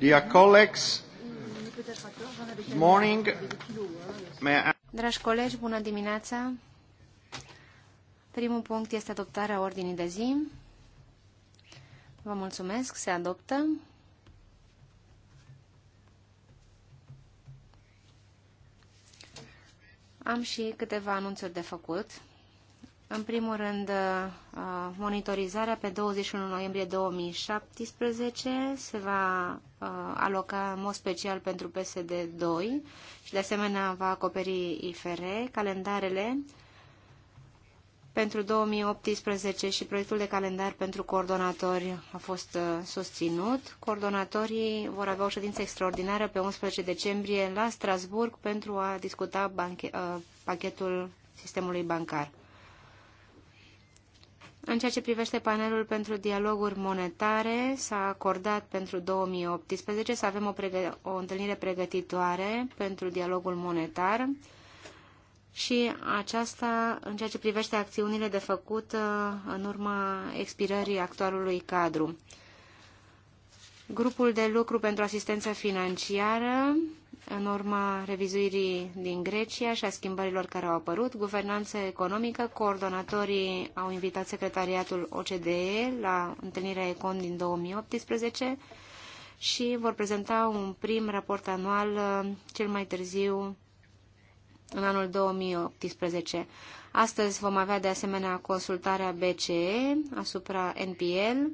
Dear colleagues, morning. Dragi colegi, bună dimineața. Primul punct este adoptarea ordinii de zi. Vă mulțumesc, se adoptă. Am și câteva anunțuri de făcut. În primul rând, uh, monitorizarea pe 21 noiembrie 2017 se va Uh, aloca în mod special pentru PSD 2 și de asemenea va acoperi IFR, calendarele pentru 2018 și proiectul de calendar pentru coordonatori a fost uh, susținut. Coordonatorii vor avea o ședință extraordinară pe 11 decembrie la Strasburg pentru a discuta banche, uh, pachetul sistemului bancar. În ceea ce privește panelul pentru dialoguri monetare, s-a acordat pentru 2018 să avem o, pregă- o întâlnire pregătitoare pentru dialogul monetar și aceasta în ceea ce privește acțiunile de făcut uh, în urma expirării actualului cadru. Grupul de lucru pentru asistență financiară în urma revizuirii din Grecia și a schimbărilor care au apărut, guvernanță economică, coordonatorii au invitat secretariatul OCDE la întâlnirea ECON din 2018 și vor prezenta un prim raport anual uh, cel mai târziu în anul 2018. Astăzi vom avea de asemenea consultarea BCE asupra NPL,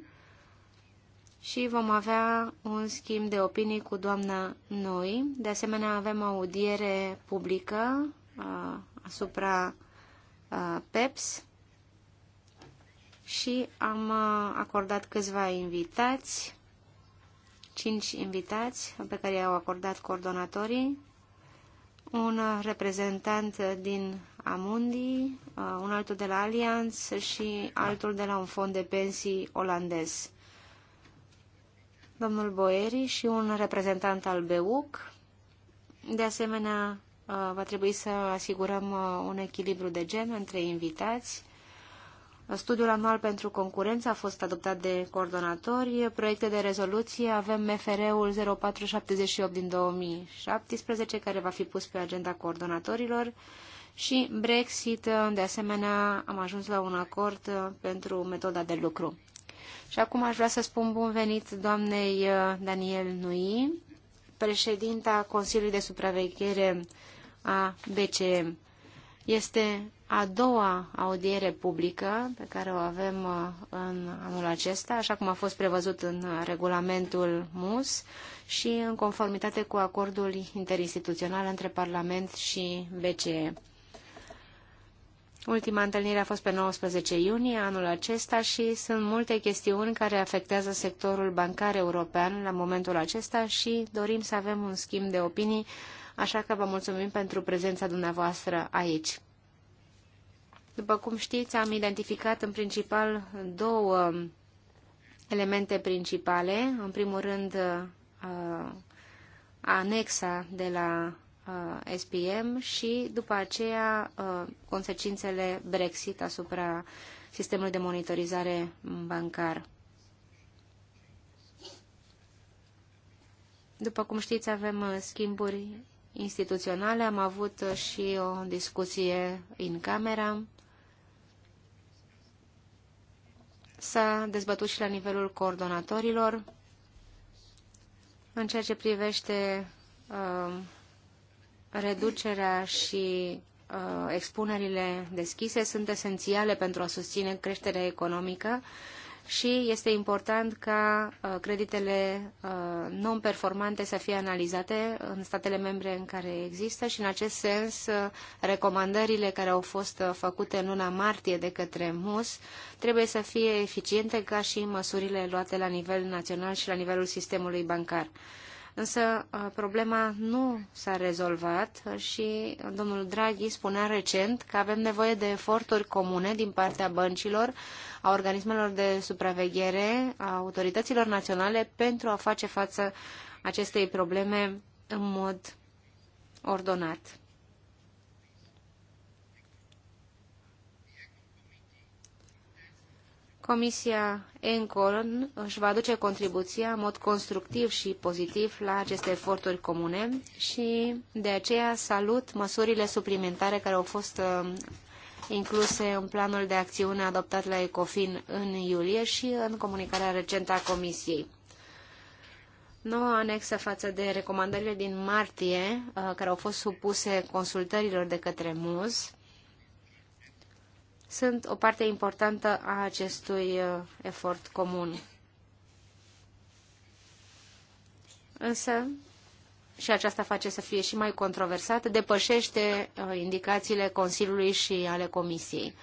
și vom avea un schimb de opinii cu doamna Noi. De asemenea, avem o audiere publică uh, asupra uh, PEPS și am uh, acordat câțiva invitați, cinci invitați pe care i-au acordat coordonatorii, un reprezentant din Amundi, un altul de la Allianz și altul de la un fond de pensii olandez domnul Boeri și un reprezentant al BEUC. De asemenea, uh, va trebui să asigurăm uh, un echilibru de gen între invitați. Studiul anual pentru concurență a fost adoptat de coordonatori. Proiecte de rezoluție avem MFR-ul 0478 din 2017, care va fi pus pe agenda coordonatorilor. Și Brexit, uh, de asemenea, am ajuns la un acord pentru metoda de lucru. Și acum aș vrea să spun bun venit doamnei uh, Daniel Nui, președinta Consiliului de Supraveghere a BCE. Este a doua audiere publică pe care o avem uh, în anul acesta, așa cum a fost prevăzut în regulamentul MUS și în conformitate cu acordul interinstituțional între Parlament și BCE. Ultima întâlnire a fost pe 19 iunie anul acesta și sunt multe chestiuni care afectează sectorul bancar european la momentul acesta și dorim să avem un schimb de opinii, așa că vă mulțumim pentru prezența dumneavoastră aici. După cum știți, am identificat în principal două elemente principale. În primul rând, anexa de la Uh, SPM și după aceea uh, consecințele Brexit asupra sistemului de monitorizare bancar. După cum știți, avem uh, schimburi instituționale. Am avut și o discuție în camera. S-a dezbătut și la nivelul coordonatorilor în ceea ce privește uh, reducerea și uh, expunerile deschise sunt esențiale pentru a susține creșterea economică și este important ca uh, creditele uh, non-performante să fie analizate în statele membre în care există și în acest sens uh, recomandările care au fost uh, făcute în luna martie de către MUS trebuie să fie eficiente ca și măsurile luate la nivel național și la nivelul sistemului bancar. Însă problema nu s-a rezolvat și domnul Draghi spunea recent că avem nevoie de eforturi comune din partea băncilor, a organismelor de supraveghere, a autorităților naționale pentru a face față acestei probleme în mod ordonat. Comisia ENCON își va aduce contribuția în mod constructiv și pozitiv la aceste eforturi comune și de aceea salut măsurile suplimentare care au fost uh, incluse în planul de acțiune adoptat la ECOFIN în iulie și în comunicarea recentă a Comisiei. Noua anexă față de recomandările din martie, uh, care au fost supuse consultărilor de către MUS, sunt o parte importantă a acestui uh, efort comun. Însă, și aceasta face să fie și mai controversat, depășește uh, indicațiile Consiliului și ale Comisiei.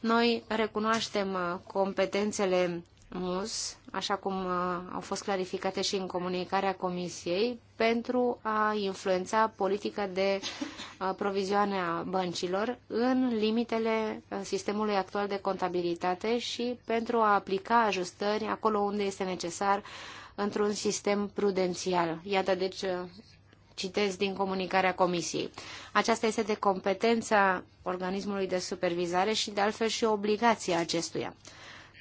Noi recunoaștem uh, competențele MUS așa cum uh, au fost clarificate și în comunicarea Comisiei, pentru a influența politica de uh, provizioane a băncilor în limitele uh, sistemului actual de contabilitate și pentru a aplica ajustări acolo unde este necesar într-un sistem prudențial. Iată, deci, citez din comunicarea Comisiei. Aceasta este de competența organismului de supervizare și, de altfel, și obligația acestuia.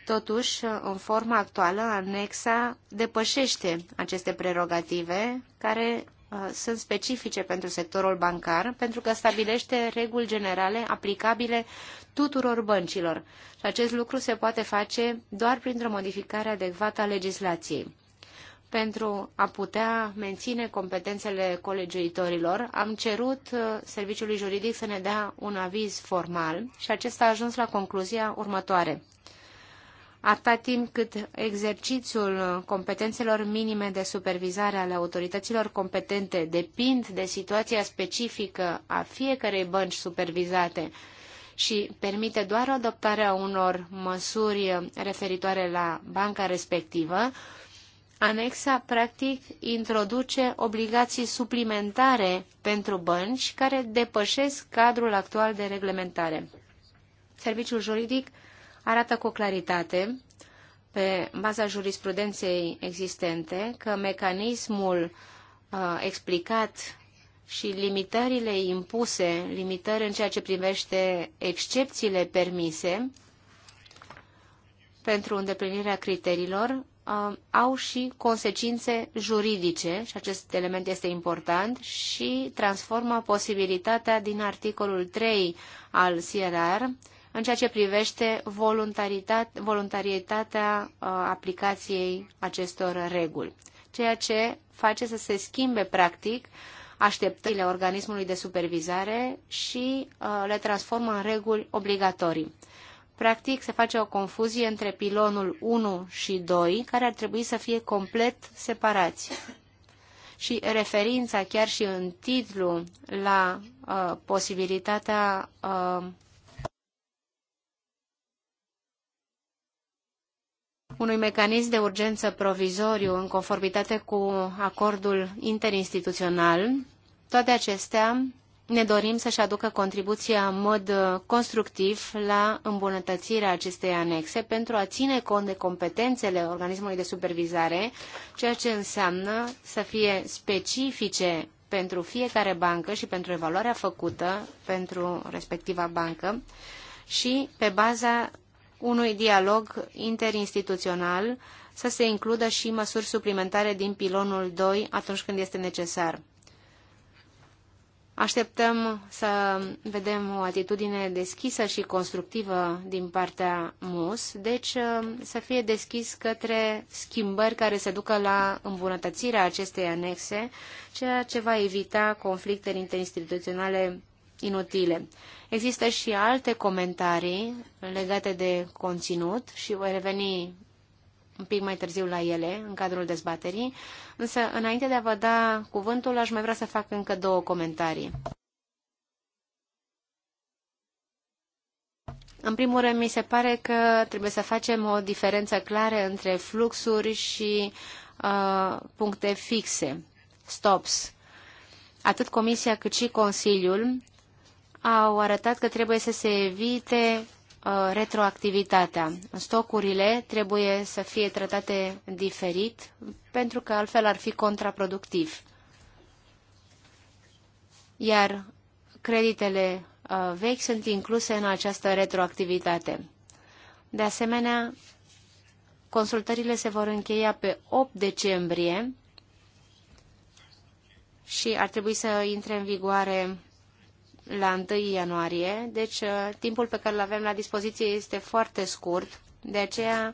Totuși, în forma actuală, anexa depășește aceste prerogative care uh, sunt specifice pentru sectorul bancar, pentru că stabilește reguli generale aplicabile tuturor băncilor. Și acest lucru se poate face doar printr-o modificare adecvată a legislației. Pentru a putea menține competențele colegiuitorilor, am cerut uh, serviciului juridic să ne dea un aviz formal și acesta a ajuns la concluzia următoare atâta timp cât exercițiul competențelor minime de supervizare ale autorităților competente depind de situația specifică a fiecărei bănci supervizate și permite doar adoptarea unor măsuri referitoare la banca respectivă, anexa practic introduce obligații suplimentare pentru bănci care depășesc cadrul actual de reglementare. Serviciul juridic arată cu claritate, pe baza jurisprudenței existente, că mecanismul uh, explicat și limitările impuse, limitări în ceea ce privește excepțiile permise pentru îndeplinirea criteriilor, uh, au și consecințe juridice, și acest element este important, și transformă posibilitatea din articolul 3 al CRR în ceea ce privește voluntaritatea uh, aplicației acestor reguli, ceea ce face să se schimbe practic așteptările organismului de supervizare și uh, le transformă în reguli obligatorii. Practic, se face o confuzie între pilonul 1 și 2, care ar trebui să fie complet separați. Și referința chiar și în titlu la uh, posibilitatea uh, unui mecanism de urgență provizoriu în conformitate cu acordul interinstituțional, toate acestea ne dorim să-și aducă contribuția în mod constructiv la îmbunătățirea acestei anexe pentru a ține cont de competențele organismului de supervizare, ceea ce înseamnă să fie specifice pentru fiecare bancă și pentru evaluarea făcută pentru respectiva bancă și pe baza unui dialog interinstituțional să se includă și măsuri suplimentare din pilonul 2 atunci când este necesar. Așteptăm să vedem o atitudine deschisă și constructivă din partea MUS, deci uh, să fie deschis către schimbări care se ducă la îmbunătățirea acestei anexe, ceea ce va evita conflicte interinstituționale inutile. Există și alte comentarii legate de conținut și voi reveni un pic mai târziu la ele, în cadrul dezbaterii, însă înainte de a vă da cuvântul, aș mai vrea să fac încă două comentarii. În primul rând, mi se pare că trebuie să facem o diferență clară între fluxuri și uh, puncte fixe, stops. Atât Comisia cât și Consiliul au arătat că trebuie să se evite uh, retroactivitatea. Stocurile trebuie să fie tratate diferit, pentru că altfel ar fi contraproductiv. Iar creditele uh, vechi sunt incluse în această retroactivitate. De asemenea, consultările se vor încheia pe 8 decembrie și ar trebui să intre în vigoare la 1 ianuarie, deci uh, timpul pe care îl avem la dispoziție este foarte scurt, de aceea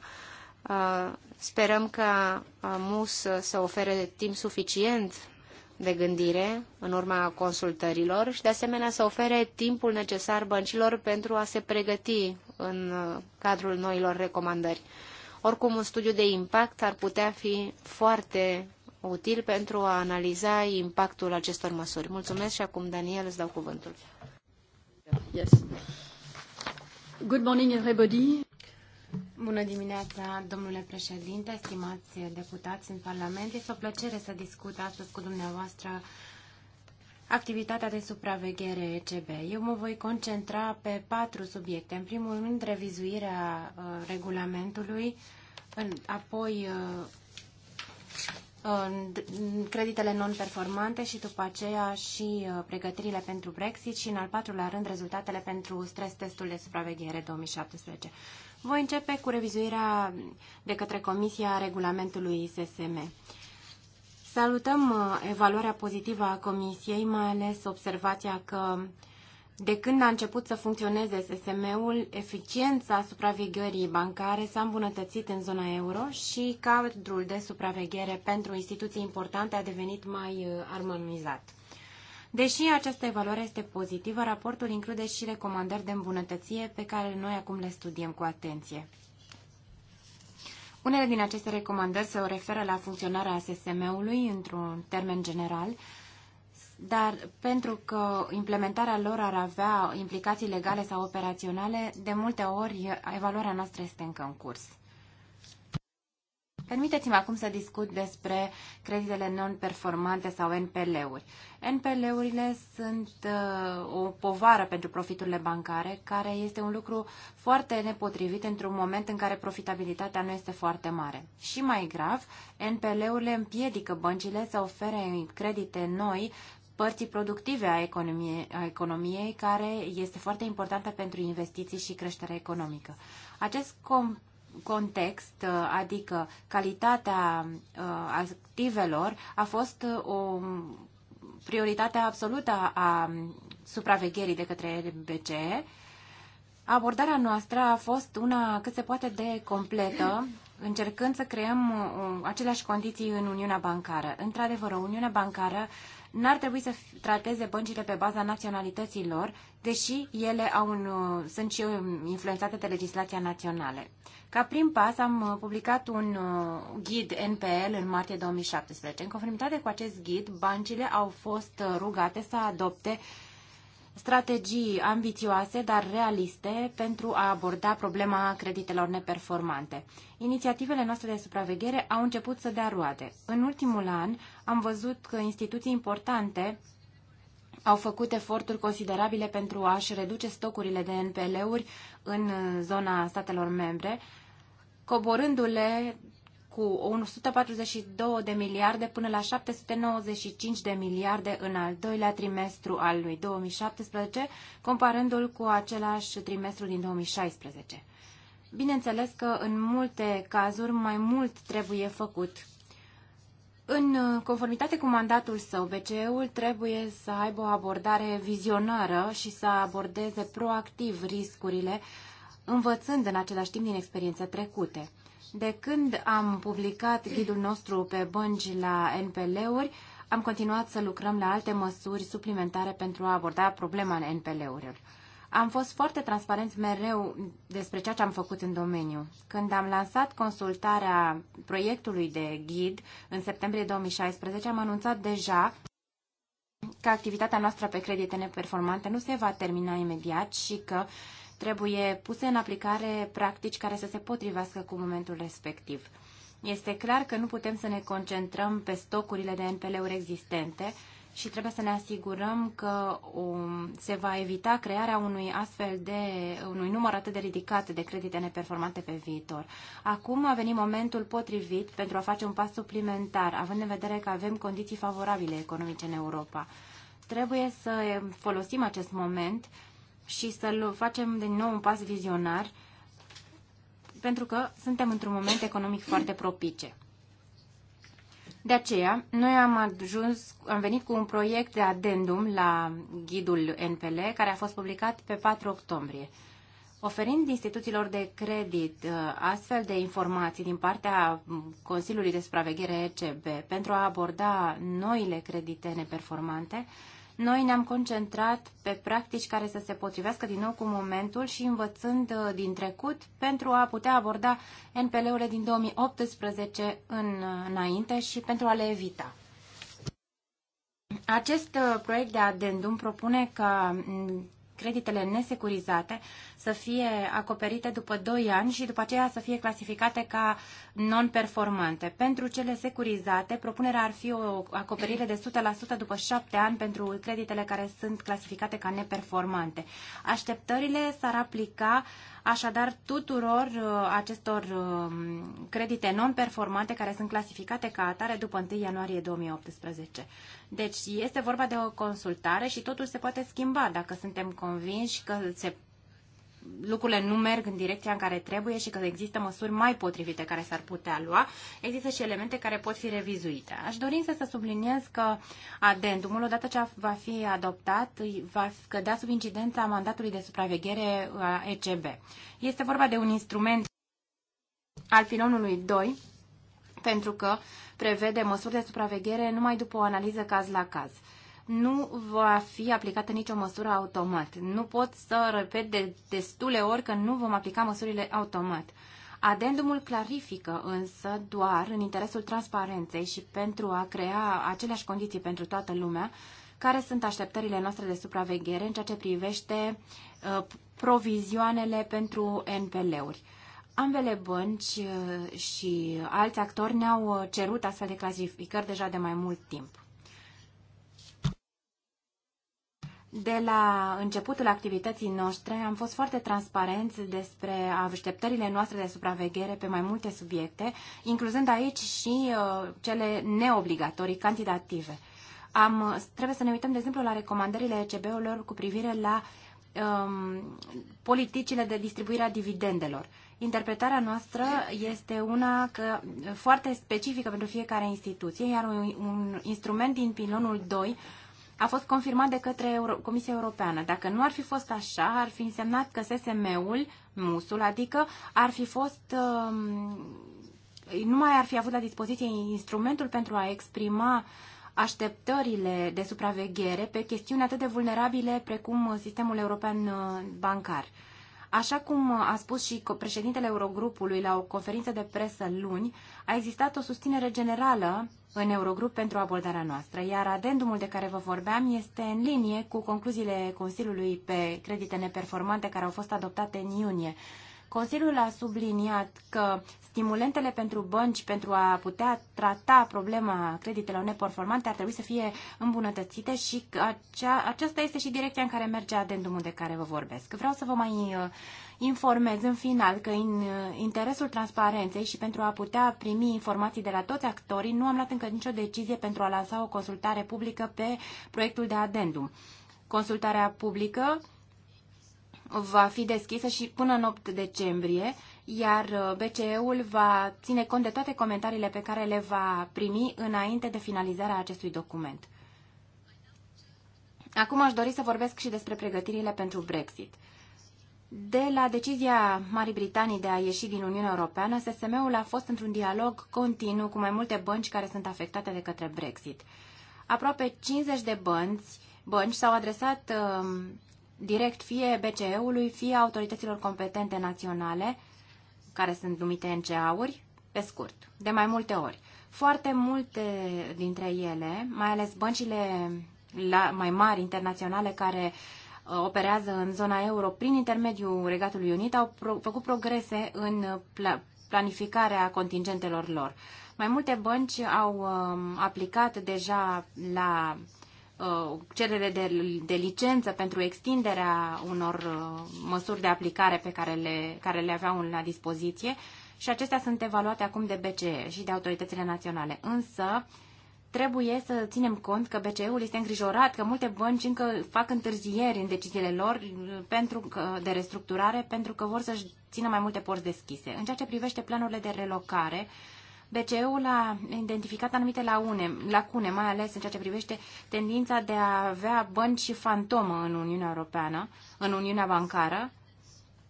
uh, sperăm ca uh, MUS să ofere timp suficient de gândire în urma consultărilor și de asemenea să ofere timpul necesar băncilor pentru a se pregăti în cadrul noilor recomandări. Oricum, un studiu de impact ar putea fi foarte util pentru a analiza impactul acestor măsuri. Mulțumesc și acum, Daniel, îți dau cuvântul. Yes. Good morning, everybody. Bună dimineața, domnule președinte, stimați deputați în Parlament. Este o plăcere să discut astăzi cu dumneavoastră activitatea de supraveghere ECB. Eu mă voi concentra pe patru subiecte. În primul rând, revizuirea uh, regulamentului, în, apoi uh, creditele non-performante și după aceea și uh, pregătirile pentru Brexit și în al patrulea rând rezultatele pentru stres testul de supraveghere 2017. Voi începe cu revizuirea de către Comisia Regulamentului SSM. Salutăm uh, evaluarea pozitivă a Comisiei, mai ales observația că de când a început să funcționeze SSM-ul, eficiența supravegherii bancare s-a îmbunătățit în zona euro și cadrul de supraveghere pentru instituții importante a devenit mai uh, armonizat. Deși această evaluare este pozitivă, raportul include și recomandări de îmbunătățire pe care noi acum le studiem cu atenție. Unele din aceste recomandări se referă la funcționarea SSM-ului într-un termen general, dar pentru că implementarea lor ar avea implicații legale sau operaționale, de multe ori evaluarea noastră este încă în curs. Permiteți-mi acum să discut despre creditele non-performante sau NPL-uri. NPL-urile sunt uh, o povară pentru profiturile bancare, care este un lucru foarte nepotrivit într-un moment în care profitabilitatea nu este foarte mare. Și mai grav, NPL-urile împiedică băncile să ofere credite noi părții productive a economiei, a economiei, care este foarte importantă pentru investiții și creștere economică. Acest context, uh, adică calitatea uh, activelor, a fost uh, o prioritate absolută a supravegherii de către BCE. Abordarea noastră a fost una cât se poate de completă, încercând să creăm aceleași condiții în Uniunea Bancară. Într-adevăr, Uniunea Bancară n-ar trebui să trateze băncile pe baza naționalității lor, deși ele au un, uh, sunt și um, influențate de legislația națională. Ca prim pas am uh, publicat un uh, ghid NPL în martie 2017. În conformitate cu acest ghid, băncile au fost rugate să adopte uh, strategii ambițioase, dar realiste, pentru a aborda problema creditelor neperformante. Inițiativele noastre de supraveghere au început să dea roade. În ultimul an am văzut că instituții importante au făcut eforturi considerabile pentru a-și reduce stocurile de NPL-uri în zona statelor membre, coborându-le cu 142 de miliarde până la 795 de miliarde în al doilea trimestru al lui 2017, comparându-l cu același trimestru din 2016. Bineînțeles că în multe cazuri mai mult trebuie făcut. În uh, conformitate cu mandatul său, BCE-ul trebuie să aibă o abordare vizionară și să abordeze proactiv riscurile, învățând în același timp din experiențe trecute. De când am publicat ghidul nostru pe bănci la NPL-uri, am continuat să lucrăm la alte măsuri suplimentare pentru a aborda problema NPL-urilor. Am fost foarte transparent mereu despre ceea ce am făcut în domeniu. Când am lansat consultarea proiectului de ghid în septembrie 2016, am anunțat deja că activitatea noastră pe credite neperformante nu se va termina imediat și că Trebuie puse în aplicare practici care să se potrivească cu momentul respectiv. Este clar că nu putem să ne concentrăm pe stocurile de NPL-uri existente și trebuie să ne asigurăm că um, se va evita crearea unui astfel de, unui număr atât de ridicat de credite neperformante pe viitor. Acum a venit momentul potrivit pentru a face un pas suplimentar, având în vedere că avem condiții favorabile economice în Europa. Trebuie să folosim acest moment și să facem din nou un pas vizionar, pentru că suntem într-un moment economic foarte propice. De aceea, noi am ajuns, am venit cu un proiect de adendum la ghidul NPL, care a fost publicat pe 4 octombrie. Oferind instituțiilor de credit uh, astfel de informații din partea Consiliului de Supraveghere ECB pentru a aborda noile credite neperformante, noi ne-am concentrat pe practici care să se potrivească din nou cu momentul și învățând uh, din trecut pentru a putea aborda NPL-urile din 2018 în, uh, înainte și pentru a le evita. Acest uh, proiect de adendum propune ca mm, creditele nesecurizate să fie acoperite după 2 ani și după aceea să fie clasificate ca non-performante. Pentru cele securizate, propunerea ar fi o acoperire de 100% după 7 ani pentru creditele care sunt clasificate ca neperformante. Așteptările s-ar aplica așadar tuturor uh, acestor um, credite non-performante care sunt clasificate ca atare după 1 ianuarie 2018. Deci este vorba de o consultare și totul se poate schimba dacă suntem convinși că se lucrurile nu merg în direcția în care trebuie și că există măsuri mai potrivite care s-ar putea lua, există și elemente care pot fi revizuite. Aș dori însă să subliniez că adendumul, odată ce va fi adoptat, va scădea sub incidența mandatului de supraveghere a ECB. Este vorba de un instrument al filonului 2, pentru că prevede măsuri de supraveghere numai după o analiză caz la caz nu va fi aplicată nicio măsură automat. Nu pot să repet de destule ori că nu vom aplica măsurile automat. Adendumul clarifică însă doar în interesul transparenței și pentru a crea aceleași condiții pentru toată lumea, care sunt așteptările noastre de supraveghere în ceea ce privește uh, provizioanele pentru NPL-uri. Ambele bănci uh, și alți actori ne-au uh, cerut astfel de clasificări deja de mai mult timp. De la începutul activității noastre am fost foarte transparenți despre așteptările noastre de supraveghere pe mai multe subiecte, incluzând aici și uh, cele neobligatorii, cantitative. Am, trebuie să ne uităm, de exemplu, la recomandările ECB-urilor cu privire la um, politicile de distribuire a dividendelor. Interpretarea noastră este una că, foarte specifică pentru fiecare instituție, iar un, un instrument din pilonul 2 a fost confirmat de către Euro- Comisia Europeană. Dacă nu ar fi fost așa, ar fi însemnat că SSM-ul, MUS-ul, adică, ar fi fost. Um, nu mai ar fi avut la dispoziție instrumentul pentru a exprima așteptările de supraveghere pe chestiuni atât de vulnerabile precum sistemul european uh, bancar. Așa cum a spus și președintele Eurogrupului la o conferință de presă luni, a existat o susținere generală în Eurogrup pentru abordarea noastră, iar adendumul de care vă vorbeam este în linie cu concluziile Consiliului pe credite neperformante care au fost adoptate în iunie. Consiliul a subliniat că stimulentele pentru bănci pentru a putea trata problema creditelor neperformante ar trebui să fie îmbunătățite și acea, aceasta este și direcția în care merge adendumul de care vă vorbesc. Vreau să vă mai uh, informez în final că în uh, interesul transparenței și pentru a putea primi informații de la toți actorii, nu am luat încă nicio decizie pentru a lansa o consultare publică pe proiectul de adendum. Consultarea publică va fi deschisă și până în 8 decembrie, iar uh, BCE-ul va ține cont de toate comentariile pe care le va primi înainte de finalizarea acestui document. Acum aș dori să vorbesc și despre pregătirile pentru Brexit. De la decizia Marii Britanii de a ieși din Uniunea Europeană, SSM-ul a fost într-un dialog continuu cu mai multe bănci care sunt afectate de către Brexit. Aproape 50 de bănci, bănci s-au adresat uh, direct fie BCE-ului, fie autorităților competente naționale, care sunt numite NCA-uri, pe scurt, de mai multe ori. Foarte multe dintre ele, mai ales băncile la, mai mari internaționale care uh, operează în zona euro prin intermediul Regatului Unit, au pro- făcut progrese în pla- planificarea contingentelor lor. Mai multe bănci au um, aplicat deja la uh, Uh, cerere de, de licență pentru extinderea unor uh, măsuri de aplicare pe care le, care le aveau la dispoziție și acestea sunt evaluate acum de BCE și de autoritățile naționale. Însă, trebuie să ținem cont că BCE-ul este îngrijorat că multe bănci încă fac întârzieri în deciziile lor uh, pentru că, de restructurare pentru că vor să-și țină mai multe porți deschise. În ceea ce privește planurile de relocare, uh, BCE-ul a identificat anumite laune, lacune, mai ales în ceea ce privește tendința de a avea bănci și fantomă în Uniunea Europeană, în Uniunea Bancară,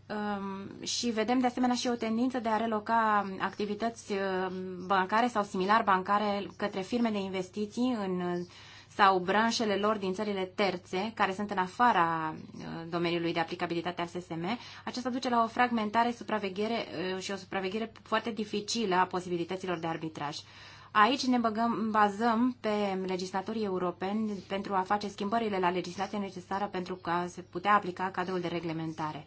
um, și vedem de asemenea și o tendință de a reloca activități uh, bancare sau similar bancare către firme de investiții în sau branșele lor din țările terțe, care sunt în afara uh, domeniului de aplicabilitate al SSM, aceasta duce la o fragmentare supraveghere uh, și o supraveghere foarte dificilă a posibilităților de arbitraj. Aici ne băgăm, bazăm pe legislatorii europeni pentru a face schimbările la legislația necesară pentru ca se putea aplica cadrul de reglementare.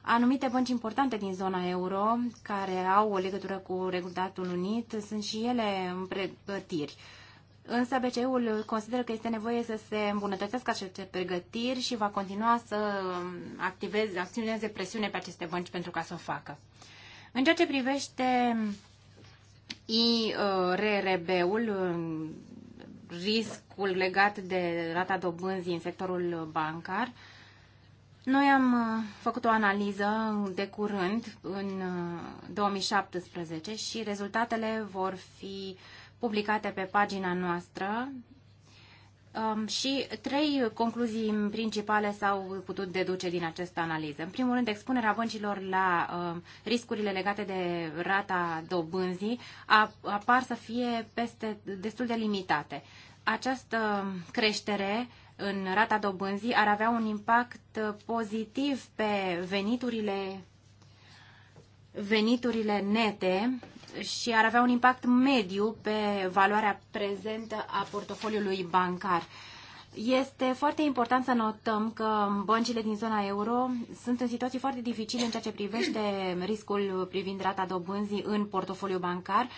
Anumite bănci importante din zona euro, care au o legătură cu Regulatul Unit, sunt și ele în pregătiri. Uh, Însă BCE-ul consideră că este nevoie să se îmbunătățească aceste pregătiri și va continua să activeze, acționeze presiune pe aceste bănci pentru ca să o facă. În ceea ce privește IRRB-ul, riscul legat de rata dobânzii în sectorul bancar, noi am făcut o analiză de curând în 2017 și rezultatele vor fi uh, publicate pe pagina noastră um, și trei concluzii principale s-au putut deduce din această analiză. În primul rând, expunerea băncilor la um, riscurile legate de rata dobânzii apar să fie peste destul de limitate. Această creștere în rata dobânzii ar avea un impact pozitiv pe veniturile veniturile nete și ar avea un impact mediu pe valoarea prezentă a portofoliului bancar. Este foarte important să notăm că băncile din zona euro sunt în situații foarte dificile în ceea ce privește riscul privind rata dobânzii în portofoliu bancar.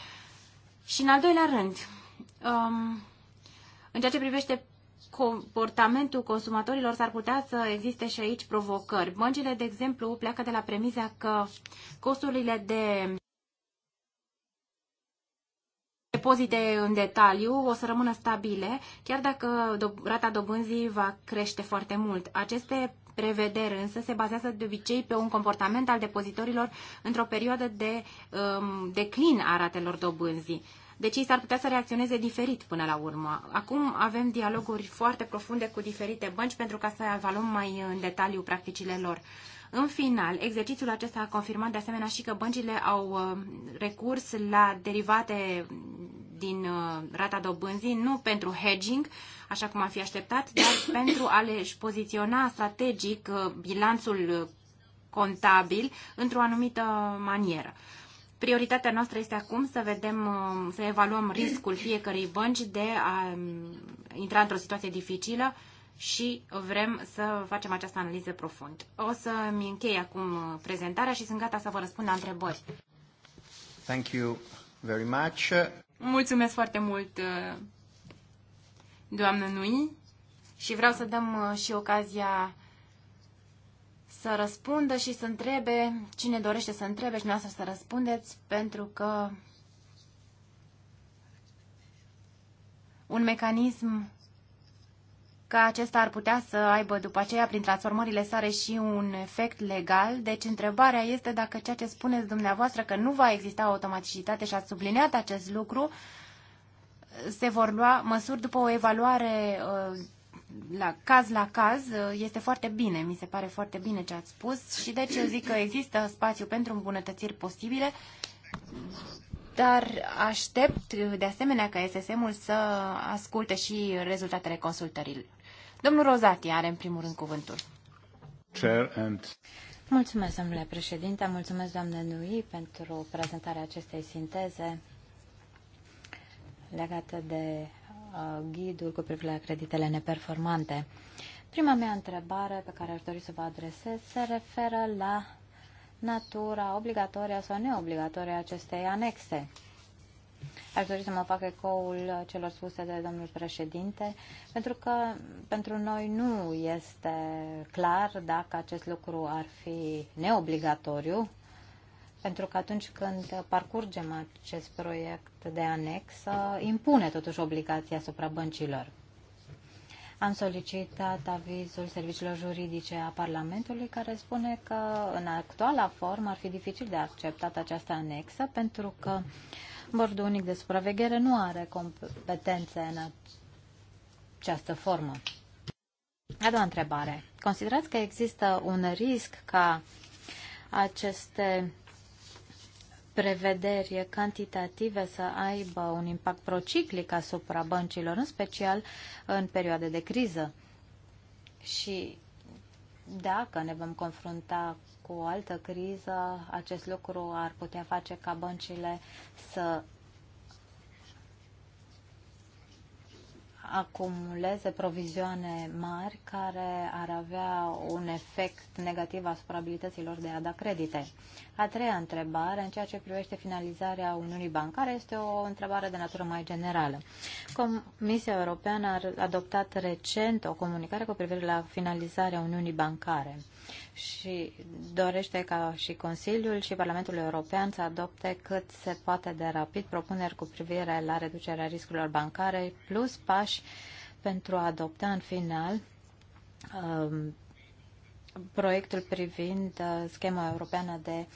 Și în al doilea rând, um, în ceea ce privește comportamentul consumatorilor s-ar putea să existe și aici provocări. Băncile, de exemplu, pleacă de la premiza că costurile de depozite în detaliu o să rămână stabile, chiar dacă rata dobânzii va crește foarte mult. Aceste prevederi însă se bazează de obicei pe un comportament al depozitorilor într-o perioadă de um, declin a ratelor dobânzii. Deci ei s-ar putea să reacționeze diferit până la urmă. Acum avem dialoguri foarte profunde cu diferite bănci pentru ca să evaluăm mai în detaliu practicile lor. În final, exercițiul acesta a confirmat de asemenea și că băncile au uh, recurs la derivate din uh, rata dobânzii, nu pentru hedging, așa cum ar fi așteptat, dar pentru a le-și poziționa strategic uh, bilanțul contabil într-o anumită manieră. Prioritatea noastră este acum să vedem, să evaluăm riscul fiecărei bănci de a um, intra într-o situație dificilă și vrem să facem această analiză profund. O să-mi închei acum uh, prezentarea și sunt gata să vă răspund la întrebări. Thank you very much. Mulțumesc foarte mult, uh, doamnă Nui, și vreau să dăm uh, și ocazia să răspundă și să întrebe cine dorește să întrebe și noastră să răspundeți, pentru că un mecanism că acesta ar putea să aibă după aceea prin transformările sare și un efect legal. Deci întrebarea este dacă ceea ce spuneți dumneavoastră că nu va exista automaticitate și ați subliniat acest lucru, se vor lua măsuri după o evaluare uh, la caz la caz, uh, este foarte bine, mi se pare foarte bine ce ați spus și deci eu zic că există spațiu pentru îmbunătățiri posibile, dar aștept de asemenea ca SSM-ul să asculte și rezultatele consultărilor. Domnul Rozati are în primul rând cuvântul. Chair and... Mulțumesc, domnule președinte, mulțumesc, doamne Nui, pentru prezentarea acestei sinteze legată de uh, ghidul cu privire la creditele neperformante. Prima mea întrebare pe care aș dori să vă adresez se referă la natura obligatorie sau neobligatorie a acestei anexe. Aș dori să mă fac ecoul celor spuse de domnul președinte, pentru că pentru noi nu este clar dacă acest lucru ar fi neobligatoriu, pentru că atunci când parcurgem acest proiect de anexă, impune totuși obligația asupra băncilor. Am solicitat avizul serviciilor juridice a Parlamentului care spune că în actuala formă ar fi dificil de acceptat această anexă pentru că uh, Bordul unic de supraveghere nu are competențe în această formă. A doua întrebare. Considerați că există un risc ca aceste prevederi cantitative să aibă un impact prociclic asupra băncilor, în special în perioade de criză? Și dacă ne vom confrunta cu o altă criză, acest lucru ar putea face ca băncile să acumuleze provizioane mari care ar avea un efect negativ asupra abilităților de a da credite. A treia întrebare, în ceea ce privește finalizarea Uniunii Bancare, este o întrebare de natură mai generală. Comisia Europeană a adoptat recent o comunicare cu privire la finalizarea Uniunii Bancare și dorește ca și Consiliul și Parlamentul European să adopte cât se poate de rapid propuneri cu privire la reducerea riscurilor bancare plus pași pași pentru a adopta în final um, proiectul privind uh, schema europeană de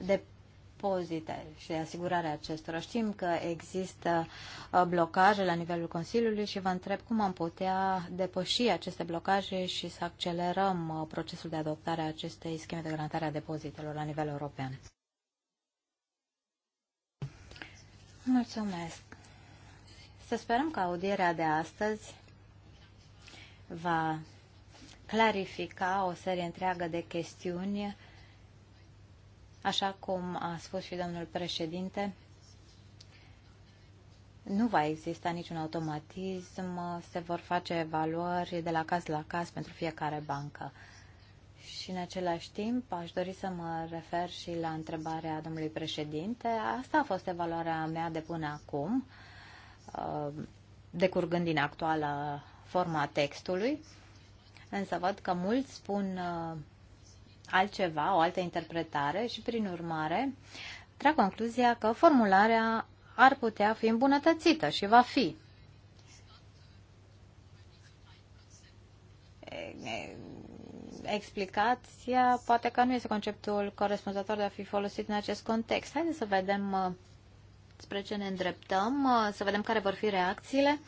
depozite și de asigurarea acestora. Știm că există uh, blocaje la nivelul Consiliului și vă întreb cum am putea depăși aceste blocaje și să accelerăm uh, procesul de adoptare a acestei scheme de garantare a depozitelor la nivel european. Mulțumesc. Să sperăm că audierea de astăzi va clarifica o serie întreagă de chestiuni, așa cum a spus și domnul președinte. Nu va exista niciun automatism, se vor face evaluări de la caz la caz pentru fiecare bancă. Și în același timp aș dori să mă refer și la întrebarea domnului președinte. Asta a fost evaluarea mea de până acum. Uh, Uh, decurgând din actuala forma textului, însă văd că mulți spun uh, altceva, o altă interpretare și, prin urmare, trag concluzia că formularea ar putea fi îmbunătățită și va fi. Explicația poate că nu este conceptul corespunzător de a fi folosit în acest context. Haideți să vedem uh, spre ce ne îndreptăm, uh, să vedem care vor fi reacțiile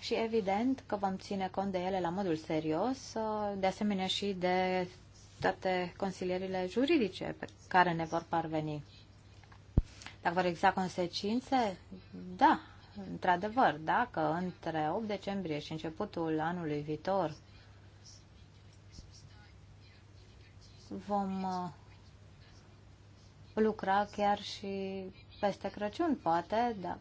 și evident că vom ține cont de ele la modul serios, uh, de asemenea și de toate consilierile juridice pe care ne vor parveni. Dacă vor exista consecințe, da, într-adevăr, dacă între 8 decembrie și începutul anului viitor vom uh, lucra chiar și peste Crăciun, poate, da.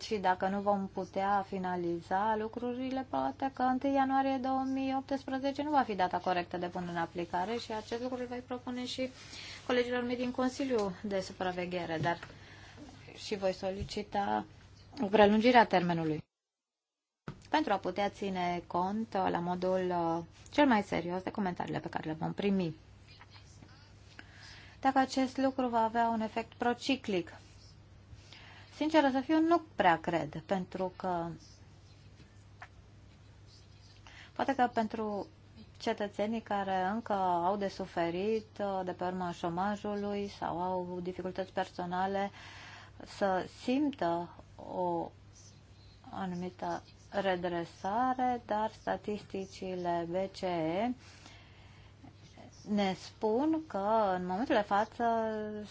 Și dacă nu vom putea finaliza lucrurile, poate că 1 ianuarie 2018 nu va fi data corectă de până în aplicare și acest lucru îl voi propune și colegilor mei din Consiliu de Supraveghere, dar și voi solicita o prelungire a termenului pentru a putea ține cont la modul uh, cel mai serios de comentariile pe care le vom primi dacă acest lucru va avea un efect prociclic. Sinceră să fiu, nu prea cred, pentru că poate că pentru cetățenii care încă au de suferit uh, de pe urma șomajului sau au dificultăți personale să simtă o anumită redresare, dar statisticile BCE ne spun că în momentul de față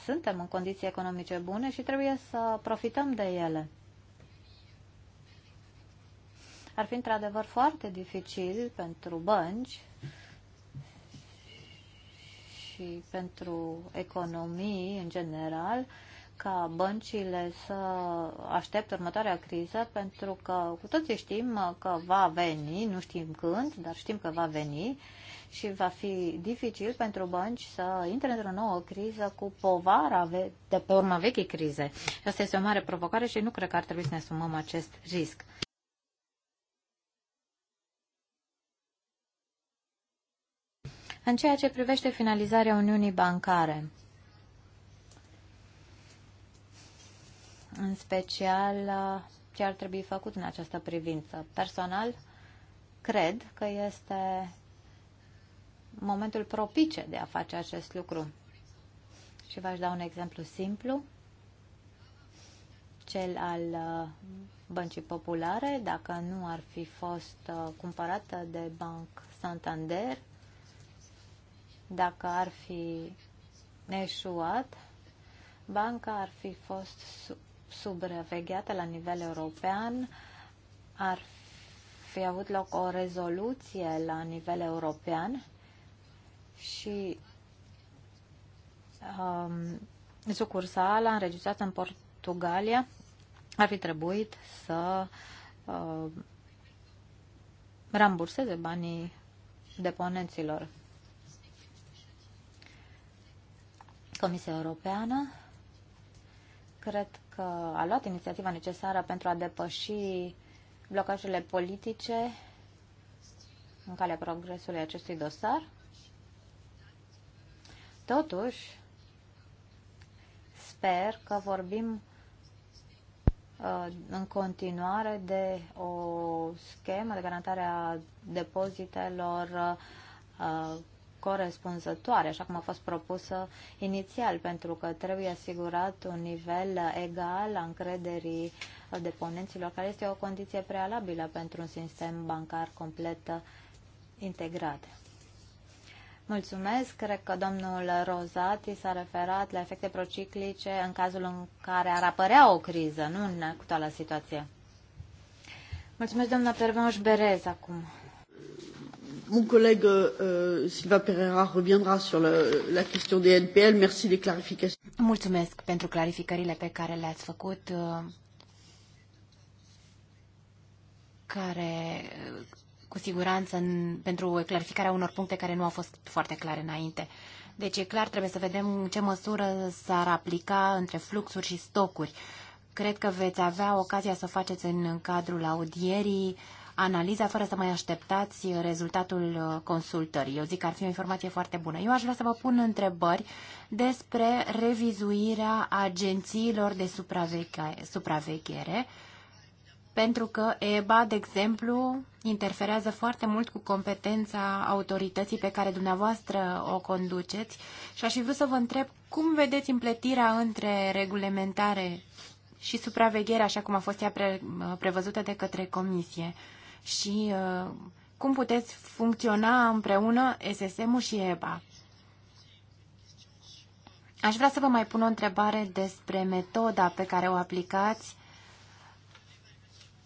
suntem în condiții economice bune și trebuie să profităm de ele. Ar fi într-adevăr foarte dificil pentru bănci și pentru economii în general ca băncile să aștepte următoarea criză pentru că cu toții știm că va veni, nu știm când, dar știm că va veni și va fi dificil pentru bănci să intre într-o nouă criză cu povara de pe urma vechii crize. Asta este o mare provocare și nu cred că ar trebui să ne asumăm acest risc. În ceea ce privește finalizarea Uniunii Bancare, în special ce ar trebui făcut în această privință. Personal, cred că este momentul propice de a face acest lucru. Și v-aș da un exemplu simplu, cel al uh, băncii populare, dacă nu ar fi fost uh, cumpărată de Banc Santander, dacă ar fi eșuat, banca ar fi fost subrevegheată la nivel european, ar fi avut loc o rezoluție la nivel european și um, sucursala înregistrată în Portugalia ar fi trebuit să uh, ramburseze banii deponenților. Comisia Europeană cred că a luat inițiativa necesară pentru a depăși blocajele politice în calea progresului acestui dosar Totuși, sper că vorbim uh, în continuare de o schemă de garantare a depozitelor uh, corespunzătoare, așa cum a fost propusă inițial, pentru că trebuie asigurat un nivel egal a încrederii deponenților, care este o condiție prealabilă pentru un sistem bancar complet integrat. Mulțumesc. Cred că domnul Rozati s-a referat la efecte prociclice în cazul în care ar apărea o criză, nu în actuala situație. Mulțumesc, doamna Pervenș Berez, acum. Mon collègue euh, Silva Pereira reviendra sur la, la question des NPL. Merci des clarifications. Mulțumesc pentru clarificările pe care le-ați făcut, euh, care cu siguranță în, pentru clarificarea unor puncte care nu au fost foarte clare înainte. Deci e clar, trebuie să vedem în ce măsură s-ar aplica între fluxuri și stocuri. Cred că veți avea ocazia să faceți în cadrul audierii analiza fără să mai așteptați rezultatul uh, consultării. Eu zic că ar fi o informație foarte bună. Eu aș vrea să vă pun întrebări despre revizuirea agențiilor de supraveghere pentru că EBA, de exemplu, interferează foarte mult cu competența autorității pe care dumneavoastră o conduceți și aș fi vrut să vă întreb cum vedeți împletirea între reglementare și supraveghere, așa cum a fost ea pre, prevăzută de către comisie și uh, cum puteți funcționa împreună SSM-ul și EBA. Aș vrea să vă mai pun o întrebare despre metoda pe care o aplicați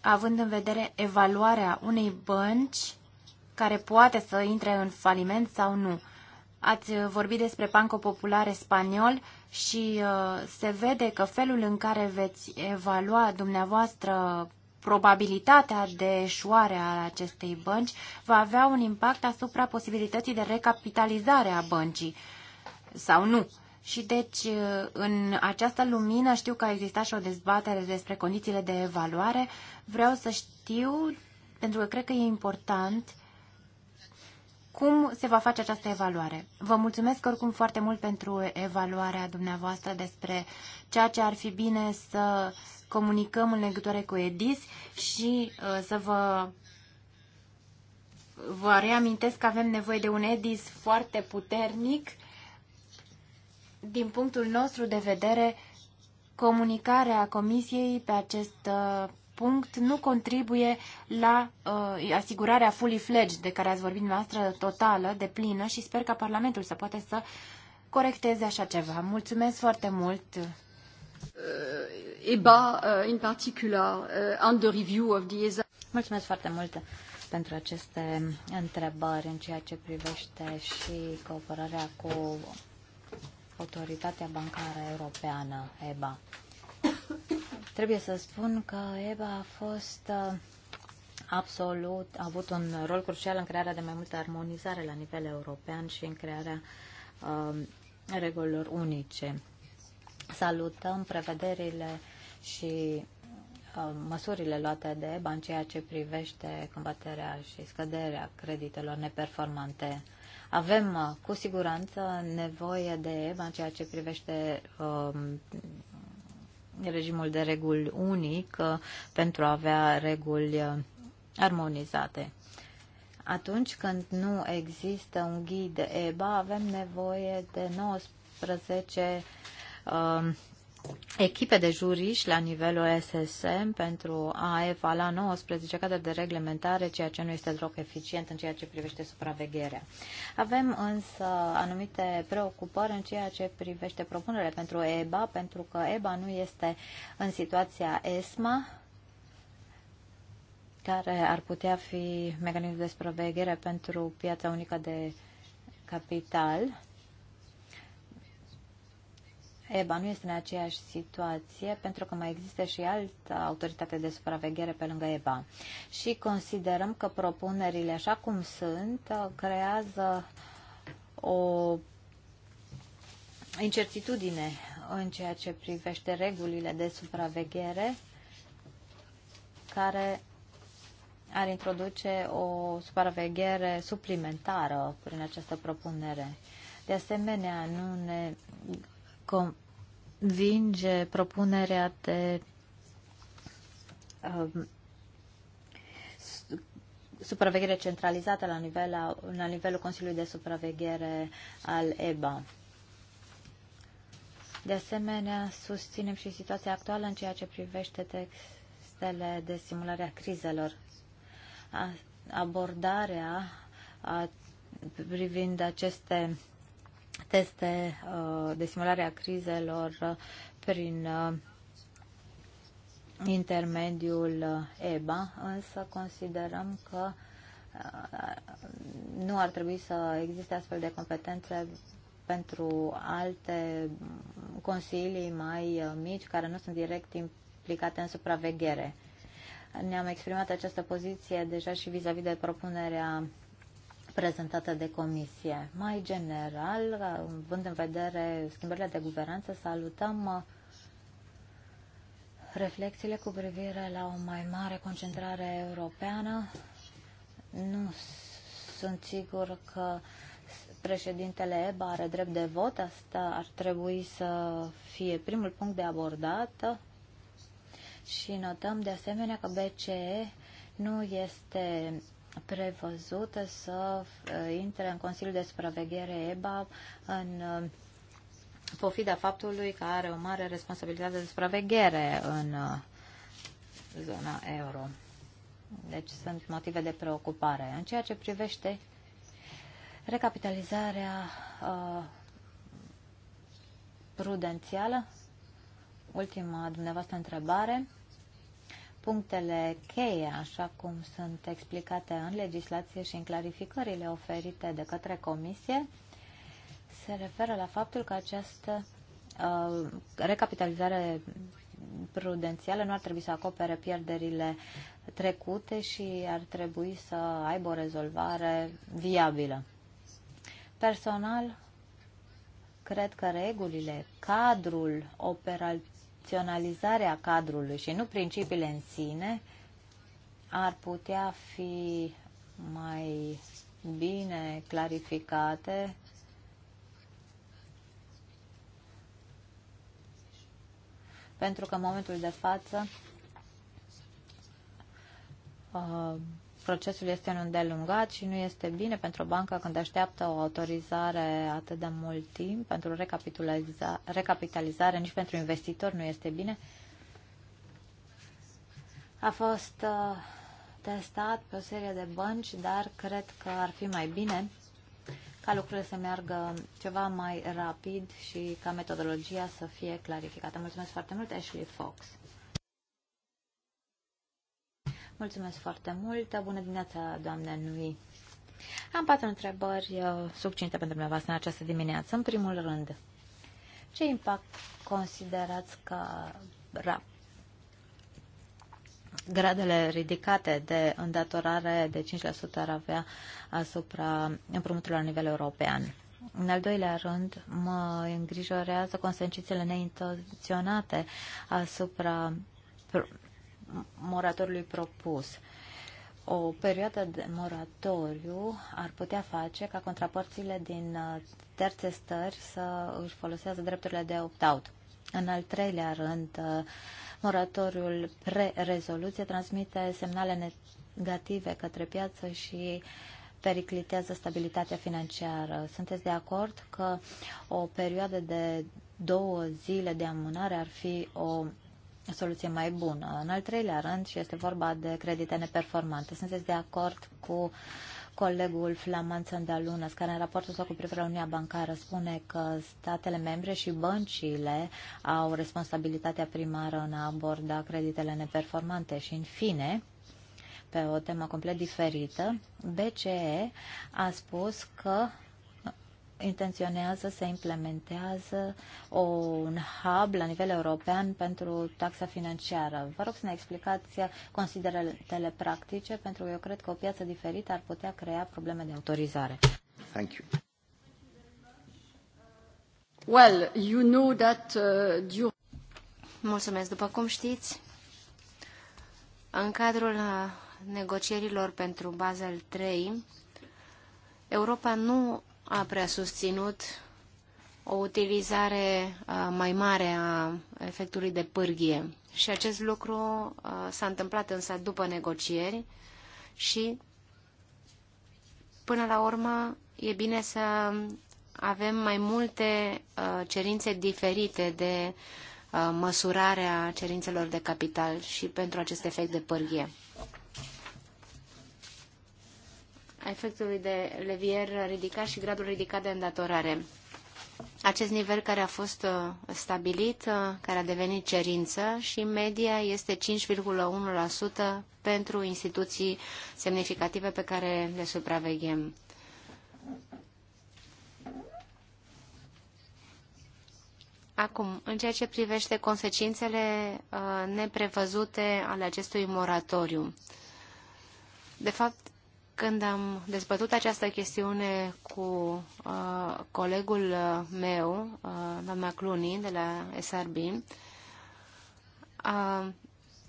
având în vedere evaluarea unei bănci care poate să intre în faliment sau nu. Ați uh, vorbit despre Banco Populare Spaniol și uh, se vede că felul în care veți evalua dumneavoastră probabilitatea de eșuare a acestei bănci va avea un impact asupra posibilității de recapitalizare a băncii sau nu. Și deci, în această lumină, știu că a existat și o dezbatere despre condițiile de evaluare. Vreau să știu, pentru că cred că e important, cum se va face această evaluare. Vă mulțumesc oricum foarte mult pentru evaluarea dumneavoastră despre ceea ce ar fi bine să comunicăm în legătură cu EDIS și uh, să vă vă reamintesc că avem nevoie de un EDIS foarte puternic din punctul nostru de vedere, comunicarea Comisiei pe acest uh, punct nu contribuie la uh, asigurarea fully fledged de care ați vorbit noastră totală, de plină și sper ca Parlamentul să poate să corecteze așa ceva. Mulțumesc foarte mult! Uh, EBA, în uh, particular, on the review of the ESA. Mulțumesc foarte mult pentru aceste întrebări în ceea ce privește și cooperarea cu Autoritatea Bancară Europeană, EBA. Trebuie să spun că EBA a fost uh, absolut, a avut un rol crucial în crearea de mai multă armonizare la nivel european și în crearea uh, regulilor unice. Salutăm prevederile și uh, măsurile luate de EBA în ceea ce privește combaterea și scăderea creditelor neperformante avem uh, cu siguranță nevoie de EMA în ceea ce privește um, regimul de reguli unic uh, pentru a avea reguli uh, armonizate. Atunci când nu există un ghid EBA, avem nevoie de 19 uh, um, echipe de juriști la nivelul SSM pentru a evalua 19 cadre de reglementare, ceea ce nu este deloc eficient în ceea ce privește supravegherea. Avem însă anumite preocupări în ceea ce privește propunerile pentru EBA, pentru că EBA nu este în situația ESMA, care ar putea fi mecanismul de supraveghere pentru piața unică de capital EBA nu este în aceeași situație pentru că mai există și altă autoritate de supraveghere pe lângă EBA. Și considerăm că propunerile așa cum sunt uh, creează o incertitudine în ceea ce privește regulile de supraveghere care ar introduce o supraveghere suplimentară prin această propunere. De asemenea, nu ne învinge propunerea de um, supraveghere centralizată la, nivel, la nivelul Consiliului de Supraveghere al EBA. De asemenea, susținem și situația actuală în ceea ce privește textele de simulare a crizelor. A, abordarea a, privind aceste teste uh, de simulare a crizelor uh, prin uh, intermediul EBA, însă considerăm că nu ar trebui să existe astfel de competențe pentru alte consilii mai mici care nu sunt direct implicate în supraveghere. Ne-am exprimat această poziție deja și vis-a-vis -vis de propunerea prezentată de comisie. Mai general, având în vedere schimbările de guvernanță, salutăm uh, reflexiile cu privire la o mai mare concentrare europeană. Nu sunt sigur că președintele EBA are drept de vot, asta ar trebui să fie primul punct de abordat și notăm de asemenea că BCE nu este prevăzută să uh, intre în Consiliul de Supraveghere EBA în uh, pofida faptului că are o mare responsabilitate de supraveghere în uh, zona euro. Deci sunt motive de preocupare. În ceea ce privește recapitalizarea uh, prudențială, ultima dumneavoastră întrebare, punctele cheie, așa cum sunt explicate în legislație și în clarificările oferite de către Comisie, se referă la faptul că această uh, recapitalizare prudențială nu ar trebui să acopere pierderile trecute și ar trebui să aibă o rezolvare viabilă. Personal, cred că regulile, cadrul operativ instituționalizarea cadrului și nu principiile în sine ar putea fi mai bine clarificate pentru că în momentul de față uh, procesul este un îndelungat și nu este bine pentru o bancă când așteaptă o autorizare atât de mult timp pentru recapitalizare, nici pentru investitor nu este bine. A fost uh, testat pe o serie de bănci, dar cred că ar fi mai bine ca lucrurile să meargă ceva mai rapid și ca metodologia să fie clarificată. Mulțumesc foarte mult, Ashley Fox. Mulțumesc foarte mult. Bună dimineața, doamne Nui. Am patru întrebări uh, succinte pentru dumneavoastră în această dimineață. În primul rând, ce impact considerați că rap? gradele ridicate de îndatorare de 5% ar avea asupra împrumuturilor la nivel european. În al doilea rând, mă îngrijorează consecințele neintenționate asupra moratoriului propus. O perioadă de moratoriu ar putea face ca contrapărțile din uh, terțe stări să își folosească drepturile de opt-out. În al treilea rând, uh, moratoriul pre-rezoluție transmite semnale negative către piață și periclitează stabilitatea financiară. Sunteți de acord că o perioadă de două zile de amânare ar fi o soluție mai bună. În al treilea rând, și este vorba de credite neperformante, sunteți de acord cu colegul Flaman Sandalunas, care în raportul său cu privire la Uniunea Bancară spune că statele membre și băncile au responsabilitatea primară în a aborda creditele neperformante și, în fine, pe o temă complet diferită, BCE a spus că intenționează să implementează un hub la nivel european pentru taxa financiară. Vă rog să ne explicați considerele practice, pentru că eu cred că o piață diferită ar putea crea probleme de autorizare. Thank you. Well, you know that, uh, you... Mulțumesc. După cum știți, în cadrul uh, negocierilor pentru Basel 3, Europa nu a prea susținut o utilizare mai mare a efectului de pârghie. Și acest lucru s-a întâmplat însă după negocieri și până la urmă e bine să avem mai multe cerințe diferite de măsurarea cerințelor de capital și pentru acest efect de pârghie. efectului de levier ridicat și gradul ridicat de îndatorare. Acest nivel care a fost uh, stabilit, uh, care a devenit cerință și media este 5,1% pentru instituții semnificative pe care le supraveghem. Acum, în ceea ce privește consecințele uh, neprevăzute ale acestui moratoriu, de fapt, când am dezbătut această chestiune cu uh, colegul uh, meu, uh, doamna Cluny, de la SRB, uh,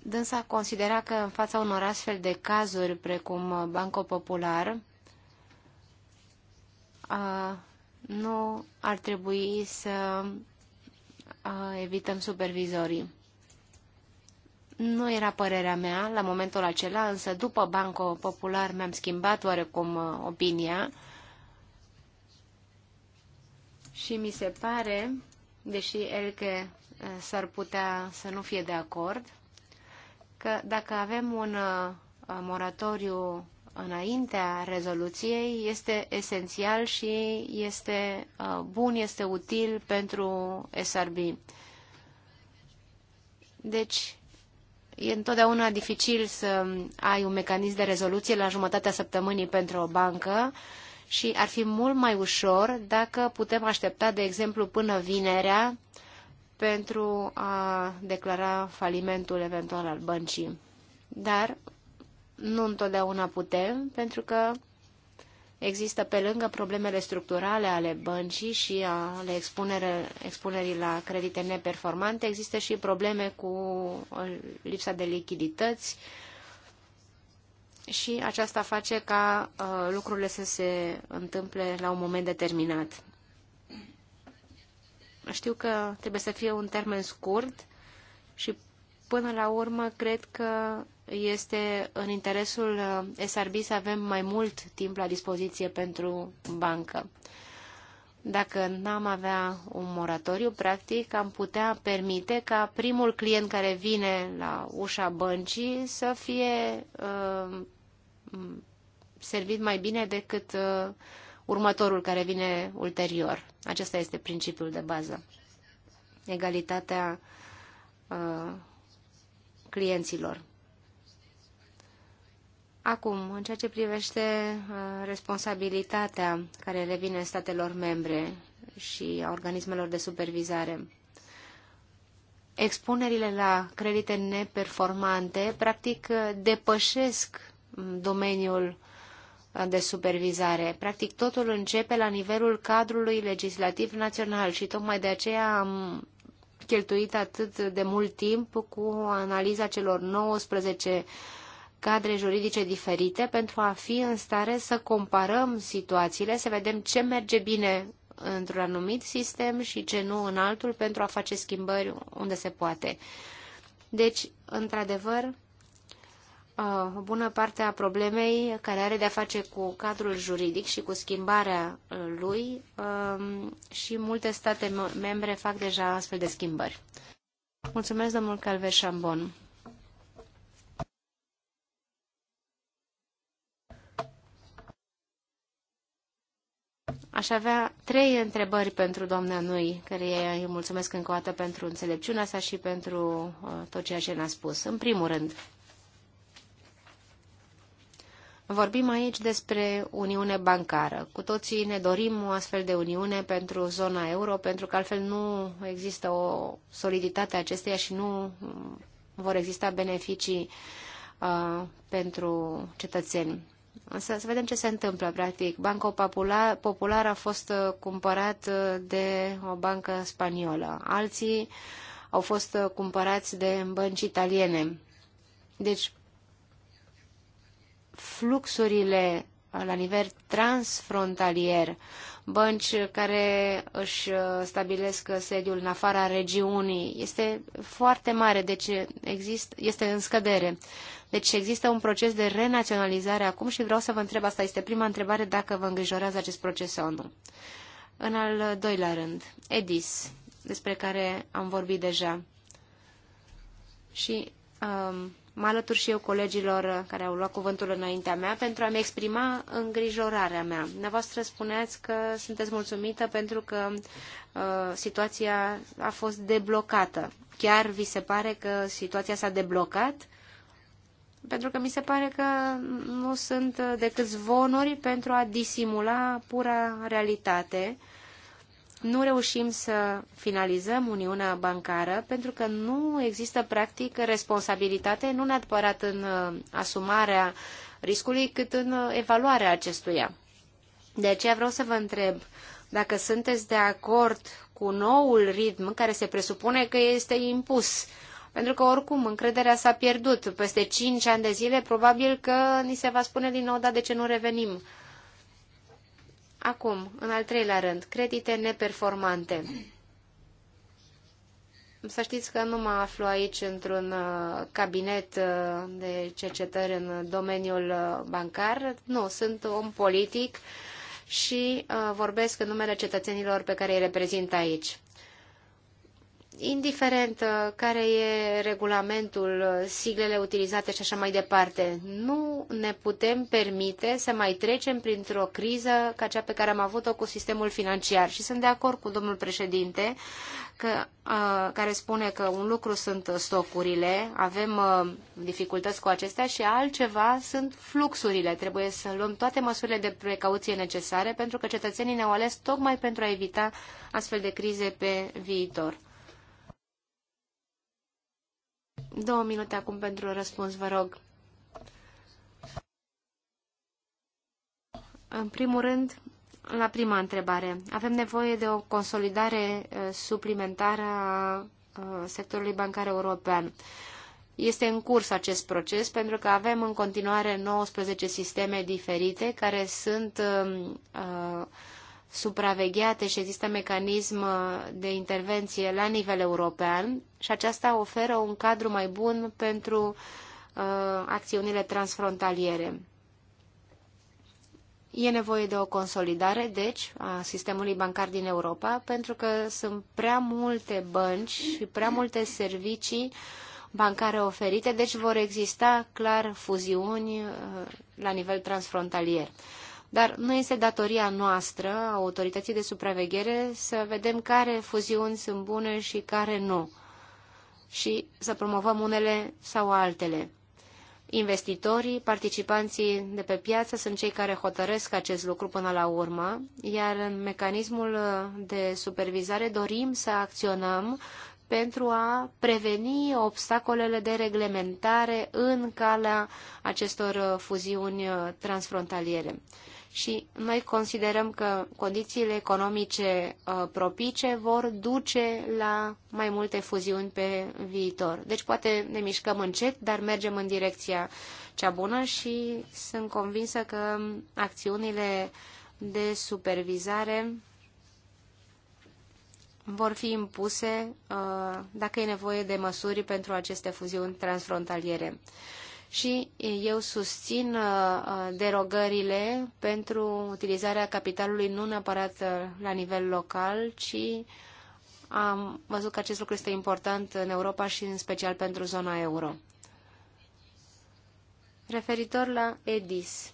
dânsa considera că în fața unor astfel de cazuri, precum uh, Banco Popular, uh, nu ar trebui să uh, evităm supervizorii. Nu era părerea mea la momentul acela, însă după Banco Popular mi-am schimbat oarecum uh, opinia și mi se pare, deși el că uh, s-ar putea să nu fie de acord, că dacă avem un uh, moratoriu înaintea rezoluției este esențial și este bun, este util pentru SRB. Deci, E întotdeauna dificil să ai un mecanism de rezoluție la jumătatea săptămânii pentru o bancă și ar fi mult mai ușor dacă putem aștepta, de exemplu, până vinerea pentru a declara falimentul eventual al băncii. Dar nu întotdeauna putem, pentru că Există pe lângă problemele structurale ale băncii și ale expunerii la credite neperformante, există și probleme cu uh, lipsa de lichidități și aceasta face ca uh, lucrurile să se întâmple la un moment determinat. Știu că trebuie să fie un termen scurt și până la urmă cred că este în interesul uh, SRB să avem mai mult timp la dispoziție pentru bancă. Dacă n-am avea un moratoriu, practic am putea permite ca primul client care vine la ușa băncii să fie uh, servit mai bine decât uh, următorul care vine ulterior. Acesta este principiul de bază. Egalitatea uh, clienților. Acum, în ceea ce privește uh, responsabilitatea care revine statelor membre și a organismelor de supervizare, expunerile la credite neperformante practic uh, depășesc mm, domeniul uh, de supervizare. Practic totul începe la nivelul cadrului legislativ național și tocmai de aceea am cheltuit atât de mult timp cu analiza celor 19 cadre juridice diferite pentru a fi în stare să comparăm situațiile, să vedem ce merge bine într-un anumit sistem și ce nu în altul pentru a face schimbări unde se poate. Deci, într-adevăr, o uh, bună parte a problemei care are de-a face cu cadrul juridic și cu schimbarea uh, lui um, și multe state membre fac deja astfel de schimbări. Mulțumesc, domnul Calver Șambon. Aș avea trei întrebări pentru doamna Nui, care îi mulțumesc încă o dată pentru înțelepciunea sa și pentru uh, tot ceea ce ne-a spus. În primul rând, Vorbim aici despre Uniune bancară. Cu toții ne dorim o astfel de Uniune pentru zona euro, pentru că altfel nu există o soliditate acesteia și nu mm, vor exista beneficii uh, pentru cetățeni. Însă să vedem ce se întâmplă, practic. Banca Popular, Popular a fost uh, cumpărat uh, de o bancă spaniolă. Alții au fost uh, cumpărați de bănci italiene. Deci, fluxurile la nivel transfrontalier, bănci care își stabilesc sediul în afara regiunii, este foarte mare, deci există, este în scădere. Deci există un proces de renaționalizare acum și vreau să vă întreb, asta este prima întrebare, dacă vă îngrijorează acest proces sau nu. În al doilea rând, EDIS, despre care am vorbit deja. Și um, mă alătur și eu colegilor care au luat cuvântul înaintea mea pentru a-mi exprima îngrijorarea mea. Dumneavoastră spuneați că sunteți mulțumită pentru că uh, situația a fost deblocată. Chiar vi se pare că situația s-a deblocat? pentru că mi se pare că nu sunt decât zvonuri pentru a disimula pura realitate. Nu reușim să finalizăm Uniunea Bancară pentru că nu există practic responsabilitate, nu neapărat în uh, asumarea riscului, cât în uh, evaluarea acestuia. De aceea vreau să vă întreb dacă sunteți de acord cu noul ritm care se presupune că este impus uh, pentru că oricum încrederea s-a pierdut peste 5 ani de zile, probabil că ni se va spune din nou, da, de ce nu revenim? Acum, în al treilea rând, credite neperformante. Să știți că nu mă aflu aici într-un uh, cabinet uh, de cercetări în domeniul uh, bancar. Nu, sunt om politic și vorbesc în numele cetățenilor pe care îi reprezint aici indiferent uh, care e regulamentul, uh, siglele utilizate și așa mai departe, nu ne putem permite să mai trecem printr-o criză ca cea pe care am avut-o cu sistemul financiar. Și sunt de acord cu domnul președinte că, uh, care spune că un lucru sunt stocurile, avem uh, dificultăți cu acestea și altceva sunt fluxurile. Trebuie să luăm toate măsurile de precauție necesare pentru că cetățenii ne-au ales tocmai pentru a evita astfel de crize pe viitor. Două minute acum pentru răspuns, vă rog. În primul rând, la prima întrebare. Avem nevoie de o consolidare eh, suplimentară a eh, sectorului bancar european. Este în curs acest proces pentru că avem în continuare 19 sisteme diferite care sunt uh, supravegheate și există mecanism uh, de intervenție la nivel european și aceasta oferă un cadru mai bun pentru uh, acțiunile transfrontaliere. E nevoie de o consolidare, deci, a sistemului bancar din Europa, pentru că sunt prea multe bănci și prea multe servicii bancare oferite, deci vor exista clar fuziuni uh, la nivel transfrontalier. Dar nu este datoria noastră, a autorității de supraveghere, să vedem care fuziuni sunt bune și care nu și să promovăm unele sau altele. Investitorii, participanții de pe piață sunt cei care hotărăsc acest lucru până la urmă, iar în mecanismul de supervizare dorim să acționăm pentru a preveni obstacolele de reglementare în calea acestor fuziuni transfrontaliere și noi considerăm că condițiile economice uh, propice vor duce la mai multe fuziuni pe viitor. Deci poate ne mișcăm încet, dar mergem în direcția cea bună și sunt convinsă că acțiunile de supervizare vor fi impuse uh, dacă e nevoie de măsuri pentru aceste fuziuni transfrontaliere și eu susțin uh, uh, derogările pentru utilizarea capitalului nu neapărat uh, la nivel local, ci am văzut că acest lucru este important în Europa și în special pentru zona euro. Referitor la EDIS,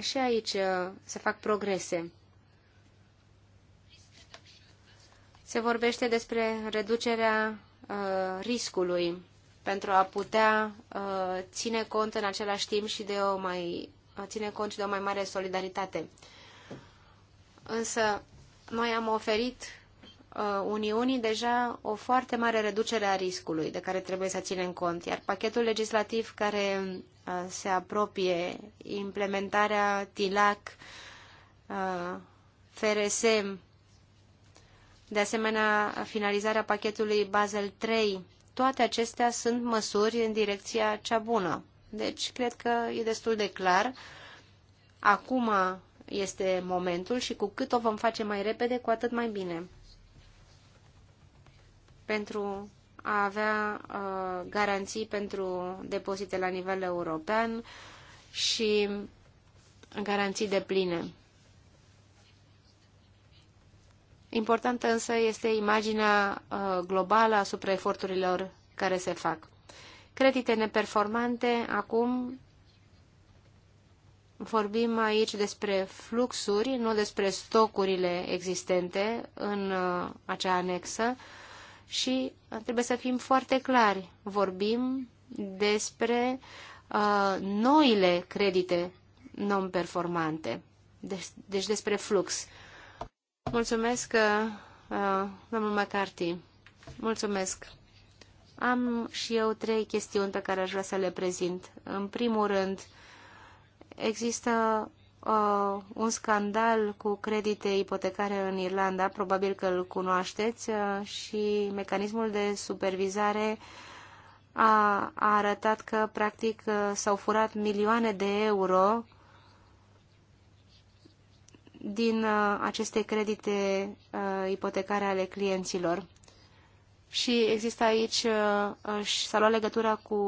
și aici se fac progrese. Se vorbește despre reducerea riscului pentru a putea uh, ține cont în același timp și de o mai ține cont și de o mai mare solidaritate. Însă noi am oferit uh, Uniunii deja o foarte mare reducere a riscului de care trebuie să ținem cont, iar pachetul legislativ care uh, se apropie, implementarea TILAC, uh, FRSM, de asemenea finalizarea pachetului Basel 3, toate acestea sunt măsuri în direcția cea bună. Deci, cred că e destul de clar. Acum este momentul și cu cât o vom face mai repede, cu atât mai bine. Pentru a avea uh, garanții pentru depozite la nivel european și garanții de pline. Importantă însă este imaginea uh, globală asupra eforturilor care se fac. Credite neperformante, acum vorbim aici despre fluxuri, nu despre stocurile existente în uh, acea anexă și trebuie să fim foarte clari. Vorbim despre uh, noile credite non-performante, deci, deci despre flux. Mulțumesc, uh, uh, domnul McCarthy. Mulțumesc. Am și eu trei chestiuni pe care aș vrea să le prezint. În primul rând, există uh, un scandal cu credite ipotecare în Irlanda, probabil că îl cunoașteți, uh, și mecanismul de supervizare a, a arătat că, practic, uh, s-au furat milioane de euro uh, din uh, aceste credite uh, ipotecare ale clienților. Și există aici, uh, s-a luat legătura cu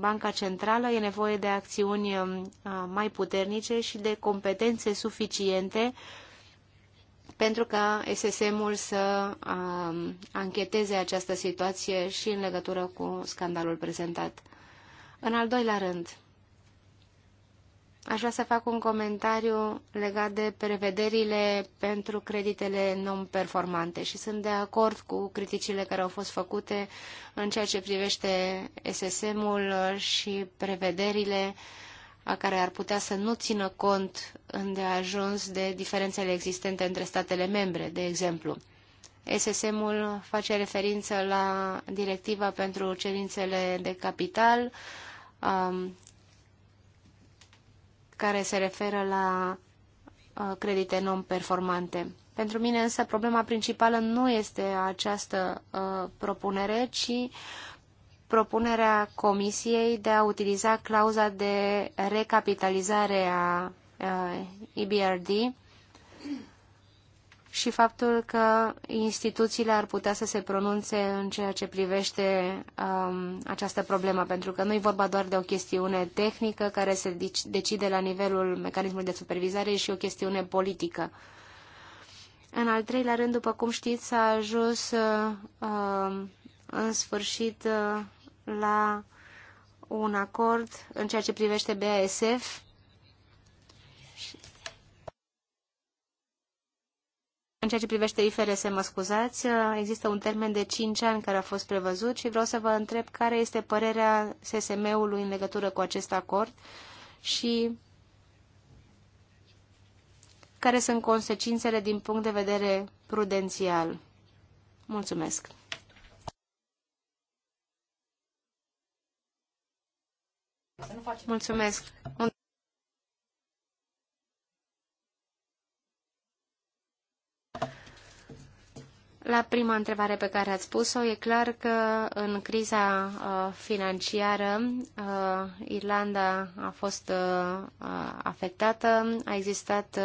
Banca Centrală, e nevoie de acțiuni um, mai puternice și de competențe suficiente pentru ca SSM-ul să um, ancheteze această situație și în legătură cu scandalul prezentat. În al doilea rând, Aș vrea să fac un comentariu legat de prevederile pentru creditele non-performante și sunt de acord cu criticile care au fost făcute în ceea ce privește SSM-ul și prevederile care ar putea să nu țină cont îndeajuns de diferențele existente între statele membre, de exemplu. SSM-ul face referință la directiva pentru cerințele de capital, care se referă la uh, credite non-performante. Pentru mine însă problema principală nu este această uh, propunere, ci propunerea Comisiei de a utiliza clauza de recapitalizare a uh, EBRD și faptul că instituțiile ar putea să se pronunțe în ceea ce privește um, această problemă, pentru că nu e vorba doar de o chestiune tehnică care se decide la nivelul mecanismului de supervizare și o chestiune politică. În al treilea rând, după cum știți, s-a ajuns uh, în sfârșit uh, la un acord în ceea ce privește BASF În ceea ce privește IFRS, mă scuzați, uh, există un termen de 5 ani care a fost prevăzut și vreau să vă întreb care este părerea SSM-ului în legătură cu acest acord și care sunt consecințele din punct de vedere prudențial. Mulțumesc! Mulțumesc! La prima întrebare pe care ați pus-o, e clar că în criza uh, financiară uh, Irlanda a fost uh, afectată, a existat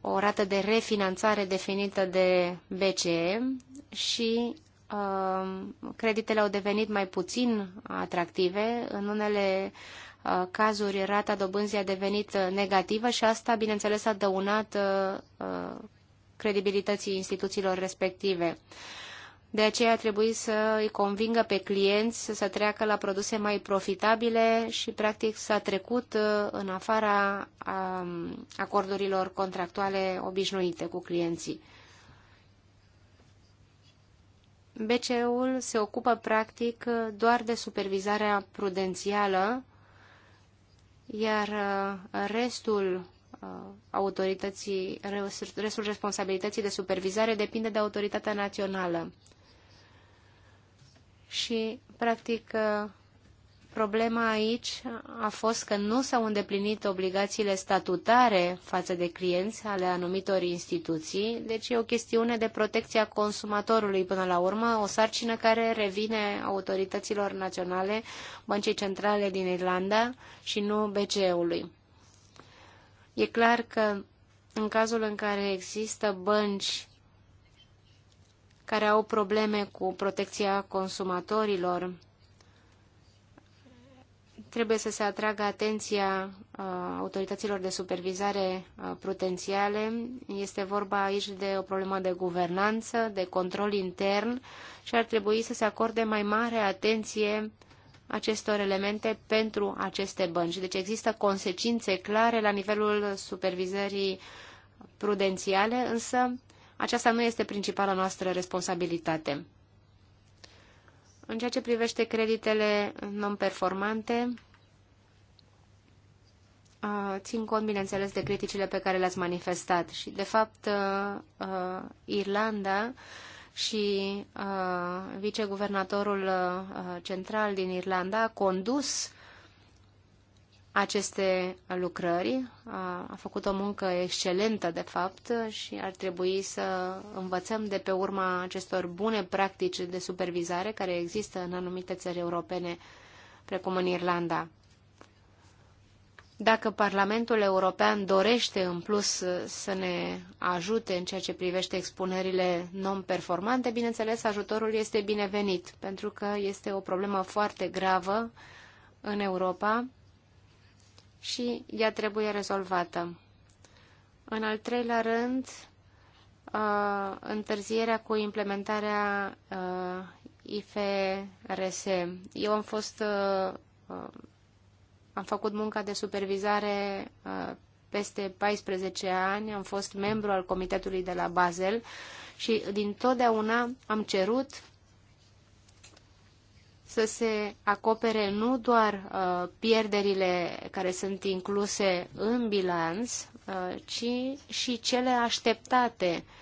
o rată de refinanțare definită de BCE și creditele au devenit mai puțin atractive. În unele cazuri rata dobânzii a devenit negativă și asta, bineînțeles, a dăunat credibilității instituțiilor respective. De aceea trebuie să îi convingă pe clienți să treacă la produse mai profitabile și, practic, s-a trecut uh, în afara um, acordurilor contractuale obișnuite cu clienții. BCE-ul se ocupă, practic, doar de supervizarea prudențială, iar uh, restul Uh, autorității, restul responsabilității de supervizare depinde de autoritatea națională. Și, practic, uh, problema aici a fost că nu s-au îndeplinit obligațiile statutare față de clienți ale anumitor instituții, deci e o chestiune de protecție a consumatorului până la urmă, o sarcină care revine autorităților naționale, băncii centrale din Irlanda și nu BCE-ului. E clar că în cazul în care există bănci care au probleme cu protecția consumatorilor, trebuie să se atragă atenția uh, autorităților de supervizare uh, prudențiale. Este vorba aici de o problemă de guvernanță, de control intern și ar trebui să se acorde mai mare atenție acestor elemente pentru aceste bănci. Deci există consecințe clare la nivelul supervizării prudențiale, însă aceasta nu este principala noastră responsabilitate. În ceea ce privește creditele non-performante, țin cont, bineînțeles, de criticile pe care le-ați manifestat. Și, de fapt, Irlanda și uh, viceguvernatorul uh, central din Irlanda a condus aceste lucrări. Uh, a făcut o muncă excelentă, de fapt, și ar trebui să învățăm de pe urma acestor bune practici de supervizare care există în anumite țări europene, precum în Irlanda. Dacă Parlamentul European dorește în plus să ne ajute în ceea ce privește expunerile non-performante, bineînțeles, ajutorul este binevenit, pentru că este o problemă foarte gravă în Europa și ea trebuie rezolvată. În al treilea rând, uh, întârzierea cu implementarea uh, IFRS. Eu am fost uh, am făcut munca de supervizare uh, peste 14 ani, am fost membru al comitetului de la Basel și din totdeauna am cerut să se acopere nu doar uh, pierderile care sunt incluse în bilanț, uh, ci și cele așteptate uh,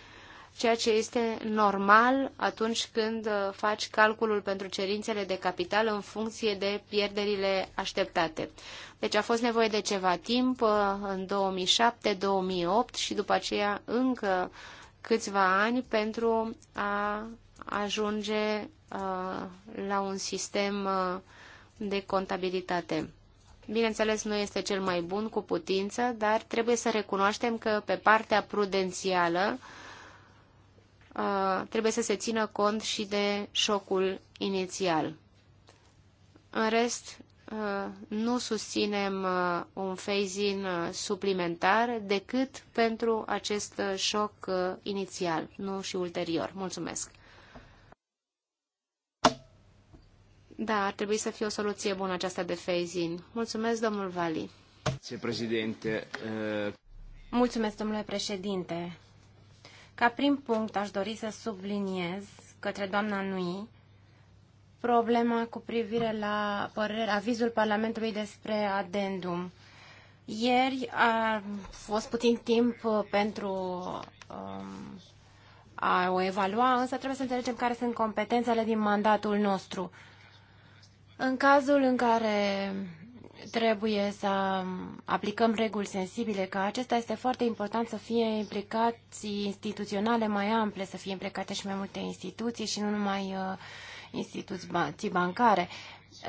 ceea ce este normal atunci când uh, faci calculul pentru cerințele de capital în funcție de pierderile așteptate. Deci a fost nevoie de ceva timp uh, în 2007-2008 și după aceea încă câțiva ani pentru a ajunge uh, la un sistem de contabilitate. Bineînțeles, nu este cel mai bun cu putință, dar trebuie să recunoaștem că pe partea prudențială, uh, trebuie să se țină cont și de șocul inițial. În rest, nu susținem un phasing suplimentar decât pentru acest șoc inițial, nu și ulterior. Mulțumesc! Da, ar trebui să fie o soluție bună aceasta de phasing. Mulțumesc, domnul Vali. Mulțumesc, domnule președinte. Ca prim punct aș dori să subliniez către doamna Nui problema cu privire la părere, avizul Parlamentului despre adendum. Ieri a fost puțin timp uh, pentru um, a o evalua, însă trebuie să înțelegem care sunt competențele din mandatul nostru. În cazul în care trebuie să aplicăm reguli sensibile, că acesta este foarte important să fie implicați instituționale mai ample, să fie implicate și mai multe instituții și nu numai uh, instituții bancare.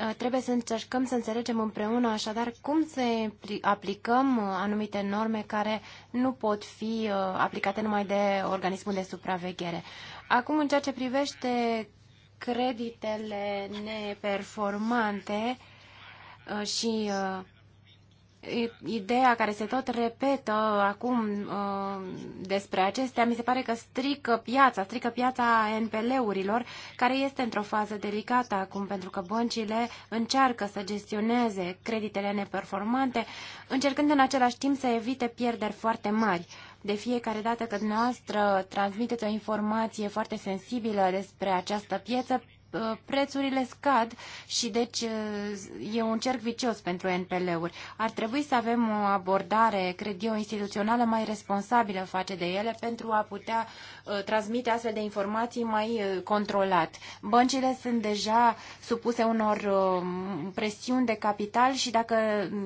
Uh, trebuie să încercăm să înțelegem împreună așadar cum să aplicăm uh, anumite norme care nu pot fi aplicate numai de organismul de supraveghere. Acum, în ceea ce privește creditele neperformante, Uh, și uh, ideea care se tot repetă acum uh, despre acestea, mi se pare că strică piața, strică piața NPL-urilor, care este într-o fază delicată acum, pentru că băncile încearcă să gestioneze creditele neperformante, încercând în același timp să evite pierderi foarte mari. De fiecare dată când noastră transmiteți o informație foarte sensibilă despre această pieță, Uh, prețurile scad și deci uh, e un cerc vicios pentru NPL-uri. Ar trebui să avem o abordare, cred eu, instituțională mai responsabilă face de ele pentru a putea uh, transmite astfel de informații mai controlat. Băncile sunt deja supuse unor presiuni de capital și dacă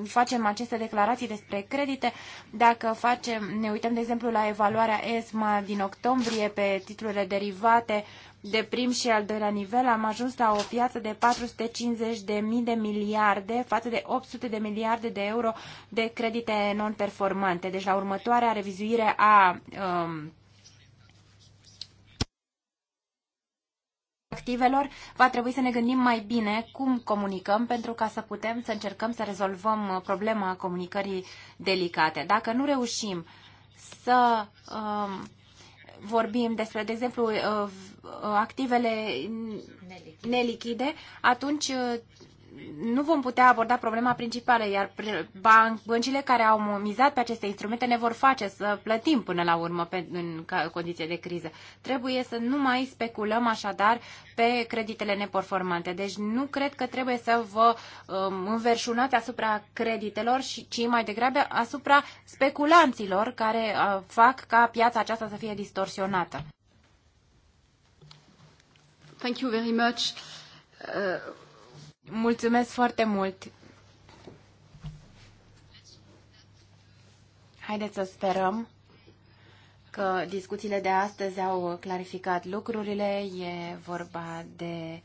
facem aceste declarații despre credite, dacă facem, ne uităm de exemplu la evaluarea ESMA din octombrie pe titlurile derivate, de prim și al doilea nivel, am ajuns la o piață de 450 de mii de miliarde față de 800 de miliarde de euro de credite non-performante. Deci la următoarea revizuire a um, activelor, va trebui să ne gândim mai bine cum comunicăm pentru ca să putem să încercăm să rezolvăm uh, problema comunicării delicate. Dacă nu reușim să um, vorbim despre, de exemplu, uh, uh, activele nelichide, atunci uh, nu vom putea aborda problema principală, iar băncile care au mizat pe aceste instrumente ne vor face să plătim până la urmă pe, în condiție de criză. Trebuie să nu mai speculăm așadar pe creditele neperformante. Deci nu cred că trebuie să vă um, înverșunați asupra creditelor, și, ci mai degrabă asupra speculanților care uh, fac ca piața aceasta să fie distorsionată. Thank you very much. Uh... Mulțumesc foarte mult! Haideți să sperăm că discuțiile de astăzi au clarificat lucrurile. E vorba de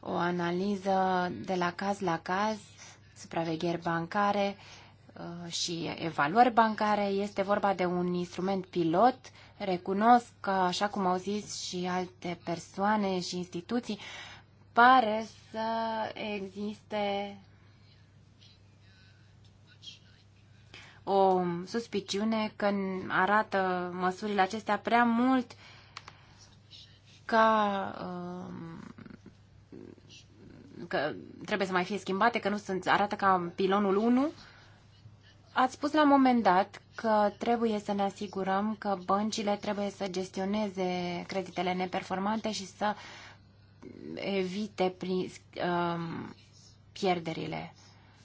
o analiză de la caz la caz, supravegheri bancare uh, și evaluări bancare. Este vorba de un instrument pilot. Recunosc că, așa cum au zis și alte persoane și instituții, pare să existe o suspiciune că arată măsurile acestea prea mult ca um, că trebuie să mai fie schimbate, că nu sunt, arată ca pilonul 1. Ați spus la un moment dat că trebuie să ne asigurăm că băncile trebuie să gestioneze creditele neperformante și să uh, evite prin, uh, pierderile.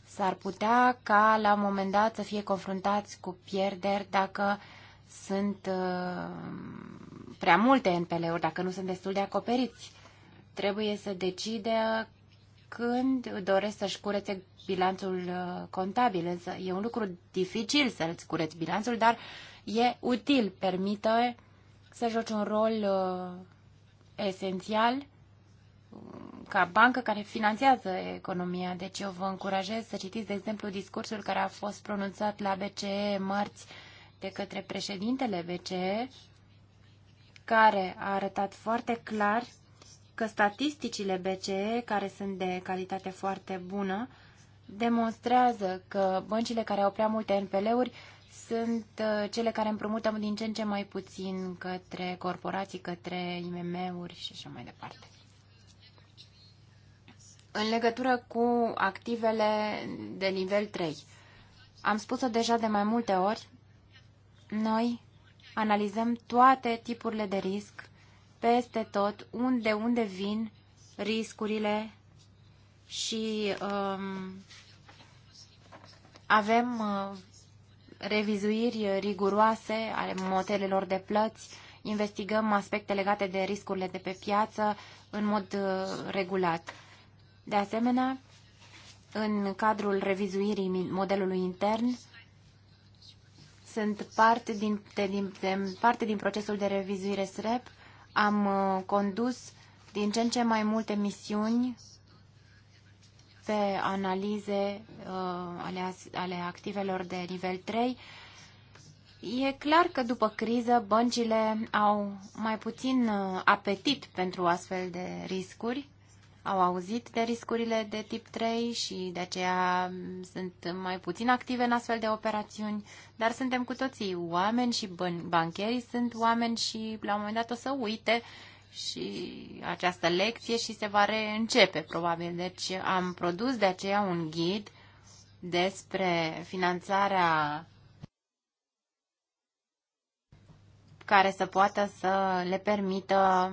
S-ar putea ca la un moment dat să fie confruntați cu pierderi dacă sunt uh, prea multe NPL-uri, dacă nu sunt destul de acoperiți. Trebuie să decide când doresc să-și curețe bilanțul uh, contabil, însă e un lucru dificil să-ți cureți bilanțul, dar e util, permite să joci un rol uh, esențial ca bancă care finanțează economia. Deci eu vă încurajez să citiți, de exemplu, discursul care a fost pronunțat la BCE marți de către președintele BCE, care a arătat foarte clar că statisticile BCE, care sunt de calitate foarte bună, demonstrează că băncile care au prea multe NPL-uri sunt uh, cele care împrumută din ce în ce mai puțin către corporații, către IMM-uri și așa mai departe în legătură cu activele de nivel 3. Am spus-o deja de mai multe ori, noi analizăm toate tipurile de risc, peste tot, unde, unde vin riscurile și um, avem uh, revizuiri riguroase ale modelelor de plăți, investigăm aspecte legate de riscurile de pe piață în mod uh, regulat. De asemenea, în cadrul revizuirii modelului intern, sunt parte din, de, din, de, parte din procesul de revizuire SREP. Am uh, condus din ce în ce mai multe misiuni pe analize uh, ale, ale activelor de nivel 3. E clar că după criză băncile au mai puțin uh, apetit pentru astfel de riscuri au auzit de riscurile de tip 3 și de aceea mm, sunt mai puțin active în astfel de operațiuni, dar suntem cu toții oameni și bancherii sunt oameni și la un moment dat o să uite și această lecție și se va reîncepe probabil. Deci am produs de aceea un ghid despre finanțarea care să poată să le permită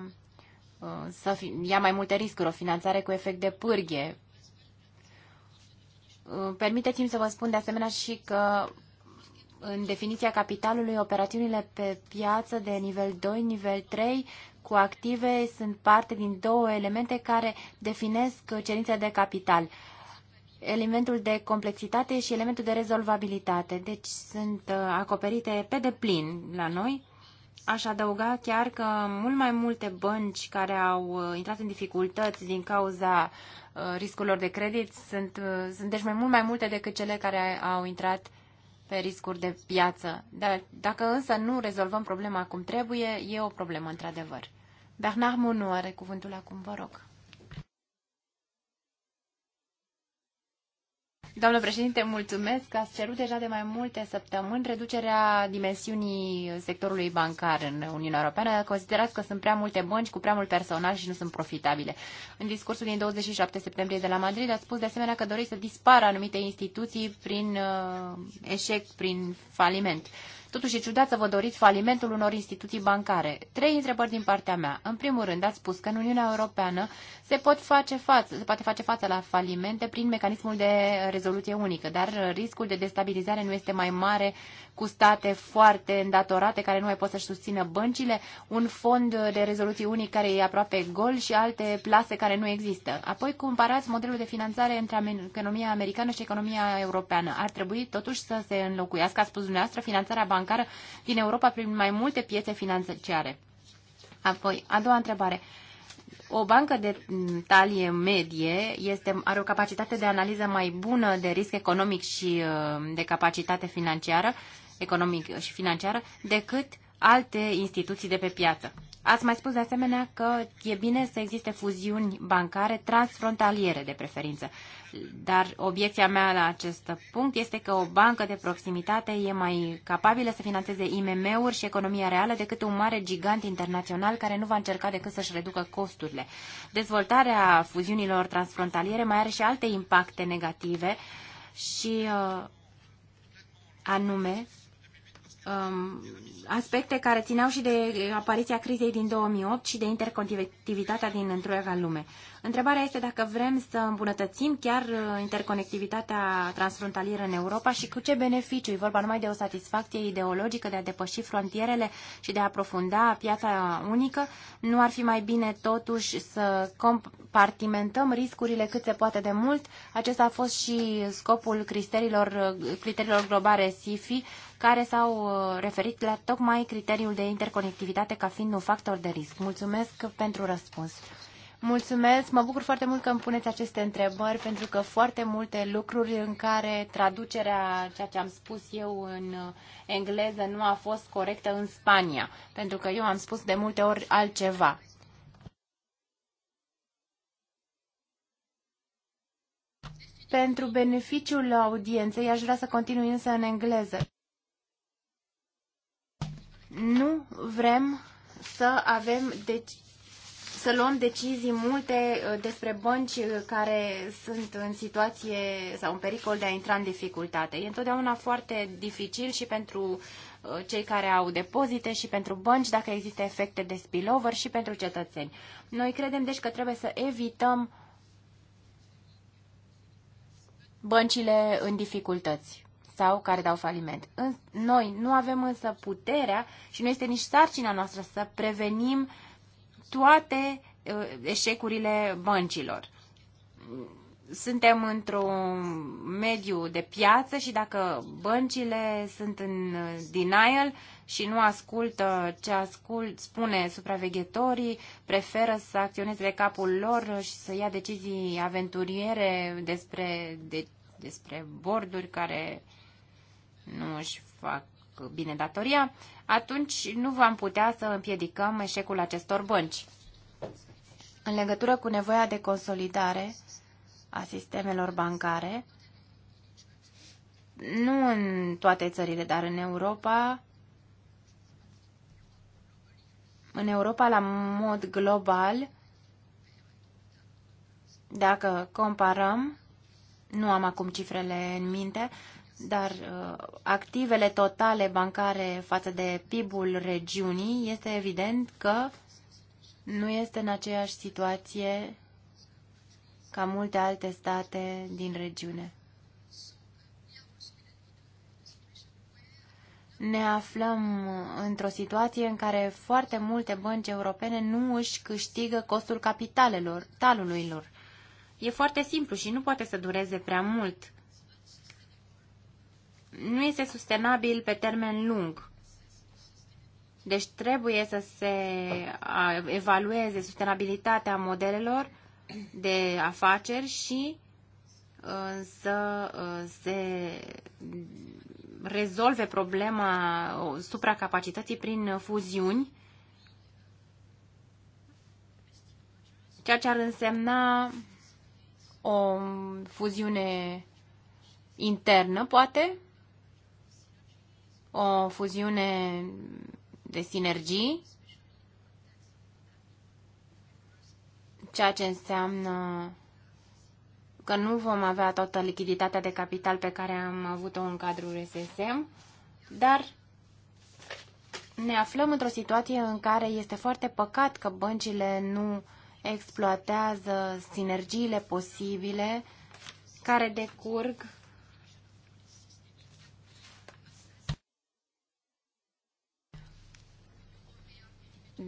Uh, să ia mai multe riscuri, o finanțare cu efect de pârghie. Uh, permiteți-mi să vă spun de asemenea și că în definiția capitalului, operațiunile pe piață de nivel 2, nivel 3 cu active sunt parte din două elemente care definesc cerința de capital. Elementul de complexitate și elementul de rezolvabilitate. Deci sunt uh, acoperite pe deplin la noi Aș adăuga chiar că mult mai multe bănci care au uh, intrat în dificultăți din cauza uh, riscurilor de credit sunt, uh, sunt deci mai mult mai multe decât cele care au intrat pe riscuri de piață. Dar dacă însă nu rezolvăm problema cum trebuie, e o problemă într-adevăr. Bernard Monu are cuvântul acum, vă rog. Doamnă președinte, mulțumesc că ați cerut deja de mai multe săptămâni reducerea dimensiunii sectorului bancar în Uniunea Europeană. Considerați că sunt prea multe bănci cu prea mult personal și nu sunt profitabile. În discursul din 27 septembrie de la Madrid a spus de asemenea că doriți să dispară anumite instituții prin uh, eșec, prin faliment. Totuși e ciudat să vă doriți falimentul unor instituții bancare. Trei întrebări din partea mea. În primul rând, ați spus că în Uniunea Europeană se, pot face față, se poate face față la falimente prin mecanismul de rezoluție unică, dar riscul de destabilizare nu este mai mare cu state foarte îndatorate care nu mai pot să-și susțină băncile, un fond de rezoluții unic care e aproape gol și alte plase care nu există. Apoi comparați modelul de finanțare între economia americană și economia europeană. Ar trebui totuși să se înlocuiască, a spus dumneavoastră, finanțarea bancară din Europa prin mai multe piețe financiare. Apoi, a doua întrebare. O bancă de talie medie este, are o capacitate de analiză mai bună de risc economic și uh, de capacitate financiară economic și financiară decât alte instituții de pe piață. Ați mai spus de asemenea că e bine să existe fuziuni bancare transfrontaliere de preferință. Dar obiecția mea la acest punct este că o bancă de proximitate e mai capabilă să financeze IMM-uri și economia reală decât un mare gigant internațional care nu va încerca decât să-și reducă costurile. Dezvoltarea fuziunilor transfrontaliere mai are și alte impacte negative și uh, anume Um, aspecte care țineau și de apariția crizei din 2008 și de interconectivitatea din întreaga lume. Întrebarea este dacă vrem să îmbunătățim chiar uh, interconectivitatea transfrontalieră în Europa și cu ce beneficiu. E vorba numai de o satisfacție ideologică de a depăși frontierele și de a aprofunda piața unică. Nu ar fi mai bine totuși să compartimentăm riscurile cât se poate de mult. Acesta a fost și scopul criteriilor, uh, criteriilor globale SIFI care s-au uh, referit la tocmai criteriul de interconectivitate ca fiind un factor de risc. Mulțumesc pentru răspuns. Mulțumesc, mă bucur foarte mult că îmi puneți aceste întrebări, pentru că foarte multe lucruri în care traducerea, ceea ce am spus eu în uh, engleză, nu a fost corectă în Spania, pentru că eu am spus de multe ori altceva. Pentru beneficiul audienței, aș vrea să continui însă în engleză. Nu vrem să avem deci, să luăm decizii multe uh, despre bănci uh, care sunt în situație sau în pericol de a intra în dificultate. E întotdeauna foarte dificil și pentru uh, cei care au depozite și pentru bănci dacă există efecte de spillover și pentru cetățeni. Noi credem deci că trebuie să evităm băncile în dificultăți sau care dau faliment. Noi nu avem însă puterea și nu este nici sarcina noastră să prevenim toate uh, eșecurile băncilor. Suntem într-un mediu de piață și dacă băncile sunt în uh, denial și nu ascultă ce ascult, spune supraveghetorii, preferă să acționeze de capul lor și să ia decizii aventuriere despre, de, despre borduri care nu își fac bine datoria, atunci nu vom putea să împiedicăm eșecul acestor bănci. În legătură cu nevoia de consolidare a sistemelor bancare, nu în toate țările, dar în Europa, în Europa la mod global, dacă comparăm, nu am acum cifrele în minte, dar uh, activele totale bancare față de PIB-ul regiunii, este evident că nu este în aceeași situație ca multe alte state din regiune. Ne aflăm într-o situație în care foarte multe bănci europene nu își câștigă costul capitalelor, talului lor. E foarte simplu și nu poate să dureze prea mult nu este sustenabil pe termen lung. Deci trebuie să se evalueze sustenabilitatea modelelor de afaceri și uh, să uh, se rezolve problema uh, supracapacității prin fuziuni, ceea ce ar însemna o fuziune internă, poate, o fuziune de sinergii, ceea ce înseamnă că nu vom avea toată lichiditatea de capital pe care am avut-o în cadrul SSM, dar ne aflăm într-o situație în care este foarte păcat că băncile nu exploatează sinergiile posibile care decurg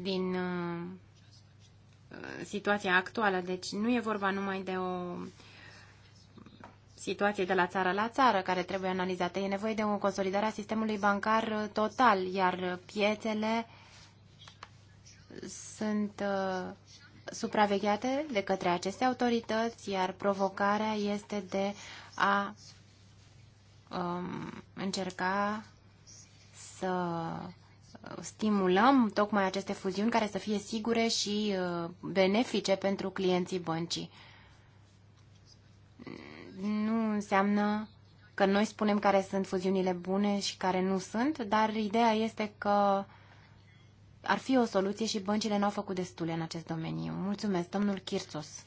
din uh, situația actuală. Deci nu e vorba numai de o situație de la țară la țară care trebuie analizată. E nevoie de o consolidare a sistemului bancar total, iar piețele sunt uh, supravegheate de către aceste autorități, iar provocarea este de a um, încerca să stimulăm tocmai aceste fuziuni care să fie sigure și uh, benefice pentru clienții băncii. Nu înseamnă că noi spunem care sunt fuziunile bune și care nu sunt, dar ideea este că ar fi o soluție și băncile n-au făcut destule în acest domeniu. Mulțumesc, domnul Kirțos.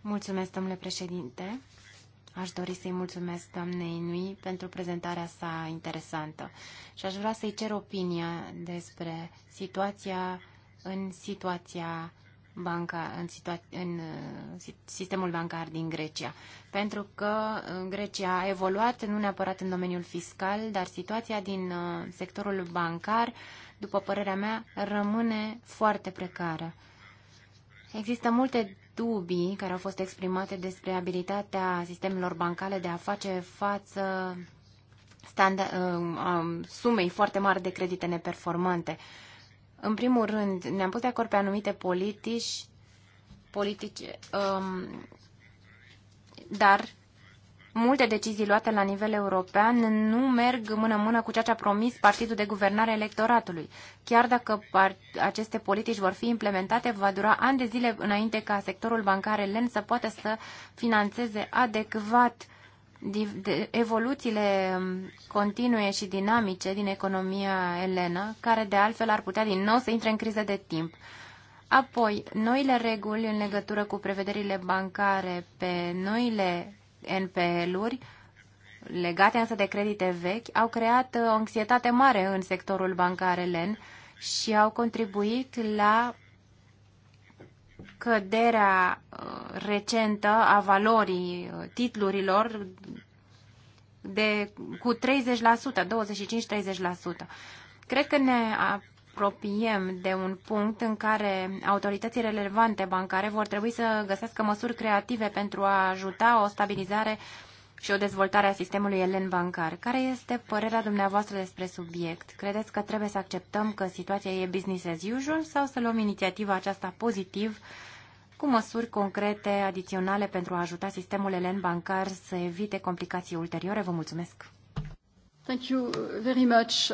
Mulțumesc, domnule președinte. Aș dori să-i mulțumesc doamnei Nui pentru prezentarea sa interesantă și aș vrea să-i cer opinia despre situația în situația banca, în, situa- în uh, sistemul bancar din Grecia. Pentru că uh, Grecia a evoluat nu neapărat în domeniul fiscal, dar situația din uh, sectorul bancar, după părerea mea, rămâne foarte precară. Există multe dubii care au fost exprimate despre abilitatea sistemelor bancale de a face față standa- uh, um, um, sumei foarte mari de credite neperformante. În primul rând, ne-am pus de acord pe anumite politici, politici um, dar multe decizii luate la nivel european nu merg mână-mână cu ceea ce a promis Partidul de Guvernare Electoratului. Chiar dacă aceste politici vor fi implementate, va dura ani de zile înainte ca sectorul bancar elen să poată să financeze adecvat evoluțiile um, continue și dinamice din economia elenă, care de altfel ar putea din nou să intre în criză de timp. Apoi, noile reguli în legătură cu prevederile bancare pe noile NPL-uri legate însă de credite vechi au creat uh, o anxietate mare în sectorul bancar elen și au contribuit la căderea uh, recentă a valorii uh, titlurilor de, cu 30%, 25-30%. Cred că ne apropiem de un punct în care autoritățile relevante bancare vor trebui să găsească măsuri creative pentru a ajuta o stabilizare și o dezvoltare a sistemului elen bancar. Care este părerea dumneavoastră despre subiect? Credeți că trebuie să acceptăm că situația e business as usual sau să luăm inițiativa aceasta pozitiv cu măsuri concrete adiționale pentru a ajuta sistemul elen bancar să evite complicații ulterioare? Vă mulțumesc! Thank you very much.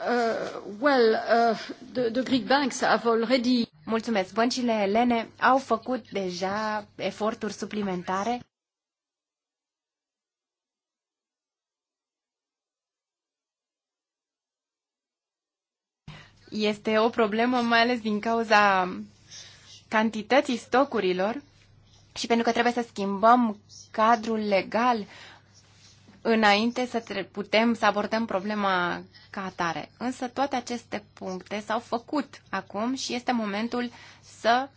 Uh, well, uh, the, the Greek banks have already... Mulțumesc. Băncile elene au făcut deja eforturi suplimentare. Este o problemă mai ales din cauza cantității stocurilor și pentru că trebuie să schimbăm cadrul legal înainte să putem să abordăm problema ca atare. Însă toate aceste puncte s-au făcut acum și este momentul să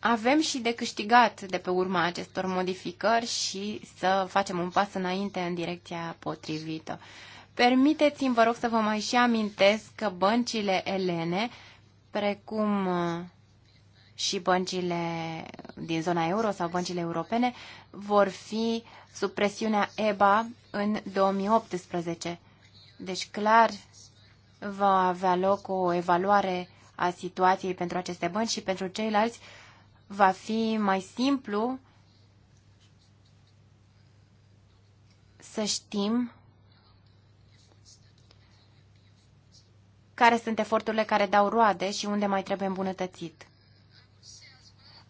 avem și de câștigat de pe urma acestor modificări și să facem un pas înainte în direcția potrivită. Permiteți-mi, vă rog, să vă mai și amintesc că băncile elene, precum uh, și băncile din zona euro sau băncile europene vor fi sub presiunea EBA în 2018. Deci clar va avea loc o evaluare a situației pentru aceste bănci și pentru ceilalți va fi mai simplu să știm care sunt eforturile care dau roade și unde mai trebuie îmbunătățit.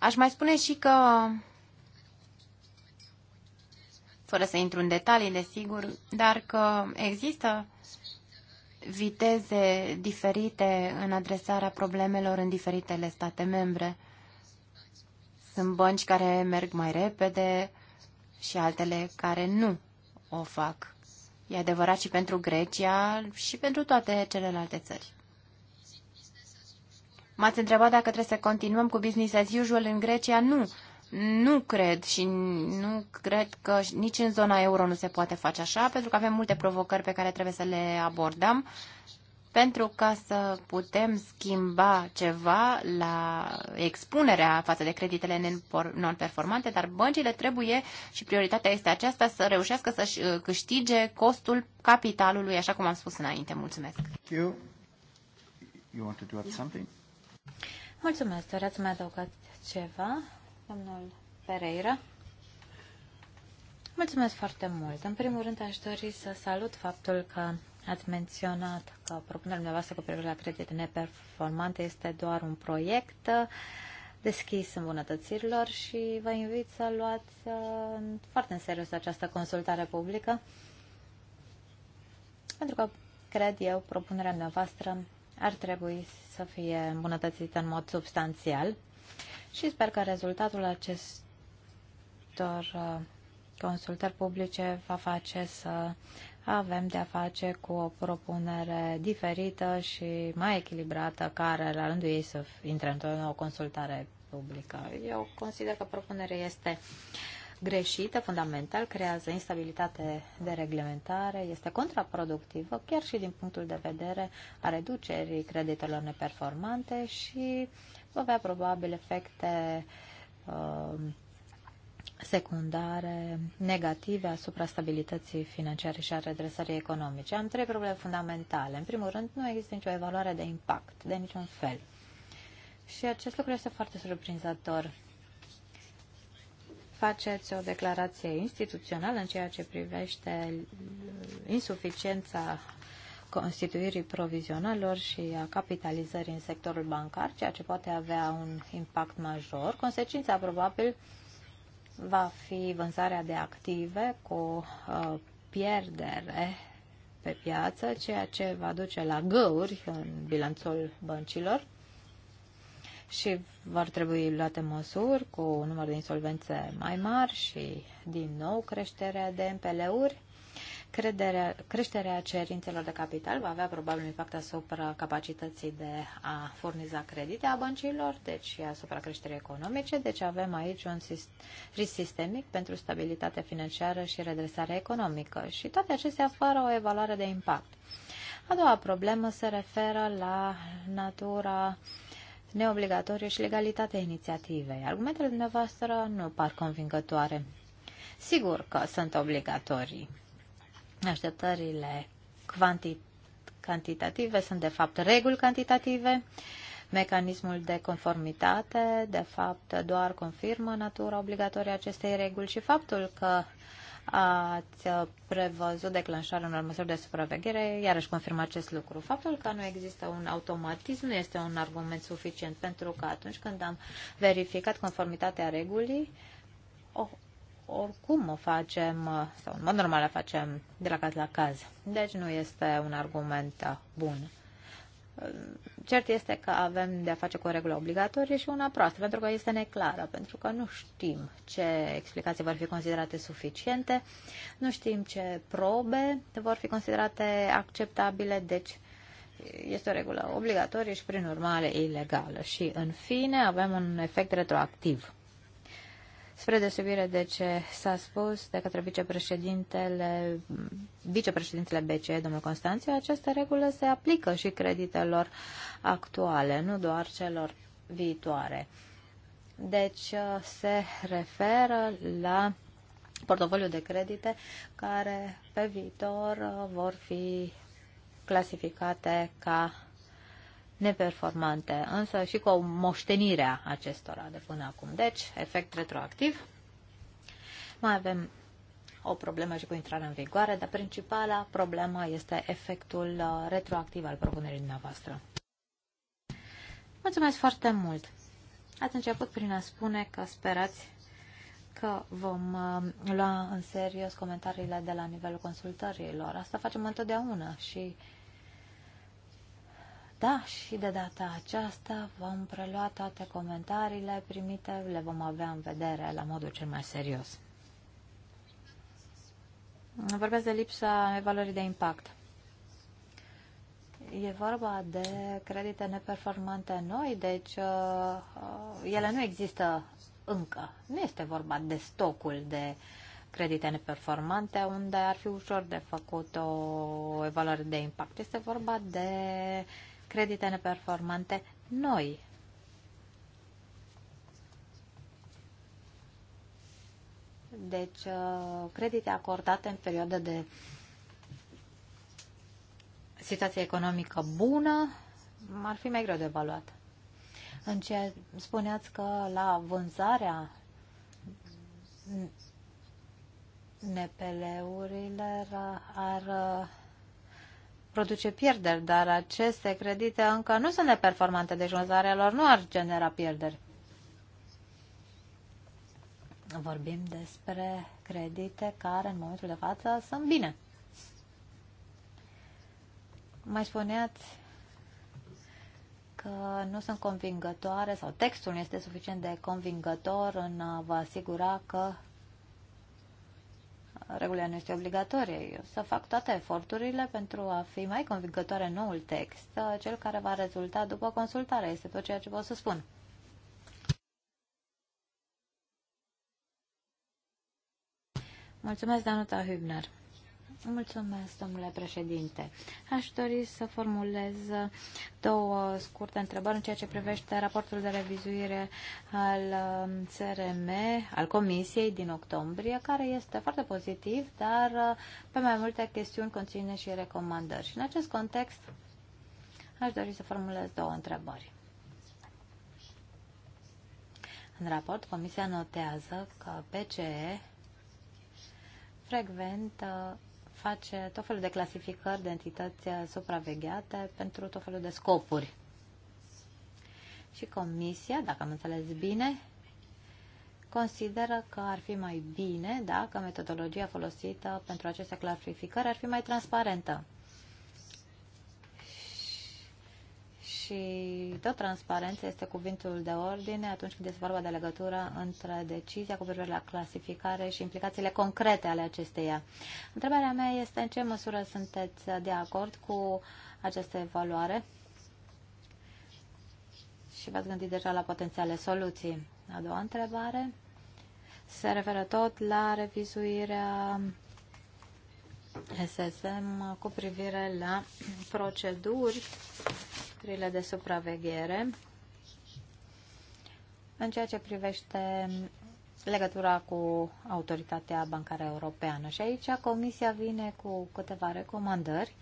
Aș mai spune și că, fără să intru în detalii, desigur, dar că există viteze diferite în adresarea problemelor în diferitele state membre. Sunt bănci care merg mai repede și altele care nu o fac. E adevărat și pentru Grecia și pentru toate celelalte țări. M-ați întrebat dacă trebuie să continuăm cu business as usual în Grecia? Nu. Nu cred și nu cred că nici în zona euro nu se poate face așa, pentru că avem multe provocări pe care trebuie să le abordăm. Pentru ca să putem schimba ceva la expunerea față de creditele non-performante, dar băncile trebuie, și prioritatea este aceasta, să reușească să-și uh, câștige costul capitalului, așa cum am spus înainte. Mulțumesc. Thank you. You to Mulțumesc. Doreați mai adăugat ceva, domnul Pereira? Mulțumesc foarte mult. În primul rând aș dori să salut faptul că ați menționat că propunerea dumneavoastră cu privire la credit neperformante este doar un proiect deschis îmbunătățirilor și vă invit să luați uh, foarte în serios această consultare publică pentru că, cred eu, propunerea dumneavoastră ar trebui să fie îmbunătățită în mod substanțial și sper că rezultatul acestor uh, consultări publice va face să avem de-a face cu o propunere diferită și mai echilibrată, care la rândul ei să intre într-o consultare publică. Eu consider că propunerea este greșită, fundamental, creează instabilitate de reglementare, este contraproductivă chiar și din punctul de vedere a reducerii creditelor neperformante și va avea probabil efecte uh, secundare negative asupra stabilității financiare și a redresării economice. Am trei probleme fundamentale. În primul rând, nu există nicio evaluare de impact, de niciun fel. Și acest lucru este foarte surprinzător faceți o declarație instituțională în ceea ce privește insuficiența constituirii provizionalor și a capitalizării în sectorul bancar, ceea ce poate avea un impact major. Consecința probabil va fi vânzarea de active cu uh, pierdere pe piață, ceea ce va duce la găuri în bilanțul băncilor și vor trebui luate măsuri cu un număr de insolvențe mai mari și, din nou, creșterea de MPL-uri. Crederea, creșterea cerințelor de capital va avea probabil impact asupra capacității de a furniza credite a băncilor, deci asupra creșterii economice. Deci avem aici un risc sistemic pentru stabilitatea financiară și redresarea economică. Și toate acestea fără o evaluare de impact. A doua problemă se referă la natura uh, neobligatoriu și legalitatea inițiativei. Argumentele dumneavoastră nu par convingătoare. Sigur că sunt obligatorii. Așteptările cvanti- cantitative sunt de fapt reguli cantitative. Mecanismul de conformitate, de fapt, doar confirmă natura obligatorie acestei reguli și faptul că ați uh, prevăzut declanșarea unor măsuri de supraveghere, iarăși confirmă acest lucru. Faptul că nu există un automatism nu este un argument suficient, pentru că atunci când am verificat conformitatea regulii, o, oricum o facem, uh, sau în mod normal o facem de la caz la caz. Deci nu este un argument uh, bun. Cert este că avem de-a face cu o regulă obligatorie și una proastă, pentru că este neclară, pentru că nu știm ce explicații vor fi considerate suficiente, nu știm ce probe vor fi considerate acceptabile, deci este o regulă obligatorie și, prin urmare, ilegală. Și, în fine, avem un efect retroactiv. Spre deosebire de ce s-a spus de către vicepreședintele, vicepreședintele BCE, domnul Constanțiu, această regulă se aplică și creditelor actuale, nu doar celor viitoare. Deci uh, se referă la portofoliul de credite care pe viitor uh, vor fi clasificate ca neperformante, însă și cu moștenirea acestora de până acum. Deci, efect retroactiv. Mai avem o problemă și cu intrarea în vigoare, dar principala problemă este efectul uh, retroactiv al propunerii dumneavoastră. Mulțumesc foarte mult! Ați început prin a spune că sperați că vom uh, lua în serios comentariile de la nivelul consultărilor. Asta facem întotdeauna și da, și de data aceasta vom prelua toate comentariile primite, le vom avea în vedere la modul cel mai serios. Vorbesc de lipsa evaluării de impact. E vorba de credite neperformante noi, deci uh, uh ele nu există încă. Nu este vorba de stocul de credite neperformante, unde ar fi ușor de făcut o evaluare de impact. Este vorba de uh, credite neperformante noi. Deci, uh, credite acordate în perioadă de situație economică bună ar fi mai greu de evaluat. În ce spuneați că la vânzarea nepeleurile ar uh, produce pierderi, dar aceste credite încă nu sunt neperformante, deci vânzarea lor nu ar genera pierderi. Vorbim despre credite care în momentul de față sunt bine. Mai spuneați că nu sunt convingătoare sau textul nu este suficient de convingător în a vă asigura că regulile nu este obligatorie. Eu să fac toate eforturile pentru a fi mai convingătoare în noul text, cel care va rezulta după consultare. Este tot ceea ce pot să spun. Mulțumesc, Danuta Hübner. Mulțumesc, domnule președinte. Aș dori să formulez două scurte întrebări în ceea ce privește raportul de revizuire al CRM, um, al Comisiei din octombrie, care este foarte pozitiv, dar uh, pe mai multe chestiuni conține și recomandări. Și în acest context aș dori să formulez două întrebări. În raport, Comisia notează că PCE frecvent face tot felul de clasificări de entități supravegheate pentru tot felul de scopuri. Și comisia, dacă am înțeles bine, consideră că ar fi mai bine dacă metodologia folosită pentru aceste clasificări ar fi mai transparentă. și tot transparență este cuvintul de ordine atunci când este vorba de legătură între decizia cu privire la clasificare și implicațiile concrete ale acesteia. Întrebarea mea este în ce măsură sunteți de acord cu această evaluare și v-ați gândit deja la potențiale soluții. A doua întrebare se referă tot la revizuirea SSM cu privire la proceduri structurile de supraveghere în ceea ce privește legătura cu Autoritatea Bancară Europeană. Și aici Comisia vine cu câteva recomandări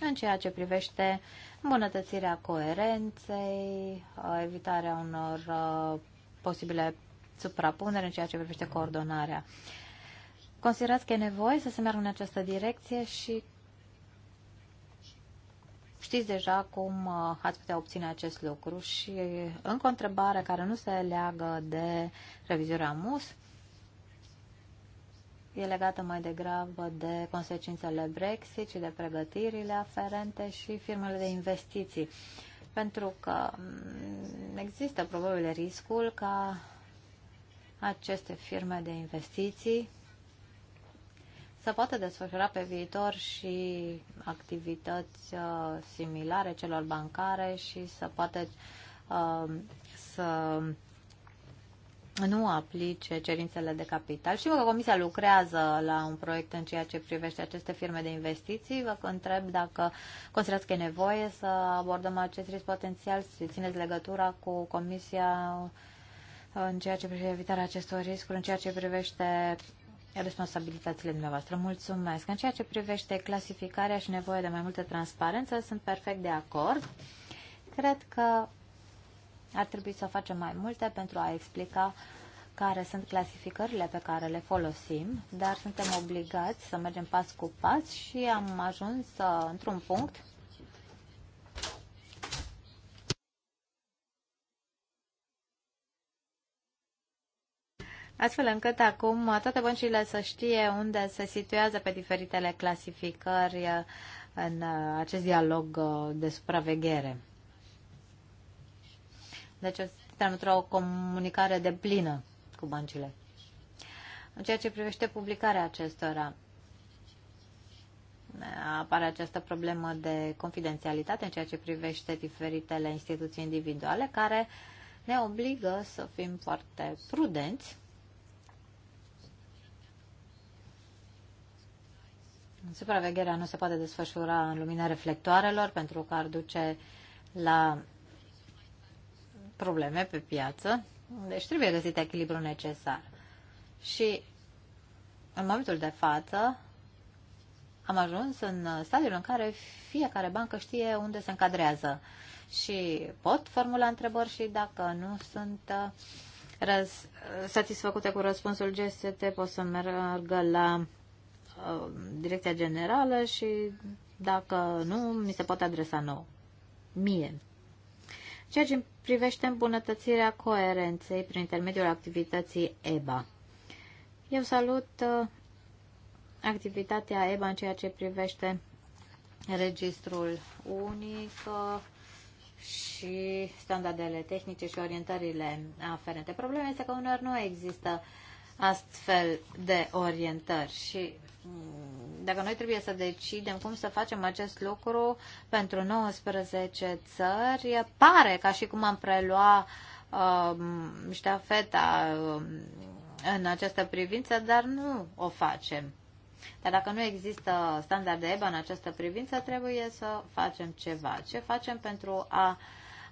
în ceea ce privește îmbunătățirea coerenței, evitarea unor uh, posibile suprapuneri în ceea ce privește coordonarea. Considerați că e nevoie să se meargă în această direcție și Știți deja cum uh, ați putea obține acest lucru și încă o întrebare care nu se leagă de revizuirea MUS e legată mai degrabă de consecințele Brexit și de pregătirile aferente și firmele de investiții. Pentru că mm, există probabil riscul ca aceste firme de investiții să poată desfășura pe viitor și activități uh, similare celor bancare și să poată uh, să nu aplice cerințele de capital. Știu că Comisia lucrează la un proiect în ceea ce privește aceste firme de investiții. Vă întreb dacă considerați că e nevoie să abordăm acest risc potențial, să țineți legătura cu Comisia în ceea ce privește evitarea acestor riscuri, în ceea ce privește responsabilitățile dumneavoastră. Mulțumesc. În ceea ce privește clasificarea și nevoia de mai multă transparență, sunt perfect de acord. Cred că ar trebui să facem mai multe pentru a explica care sunt clasificările pe care le folosim, dar suntem obligați să mergem pas cu pas și am ajuns uh, într-un punct astfel încât acum toate băncile să știe unde se situează pe diferitele clasificări uh, în uh, acest dialog uh, de supraveghere. Deci suntem într-o comunicare de plină cu băncile. În ceea ce privește publicarea acestora, apare această problemă de confidențialitate în ceea ce privește diferitele instituții individuale care ne obligă să fim foarte prudenți Supravegherea nu se poate desfășura în lumina reflectoarelor pentru că ar duce la probleme pe piață, deci trebuie găsit echilibru necesar. Și în momentul de față am ajuns în stadiul în care fiecare bancă știe unde se încadrează și pot formula întrebări și dacă nu sunt uh, satisfăcute cu răspunsul GST, pot să merg la Uh, direcția generală și dacă nu, mi se poate adresa nou. Mie. Ceea ce privește îmbunătățirea coerenței prin intermediul activității EBA. Eu salut uh, activitatea EBA în ceea ce privește registrul unic uh, și standardele tehnice și orientările aferente. Problema este că uneori nu există astfel de orientări și Mm, dacă noi trebuie să decidem cum să facem acest lucru pentru 19 țări, pare ca și cum am prelua uh, ștafeta uh, în această privință, dar nu o facem. Dar dacă nu există standarde EBA în această privință, trebuie să facem ceva. Ce facem pentru a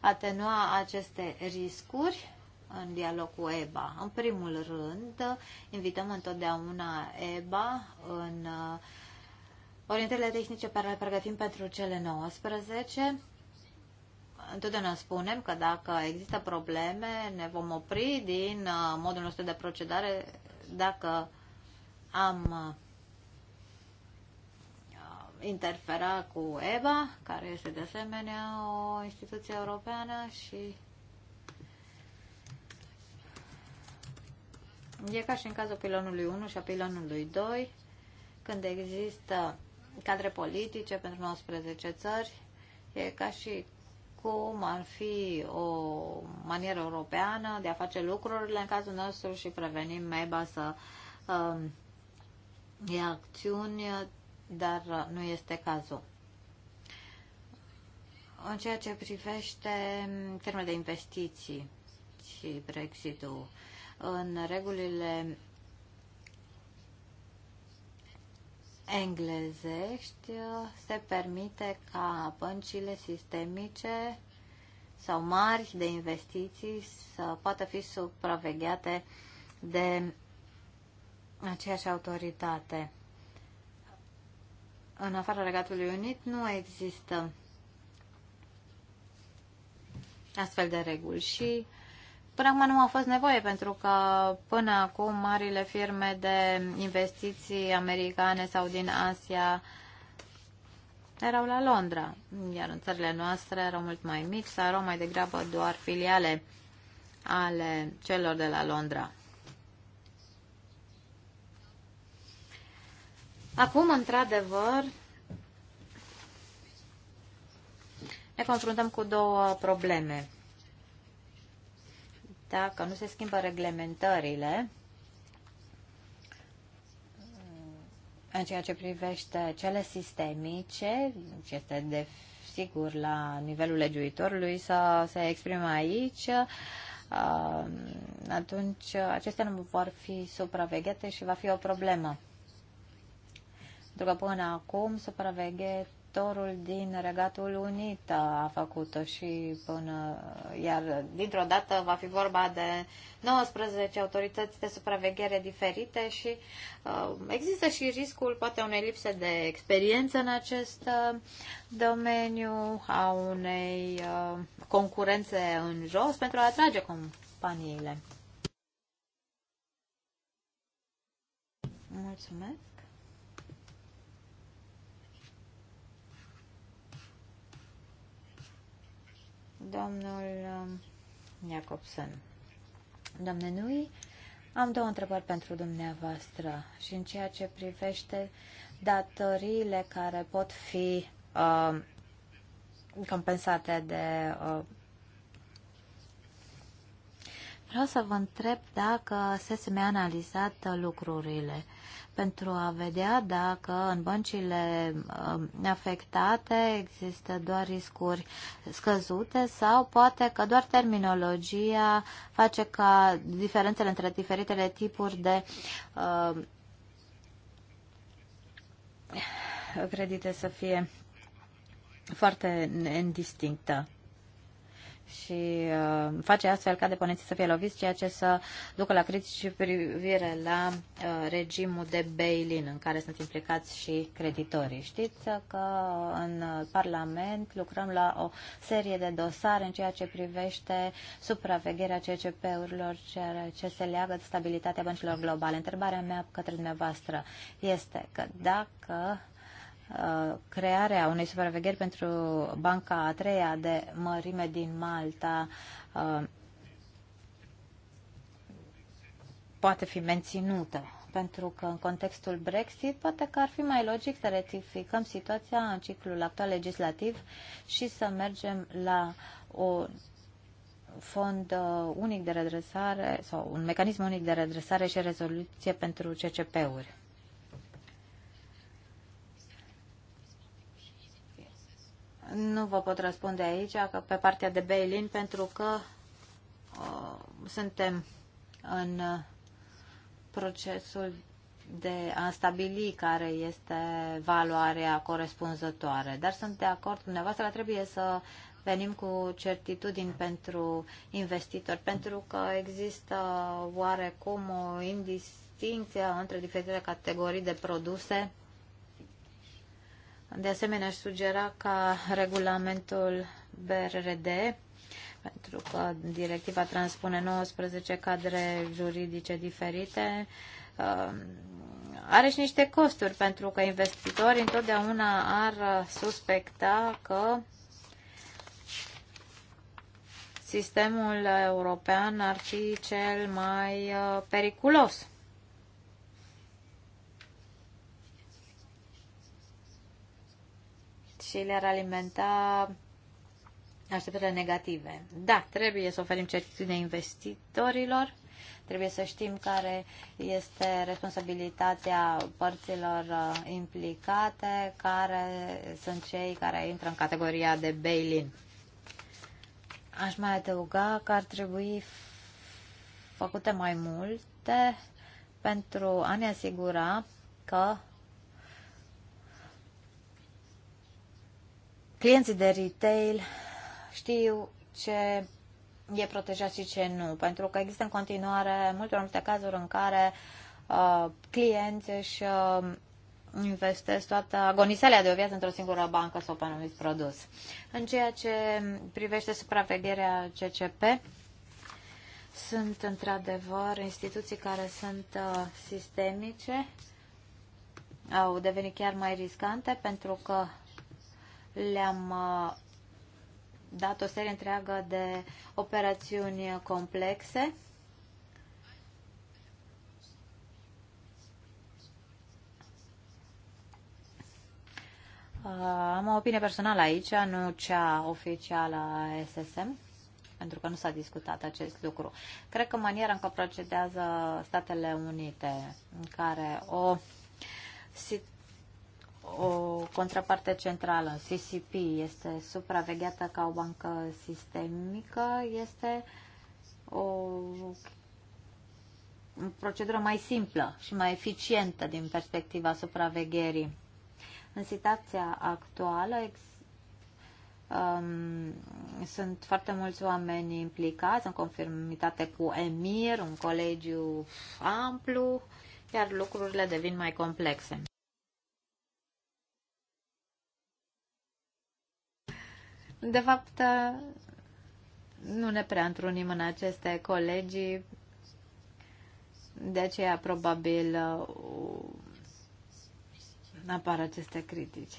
atenua aceste riscuri? în dialog cu EBA. În primul rând, invităm întotdeauna EBA în uh, orientările tehnice pe care le pregătim pentru cele 19. Întotdeauna spunem că dacă există probleme, ne vom opri din uh, modul nostru de procedare dacă am uh, interfera cu EBA, care este de asemenea o instituție europeană și E ca și în cazul pilonului 1 și a pilonului 2, când există cadre politice pentru 19 țări, e ca și cum ar fi o manieră europeană de a face lucrurile în cazul nostru și prevenim MEBA să um, ia acțiuni, dar nu este cazul. În ceea ce privește termenul de investiții și Brexit-ul, în regulile englezești se permite ca băncile sistemice sau mari de investiții să poată fi supravegheate de aceeași autoritate. În afara Regatului Unit nu există astfel de reguli și Până acum nu a fost nevoie pentru că până acum marile firme de investiții americane sau din Asia erau la Londra, iar în țările noastre erau mult mai mici sau erau mai degrabă doar filiale ale celor de la Londra. Acum, într-adevăr, ne confruntăm cu două probleme dacă nu se schimbă reglementările în ceea ce privește cele sistemice, ce deci este de sigur la nivelul legiuitorului să se exprime aici, um, atunci acestea nu vor fi supravegheate și va fi o problemă. Pentru că până acum supraveghe, raportorul din Regatul Unit a făcut-o și până, iar dintr-o dată va fi vorba de 19 autorități de supraveghere diferite și uh, există și riscul poate unei lipse de experiență în acest uh, domeniu, a unei uh, concurențe în jos pentru a atrage companiile. Mulțumesc. domnul um, Jacobson. Doamne Nui, am două întrebări pentru dumneavoastră și în ceea ce privește datoriile care pot fi uh, compensate de uh, Vreau să vă întreb dacă se mi-a analizat lucrurile pentru a vedea dacă în băncile um, afectate există doar riscuri scăzute sau poate că doar terminologia face ca diferențele între diferitele tipuri de uh, credite să fie foarte indistinctă și uh, face astfel ca deponenții să fie loviți, ceea ce să ducă la critici privire la uh, regimul de bail-in în care sunt implicați și creditorii. Știți că în Parlament lucrăm la o serie de dosare în ceea ce privește supravegherea CCP-urilor, ceea ce se leagă de stabilitatea băncilor globale. Întrebarea mea către dumneavoastră este că dacă Uh, crearea unei supravegheri pentru banca a treia de mărime din Malta uh, poate fi menținută. Pentru că în contextul Brexit poate că ar fi mai logic să rectificăm situația în ciclul actual legislativ și să mergem la o fond uh, unic de redresare sau un mecanism unic de redresare și rezoluție pentru CCP-uri. Nu vă pot răspunde aici, că pe partea de bail-in, pentru că uh, suntem în uh, procesul de a stabili care este valoarea corespunzătoare. Dar sunt de acord dumneavoastră, trebuie să venim cu certitudini pentru investitori, pentru că există oarecum o indistinție între diferitele categorii de produse de asemenea, aș sugera ca regulamentul BRRD, pentru că directiva transpune 19 cadre juridice diferite, um, are și niște costuri, pentru că investitorii întotdeauna ar suspecta că sistemul european ar fi cel mai uh, periculos. și le-ar alimenta așteptările negative. Da, trebuie să oferim certitudine investitorilor, trebuie să știm care este responsabilitatea părților uh, implicate, care sunt cei care intră în categoria de bail-in. Aș mai adăuga că ar trebui făcute mai multe pentru a ne asigura că clienții de retail știu ce e protejat și ce nu, pentru că există în continuare multe multe cazuri în care uh, clienții își uh, investesc toată agonisalea de o viață într-o singură bancă sau pe un anumit produs. În ceea ce privește supravegherea CCP, sunt într-adevăr instituții care sunt uh, sistemice, au devenit chiar mai riscante pentru că le-am uh, dat o serie întreagă de operațiuni complexe. Uh, am o opinie personală aici, nu cea oficială a SSM, pentru că nu s-a discutat acest lucru. Cred că maniera în care procedează Statele Unite, în care o situație o contraparte centrală, CCP, este supravegheată ca o bancă sistemică, este o, procedură mai simplă și mai eficientă din perspectiva supravegherii. În situația actuală ex, um, sunt foarte mulți oameni implicați în conformitate cu EMIR, un colegiu amplu, iar lucrurile devin mai complexe. De fapt, nu ne prea întrunim în aceste colegii, de aceea probabil apar aceste critici.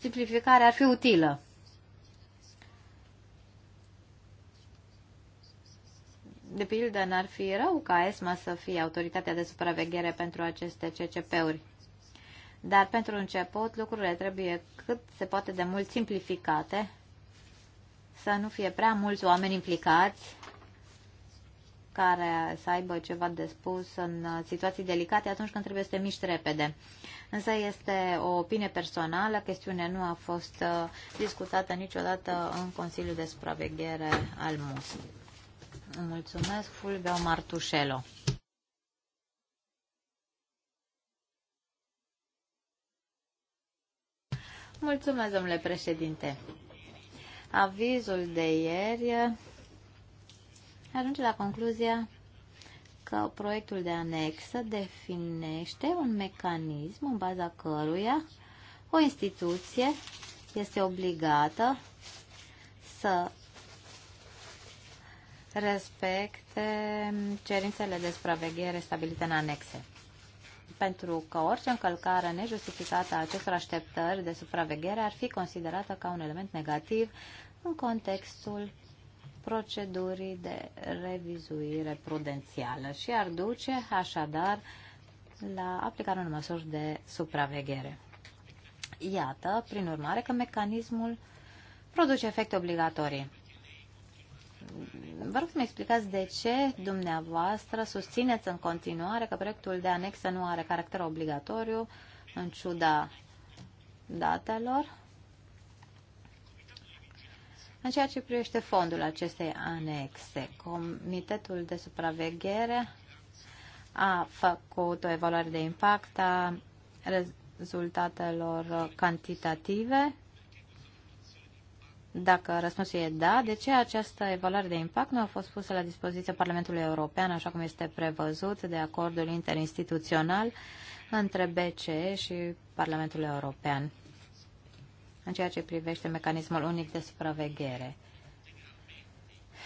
Simplificarea ar fi utilă. De pildă, n-ar fi rău ca ESMA să fie autoritatea de supraveghere pentru aceste CCP-uri. Dar pentru început lucrurile trebuie cât se poate de mult simplificate, să nu fie prea mulți oameni implicați care să aibă ceva de spus în situații delicate atunci când trebuie să te miști repede. Însă este o opinie personală, chestiunea nu a fost uh, discutată niciodată în Consiliul de Supraveghere al MUS. Mulțumesc, Fulvio Martușelo. Mulțumesc, domnule președinte. Avizul de ieri ajunge la concluzia că proiectul de anexă definește un mecanism în baza căruia o instituție este obligată să respecte cerințele de supraveghere stabilite în anexe pentru că orice încălcare nejustificată a acestor așteptări de supraveghere ar fi considerată ca un element negativ în contextul procedurii de revizuire prudențială și ar duce așadar la aplicarea unor măsuri de supraveghere. Iată, prin urmare, că mecanismul produce efecte obligatorii. Vă rog să-mi explicați de ce dumneavoastră susțineți în continuare că proiectul de anexă nu are caracter obligatoriu în ciuda datelor. În ceea ce privește fondul acestei anexe, Comitetul de Supraveghere a făcut o evaluare de impact a rezultatelor cantitative dacă răspunsul e da, de ce această evaluare de impact nu a fost pusă la dispoziția Parlamentului European, așa cum este prevăzut de acordul interinstituțional între BCE și Parlamentul European, în ceea ce privește mecanismul unic de supraveghere?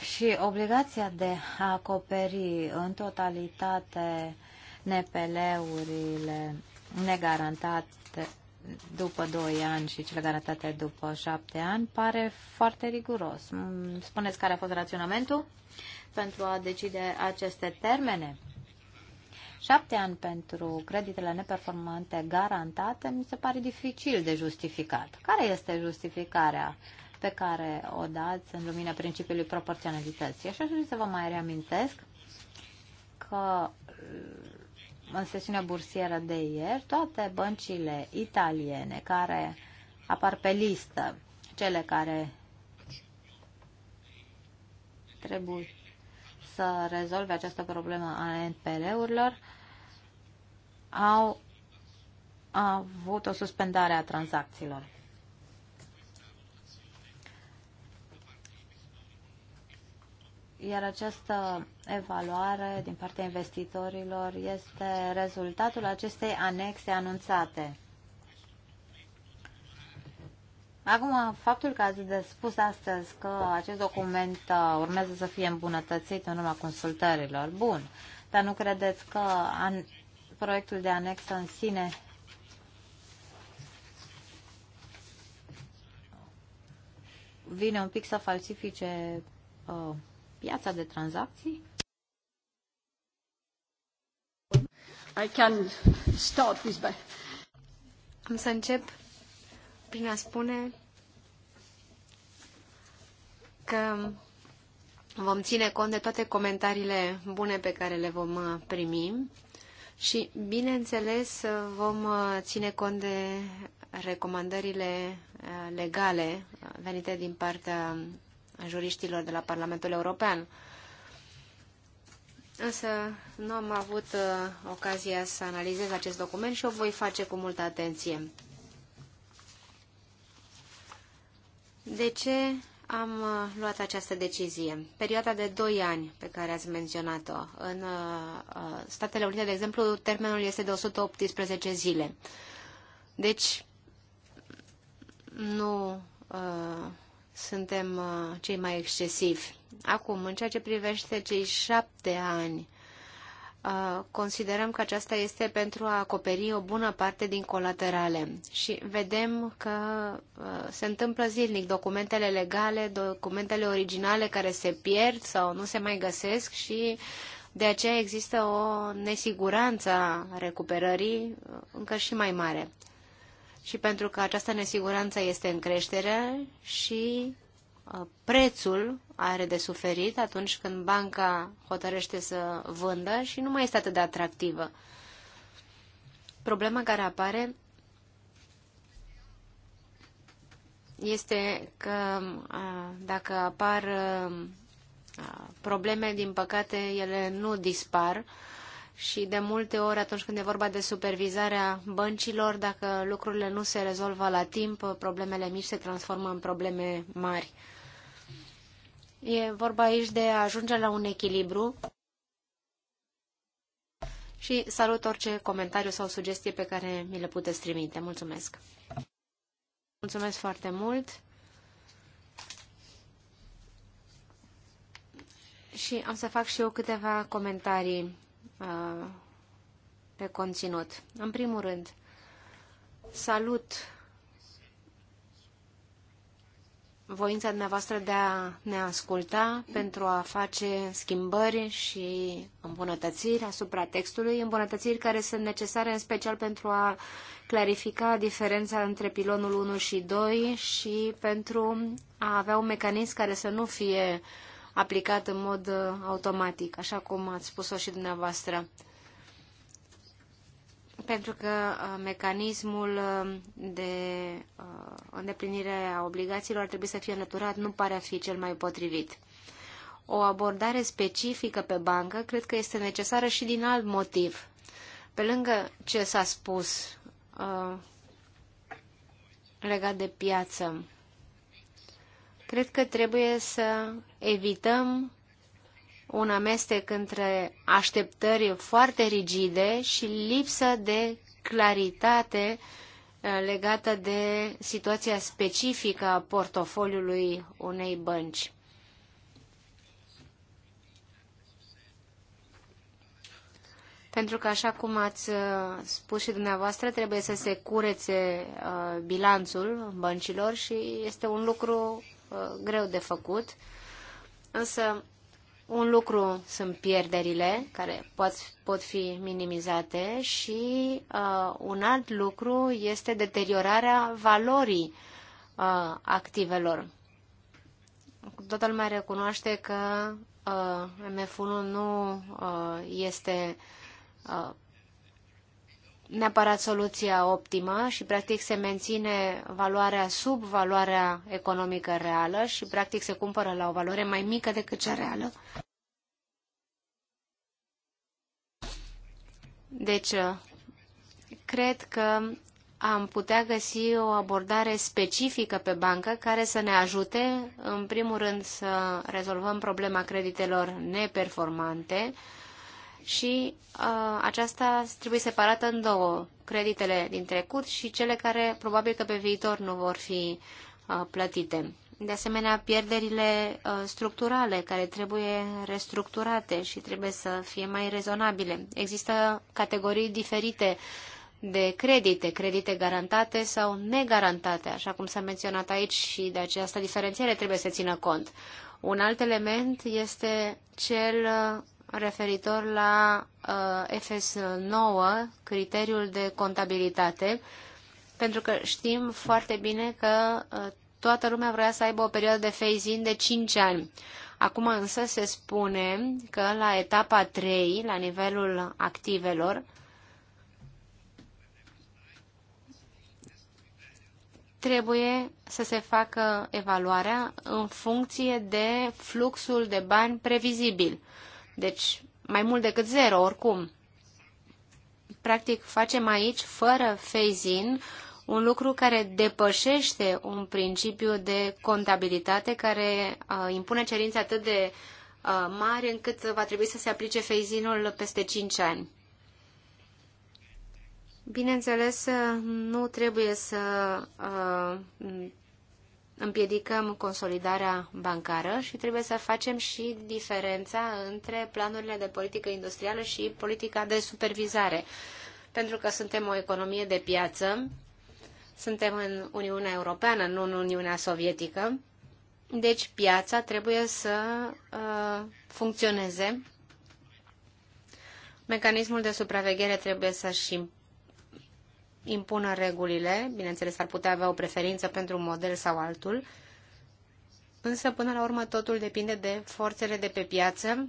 Și obligația de a acoperi în totalitate NPL-urile negarantate după 2 ani și cele garantate după 7 ani pare foarte riguros. Mm, spuneți care a fost raționamentul pentru a decide aceste termene? 7 ani pentru creditele neperformante garantate mi se pare dificil de justificat. Care este justificarea pe care o dați în lumina principiului proporționalității? Și așa să vă mai reamintesc că în sesiunea bursieră de ieri, toate băncile italiene care apar pe listă, cele care trebuie să rezolve această problemă a NPL-urilor, au avut o suspendare a tranzacțiilor. Iar această evaluare din partea investitorilor este rezultatul acestei anexe anunțate. Acum, faptul că ați de spus astăzi că acest document uh, urmează să fie îmbunătățit în urma consultărilor, bun, dar nu credeți că an- proiectul de anexă în sine vine un pic să falsifice uh, piața de tranzacții? I can start with by... Am să încep prin a spune că vom ține cont de toate comentariile bune pe care le vom uh, primi și, bineînțeles, vom uh, ține cont de recomandările uh, legale venite din partea juriștilor de la Parlamentul European. Însă nu am avut uh, ocazia să analizez acest document și o voi face cu multă atenție. De ce am uh, luat această decizie? Perioada de 2 ani pe care ați menționat-o. În uh, uh, Statele Unite, de exemplu, termenul este de 118 zile. Deci, nu uh, suntem uh, cei mai excesivi. Acum, în ceea ce privește cei șapte ani, uh, considerăm că aceasta este pentru a acoperi o bună parte din colaterale și vedem că uh, se întâmplă zilnic documentele legale, documentele originale care se pierd sau nu se mai găsesc și de aceea există o nesiguranță a recuperării încă și mai mare și pentru că această nesiguranță este în creștere și uh, prețul are de suferit atunci când banca hotărăște să vândă și nu mai este atât de atractivă. Problema care apare este că uh, dacă apar uh, probleme, din păcate, ele nu dispar și de multe ori atunci când e vorba de supervizarea băncilor, dacă lucrurile nu se rezolvă la timp, problemele mici se transformă în probleme mari. E vorba aici de a ajunge la un echilibru și salut orice comentariu sau sugestie pe care mi le puteți trimite. Mulțumesc! Mulțumesc foarte mult! Și am să fac și eu câteva comentarii Uh, pe conținut. În primul rând, salut voința dumneavoastră de a ne asculta pentru a face schimbări și îmbunătățiri asupra textului, îmbunătățiri care sunt necesare în special pentru a clarifica diferența între pilonul 1 și 2 și pentru a avea un mecanism care să nu fie uh, aplicat în mod uh, automatic, așa cum ați spus-o și dumneavoastră. Pentru că uh, mecanismul uh, de îndeplinire a obligațiilor ar trebui să fie înlăturat, nu pare a fi cel mai potrivit. O abordare specifică pe bancă cred că este necesară și din alt motiv. Pe lângă ce s-a spus legat de piață, Cred că trebuie să evităm un amestec între așteptări foarte rigide și lipsă de claritate uh, legată de situația specifică a portofoliului unei bănci. Pentru că, așa cum ați uh, spus și dumneavoastră, trebuie să se curețe uh, bilanțul băncilor și este un lucru Uh, greu de făcut, însă un lucru sunt pierderile care pot, pot fi minimizate și uh, un alt lucru este deteriorarea valorii uh, activelor. Toată lumea recunoaște că uh, MF1 nu uh, este uh, neapărat soluția optimă și practic se menține valoarea sub valoarea economică reală și practic se cumpără la o valoare mai mică decât cea reală. Deci, cred că am putea găsi o abordare specifică pe bancă care să ne ajute, în primul rând, să rezolvăm problema creditelor neperformante, și uh, aceasta trebuie separată în două, creditele din trecut și cele care probabil că pe viitor nu vor fi uh, plătite. De asemenea, pierderile uh, structurale care trebuie restructurate și trebuie să fie mai rezonabile. Există categorii diferite de credite, credite garantate sau negarantate, așa cum s-a menționat aici și de această diferențiere trebuie să țină cont. Un alt element este cel uh, referitor la uh, FS9, criteriul de contabilitate, pentru că știm foarte bine că uh, toată lumea vrea să aibă o perioadă de phase-in de 5 ani. Acum însă se spune că la etapa 3, la nivelul activelor, trebuie să se facă evaluarea în funcție de fluxul de bani previzibil. Deci, mai mult decât zero, oricum. Practic, facem aici, fără phase-in, un lucru care depășește un principiu de contabilitate care uh, impune cerințe atât de uh, mari încât va trebui să se aplice phase-in-ul peste 5 ani. Bineînțeles, nu trebuie să uh, împiedicăm consolidarea bancară și trebuie să facem și diferența între planurile de politică industrială și politica de supervizare. Pentru că suntem o economie de piață, suntem în Uniunea Europeană, nu în Uniunea Sovietică, deci piața trebuie să uh, funcționeze Mecanismul de supraveghere trebuie să-și impună regulile, bineînțeles ar putea avea o preferință pentru un model sau altul, însă până la urmă totul depinde de forțele de pe piață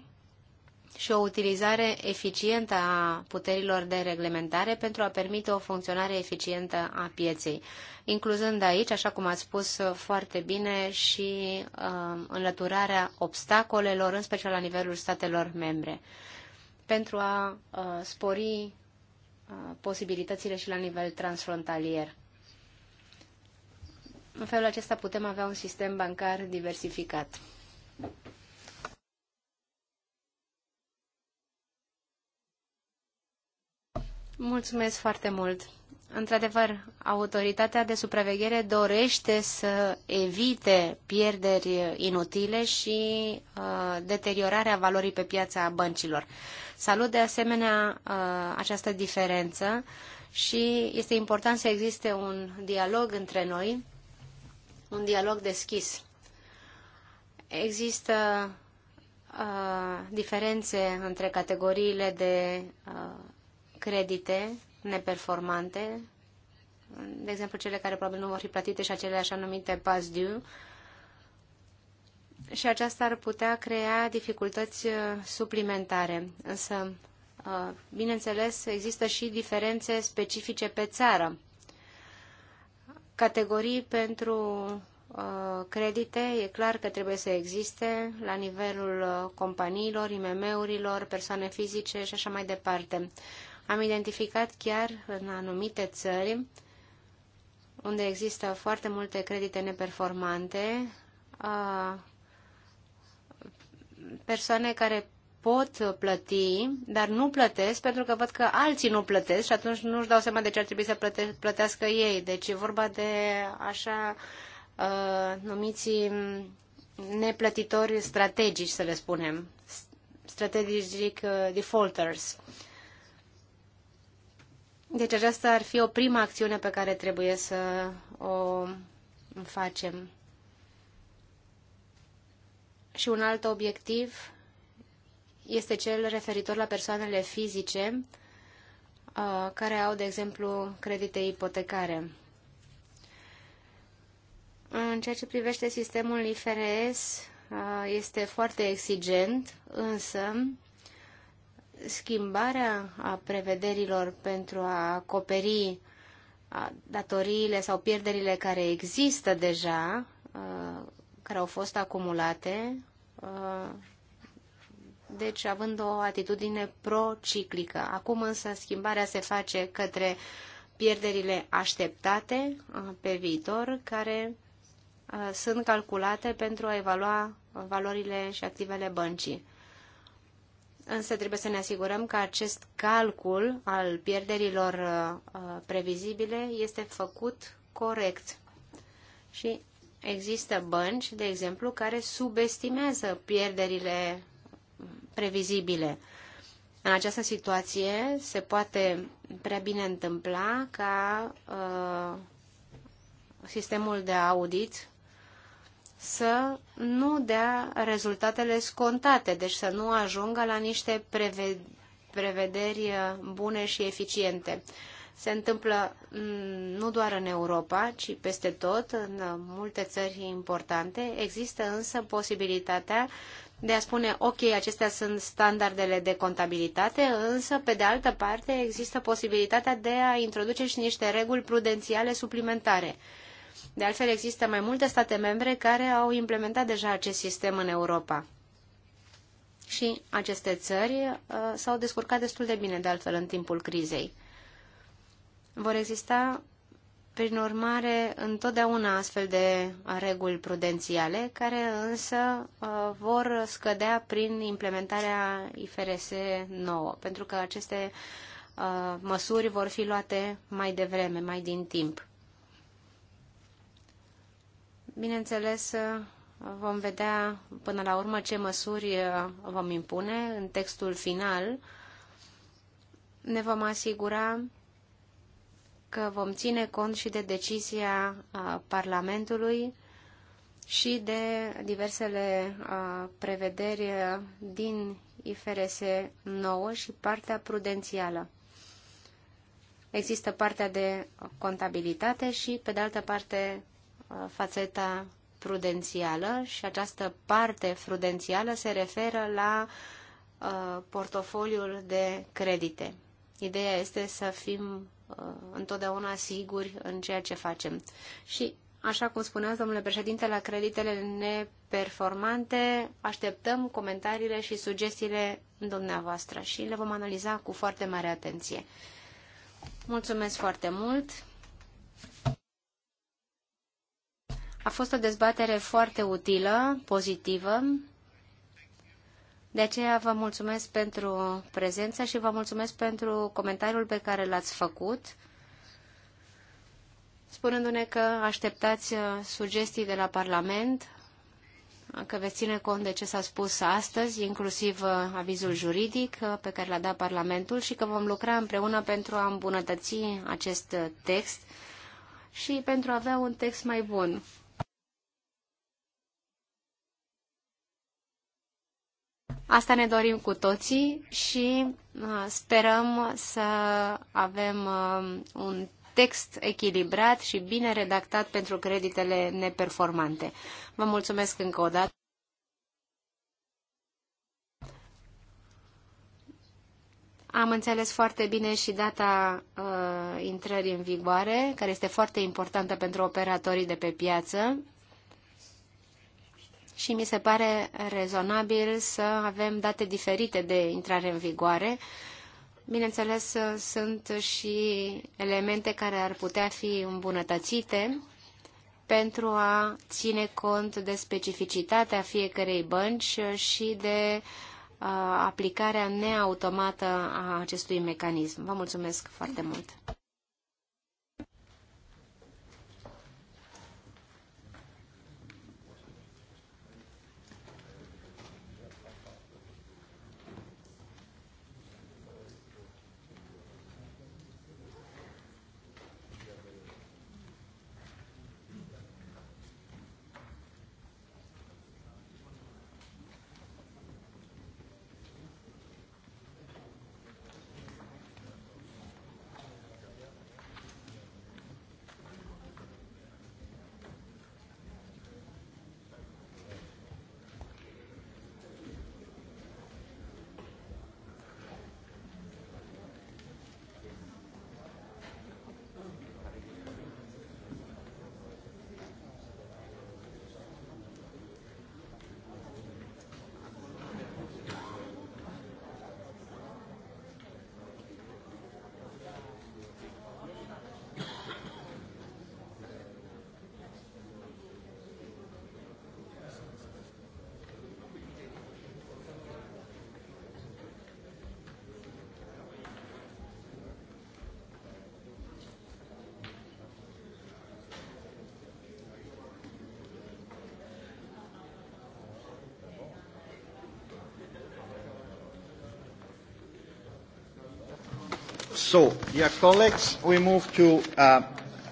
și o utilizare eficientă a puterilor de reglementare pentru a permite o funcționare eficientă a pieței, incluzând aici, așa cum ați spus foarte bine, și uh, înlăturarea obstacolelor, în special la nivelul statelor membre, pentru a uh, spori posibilitățile și la nivel transfrontalier. În felul acesta putem avea un sistem bancar diversificat. Mulțumesc foarte mult! Într-adevăr, autoritatea de supraveghere dorește să evite pierderi inutile și uh, deteriorarea valorii pe piața băncilor. Salut de asemenea uh, această diferență și este important să existe un dialog între noi, un dialog deschis. Există uh, diferențe între categoriile de uh, credite neperformante, de exemplu cele care probabil nu vor fi plătite și acele așa numite past due, și aceasta ar putea crea dificultăți uh, suplimentare. Însă, uh, bineînțeles, există și diferențe specifice pe țară. Categorii pentru uh, credite, e clar că trebuie să existe la nivelul companiilor, IMM-urilor, persoane fizice și așa mai departe. Am identificat chiar în anumite țări unde există foarte multe credite neperformante, persoane care pot plăti, dar nu plătesc pentru că văd că alții nu plătesc și atunci nu-și dau seama de ce ar trebui să plătească ei. Deci e vorba de așa numiții neplătitori strategici, să le spunem, strategic uh, defaulters. Deci aceasta ar fi o prima acțiune pe care trebuie să o facem. Și un alt obiectiv este cel referitor la persoanele fizice uh, care au, de exemplu, credite ipotecare. În ceea ce privește sistemul IFRS, uh, este foarte exigent, însă schimbarea a prevederilor pentru a acoperi datoriile sau pierderile care există deja, care au fost acumulate, deci având o atitudine prociclică. Acum însă schimbarea se face către pierderile așteptate pe viitor, care sunt calculate pentru a evalua valorile și activele băncii însă trebuie să ne asigurăm că acest calcul al pierderilor uh, uh, previzibile este făcut corect. Și există bănci, de exemplu, care subestimează pierderile uh, previzibile. În această situație se poate prea bine întâmpla ca uh, sistemul de audit să nu dea rezultatele scontate, deci să nu ajungă la niște prevederi uh, bune și eficiente. Se întâmplă mm, nu doar în Europa, ci peste tot, în uh, multe țări importante. Există însă posibilitatea de a spune, ok, acestea sunt standardele de contabilitate, însă, pe de altă parte, există posibilitatea de a introduce și niște reguli prudențiale suplimentare. De altfel, există mai multe state membre care au implementat deja acest sistem în Europa. Și aceste țări uh, s-au descurcat destul de bine, de altfel, în timpul crizei. Vor exista, prin urmare, întotdeauna astfel de reguli prudențiale, care însă uh, vor scădea prin implementarea IFRS 9, pentru că aceste uh, măsuri vor fi luate mai devreme, mai din timp. Bineînțeles, uh, vom vedea până la urmă ce măsuri uh, vom impune în textul final. Ne vom asigura că vom ține cont și de decizia uh, Parlamentului și de diversele prevederi din IFRS 9 și partea prudențială. Există partea de contabilitate și, pe de altă parte, fațeta prudențială și această parte prudențială se referă la uh, portofoliul de credite. Ideea este să fim uh, întotdeauna siguri în ceea ce facem. Și, așa cum spuneați, domnule președinte, la creditele neperformante așteptăm comentariile și sugestiile dumneavoastră și le vom analiza cu foarte mare atenție. Mulțumesc foarte mult! A fost o dezbatere foarte utilă, pozitivă. De aceea vă mulțumesc pentru prezență și vă mulțumesc pentru comentariul pe care l-ați făcut, spunându-ne că așteptați uh, sugestii de la Parlament, că veți ține cont de ce s-a spus astăzi, inclusiv uh, avizul juridic uh, pe care l-a dat Parlamentul și că vom lucra împreună pentru a îmbunătăți acest text și pentru a avea un text mai bun. Asta ne dorim cu toții și uh, sperăm să avem uh, un text echilibrat și bine redactat pentru creditele neperformante. Vă mulțumesc încă o dată. Am înțeles foarte bine și data uh, intrării în vigoare, care este foarte importantă pentru operatorii de pe piață și mi se pare rezonabil să avem date diferite de intrare în vigoare. Bineînțeles, sunt și elemente care ar putea fi îmbunătățite pentru a ține cont de specificitatea fiecărei bănci și de uh, aplicarea neautomată a acestui mecanism. Vă mulțumesc foarte mult! So, dear colleagues, we move to uh,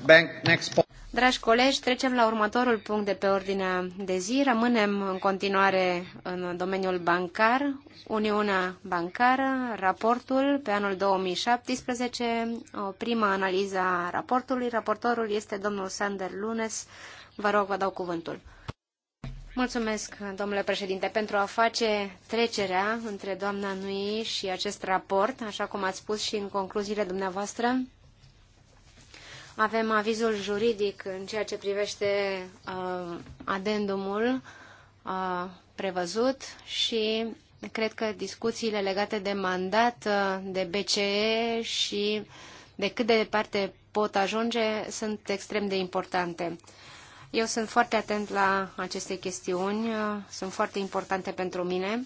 bank next point. Dragi colegi, trecem la următorul punct de pe ordinea de zi. Rămânem în continuare în domeniul bancar, Uniunea Bancară, raportul pe anul 2017, o prima analiză a raportului. Raportorul este domnul Sander Lunes. Vă rog, vă dau cuvântul. Mulțumesc, domnule președinte, pentru a face trecerea între doamna Nui și acest raport, așa cum ați spus și în concluziile dumneavoastră. Avem avizul juridic în ceea ce privește uh, adendumul uh, prevăzut și cred că discuțiile legate de mandat, uh, de BCE și de cât de departe pot ajunge sunt extrem de importante. Uh, eu sunt foarte atent la aceste chestiuni, uh, sunt foarte importante pentru mine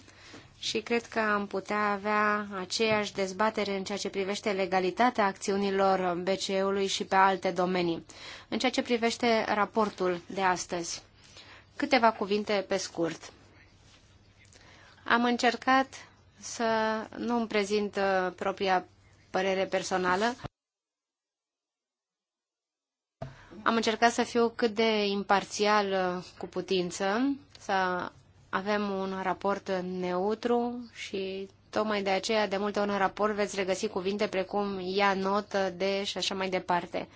și cred că am putea avea aceeași dezbatere în ceea ce privește legalitatea acțiunilor BCE-ului și pe alte domenii. În ceea ce privește raportul de astăzi, câteva cuvinte pe scurt. Am încercat să nu mi prezint uh, propria părere personală, Am încercat să fiu cât de imparțial uh, cu putință, să avem un raport neutru și tocmai de aceea de multe ori în raport veți regăsi cuvinte precum ia notă de și așa mai departe.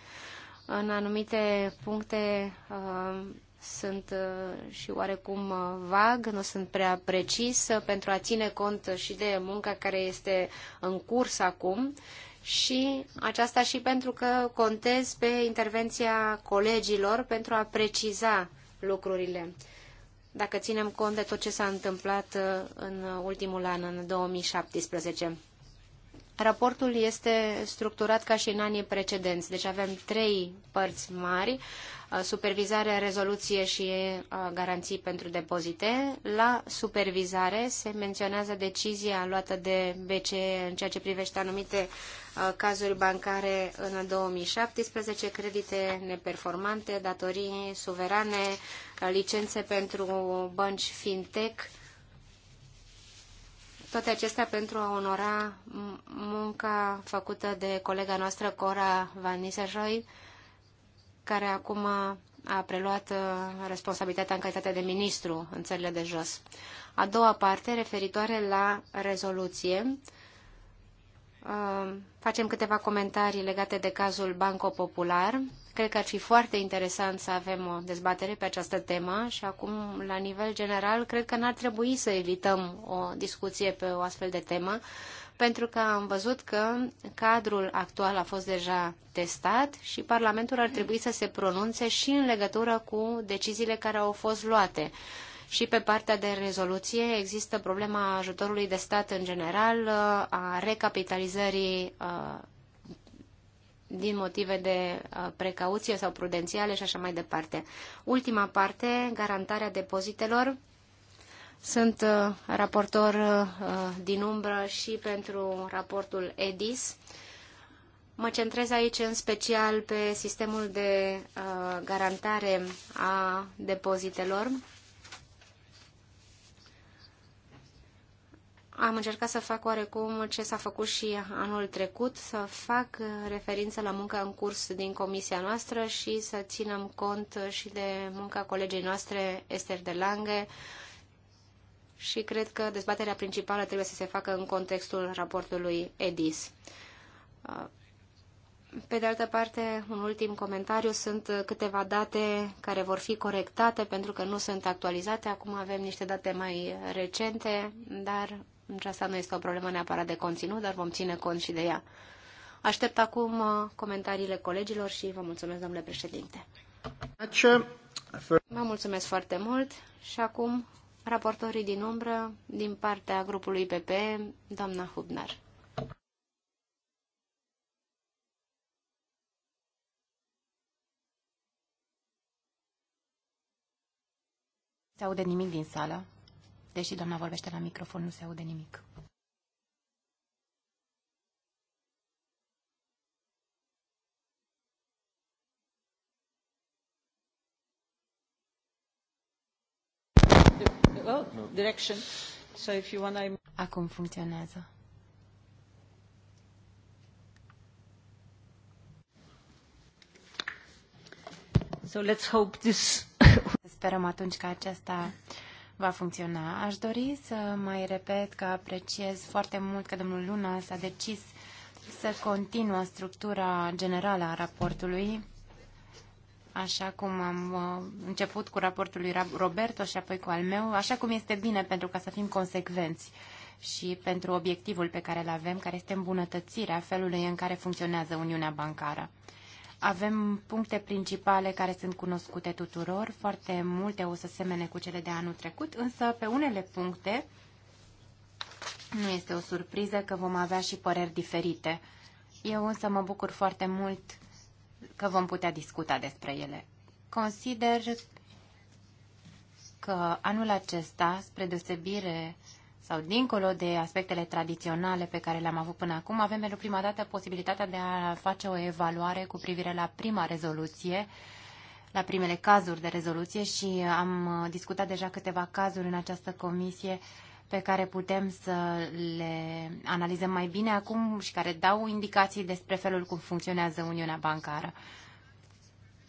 În anumite puncte uh, sunt uh, și oarecum uh, vag, nu sunt prea precis uh, pentru a ține cont și de munca care este în curs acum și aceasta și pentru că contez pe intervenția colegilor pentru a preciza lucrurile. Dacă ținem cont de tot ce s-a întâmplat uh, în ultimul an, în 2017. Raportul este structurat ca și în anii precedenți, deci avem trei părți mari, uh, supervizare, rezoluție și uh, garanții pentru depozite. La supervizare se menționează decizia luată de BCE în ceea ce privește anumite Uh, cazuri bancare în 2017, credite neperformante, datorii suverane, uh, licențe pentru bănci fintech, toate acestea pentru a onora munca făcută de colega noastră Cora Van Nisseroy, care acum a preluat uh, responsabilitatea în calitate de ministru în țările de jos. A doua parte, referitoare la rezoluție, Uh, facem câteva comentarii legate de cazul Banco Popular. Cred că ar fi foarte interesant să avem o dezbatere pe această temă și acum, la nivel general, cred că n-ar trebui să evităm o discuție pe o astfel de temă, pentru că am văzut că cadrul actual a fost deja testat și Parlamentul ar trebui să se pronunțe și în legătură cu deciziile care au fost luate. Și pe partea de rezoluție există problema ajutorului de stat în general, uh, a recapitalizării uh, din motive de uh, precauție sau prudențiale și așa mai departe. Ultima parte, garantarea depozitelor. Sunt raportor din umbră și pentru raportul EDIS. Mă centrez aici în special pe sistemul de garantare a depozitelor Am încercat să fac oarecum ce s-a făcut și anul trecut, să fac referință la munca în curs din comisia noastră și să ținem cont și de munca colegii noastre, Esther de Lange, și cred că dezbaterea principală trebuie să se facă în contextul raportului EDIS. Pe de altă parte, un ultim comentariu, sunt câteva date care vor fi corectate pentru că nu sunt actualizate. Acum avem niște date mai recente, dar deci asta nu este o problemă neapărat de conținut, dar vom ține cont și de ea. Aștept acum uh, comentariile colegilor și vă mulțumesc, domnule președinte. Vă mulțumesc foarte mult și acum raportorii din umbră din partea grupului PP, doamna Hubner. Se aude nimic din sală. Deși doamna vorbește la microfon, nu se aude nimic. direction. So if you Acum funcționează. So let's hope this... Sperăm atunci că aceasta va funcționa. Aș dori să mai repet că apreciez foarte mult că domnul Luna s-a decis să continuă structura generală a raportului, așa cum am uh, început cu raportul lui Roberto și apoi cu al meu, așa cum este bine pentru ca să fim consecvenți și pentru obiectivul pe care îl avem, care este îmbunătățirea felului în care funcționează Uniunea Bancară. Avem puncte principale care sunt cunoscute tuturor, foarte multe o să semene cu cele de anul trecut, însă pe unele puncte nu este o surpriză că vom avea și păreri diferite. Eu însă mă bucur foarte mult că vom putea discuta despre ele. Consider că anul acesta, spre deosebire sau dincolo de aspectele tradiționale pe care le-am avut până acum, avem pentru prima dată posibilitatea de a face o evaluare cu privire la prima rezoluție, la primele cazuri de rezoluție și am discutat deja câteva cazuri în această comisie pe care putem să le analizăm mai bine acum și care dau indicații despre felul cum funcționează Uniunea Bancară.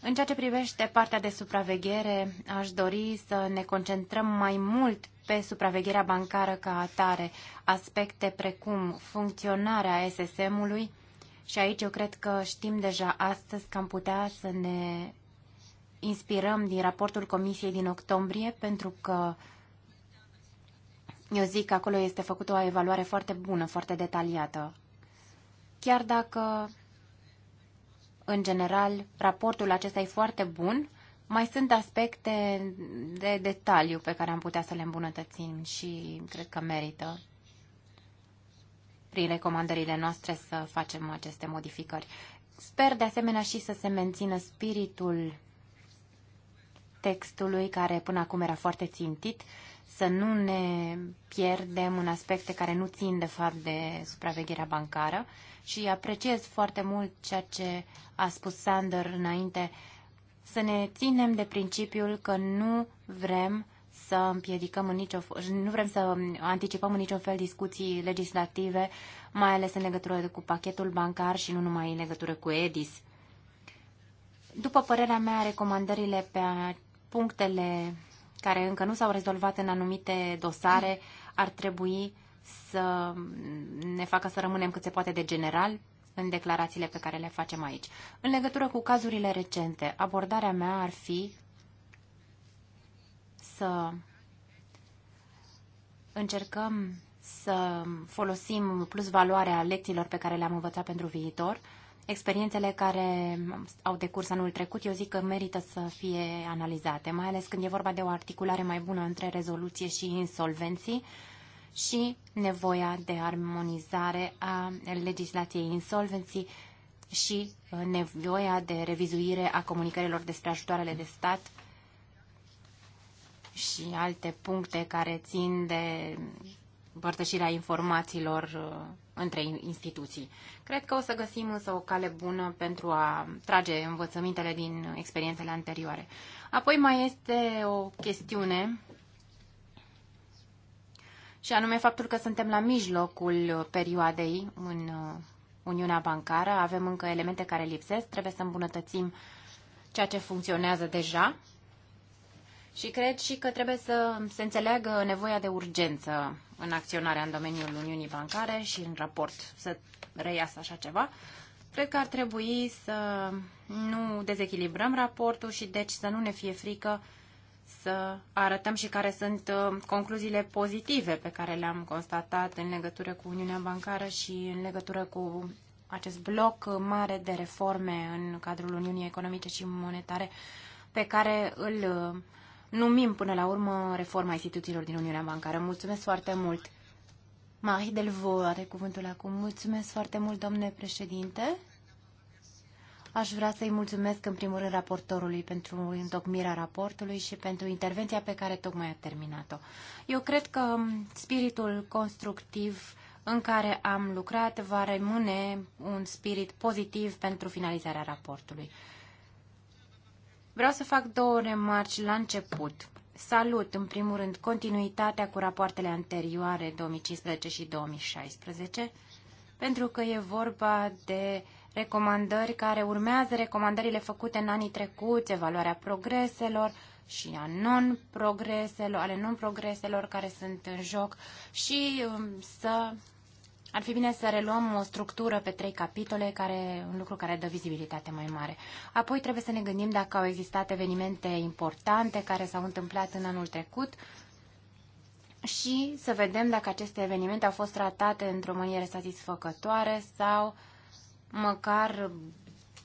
În ceea ce privește partea de supraveghere, aș dori să ne concentrăm mai mult pe supravegherea bancară ca atare, aspecte precum funcționarea SSM-ului și aici eu cred că știm deja astăzi că am putea să ne inspirăm din raportul Comisiei din octombrie pentru că eu zic că acolo este făcută o evaluare foarte bună, foarte detaliată. Chiar dacă în general, raportul acesta e foarte bun. Mai sunt aspecte de detaliu pe care am putea să le îmbunătățim și cred că merită prin recomandările noastre să facem aceste modificări. Sper de asemenea și să se mențină spiritul textului care până acum era foarte țintit să nu ne pierdem în aspecte care nu țin de fapt de supravegherea bancară și apreciez foarte mult ceea ce a spus Sander înainte, să ne ținem de principiul că nu vrem să împiedicăm în nicio, nu vrem să anticipăm în niciun fel discuții legislative, mai ales în legătură cu pachetul bancar și nu numai în legătură cu EDIS. După părerea mea, recomandările pe punctele care încă nu s-au rezolvat în anumite dosare ar trebui să ne facă să rămânem cât se poate de general în declarațiile pe care le facem aici. În legătură cu cazurile recente, abordarea mea ar fi să încercăm să folosim plus valoarea lecțiilor pe care le-am învățat pentru viitor. Experiențele care au decurs anul trecut, eu zic că merită să fie analizate, mai ales când e vorba de o articulare mai bună între rezoluție și insolvenții și nevoia de armonizare a legislației insolvenții și uh, nevoia de revizuire a comunicărilor despre ajutoarele de stat și alte puncte care țin de împărtășirea informațiilor uh, între instituții. Cred că o să găsim însă o cale bună pentru a trage învățămintele din experiențele anterioare. Apoi mai este o chestiune și anume faptul că suntem la mijlocul perioadei în uh, Uniunea Bancară, avem încă elemente care lipsesc, trebuie să îmbunătățim ceea ce funcționează deja și cred și că trebuie să se înțeleagă nevoia de urgență în acționarea în domeniul Uniunii Bancare și în raport să reiasă așa ceva. Cred că ar trebui să nu dezechilibrăm raportul și deci să nu ne fie frică să arătăm și care sunt uh, concluziile pozitive pe care le-am constatat în legătură cu Uniunea Bancară și în legătură cu acest bloc mare de reforme în cadrul Uniunii Economice și Monetare pe care îl uh, numim până la urmă reforma instituțiilor din Uniunea Bancară. Mulțumesc foarte mult! Marie Delvaux are cuvântul acum. Mulțumesc foarte mult, domnule președinte! Aș vrea să-i mulțumesc în primul rând raportorului pentru întocmirea raportului și pentru intervenția pe care tocmai a terminat-o. Eu cred că spiritul constructiv în care am lucrat va rămâne un spirit pozitiv pentru finalizarea raportului. Vreau să fac două remarci la început. Salut, în primul rând, continuitatea cu rapoartele anterioare 2015 și 2016, pentru că e vorba de recomandări care urmează recomandările făcute în anii trecuți, evaluarea progreselor și a non-progreselor, ale non-progreselor care sunt în joc și um, să ar fi bine să reluăm o structură pe trei capitole, care, un lucru care dă vizibilitate mai mare. Apoi trebuie să ne gândim dacă au existat evenimente importante care s-au întâmplat în anul trecut și să vedem dacă aceste evenimente au fost tratate într-o manieră satisfăcătoare sau măcar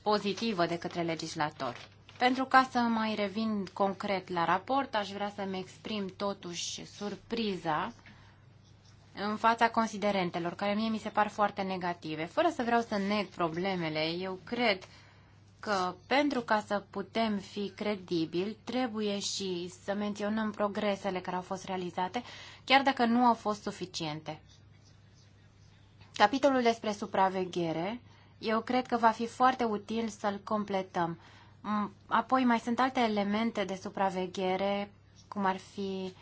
pozitivă de către legislator. Pentru ca să mai revin concret la raport, aș vrea să-mi exprim totuși surpriza în fața considerentelor, care mie mi se par foarte negative. Fără să vreau să neg problemele, eu cred că pentru ca să putem fi credibili, trebuie și să menționăm progresele care au fost realizate, chiar dacă nu au fost suficiente. Capitolul despre supraveghere, eu cred că va fi foarte util să-l completăm. Mm, apoi mai sunt alte elemente de supraveghere, cum ar fi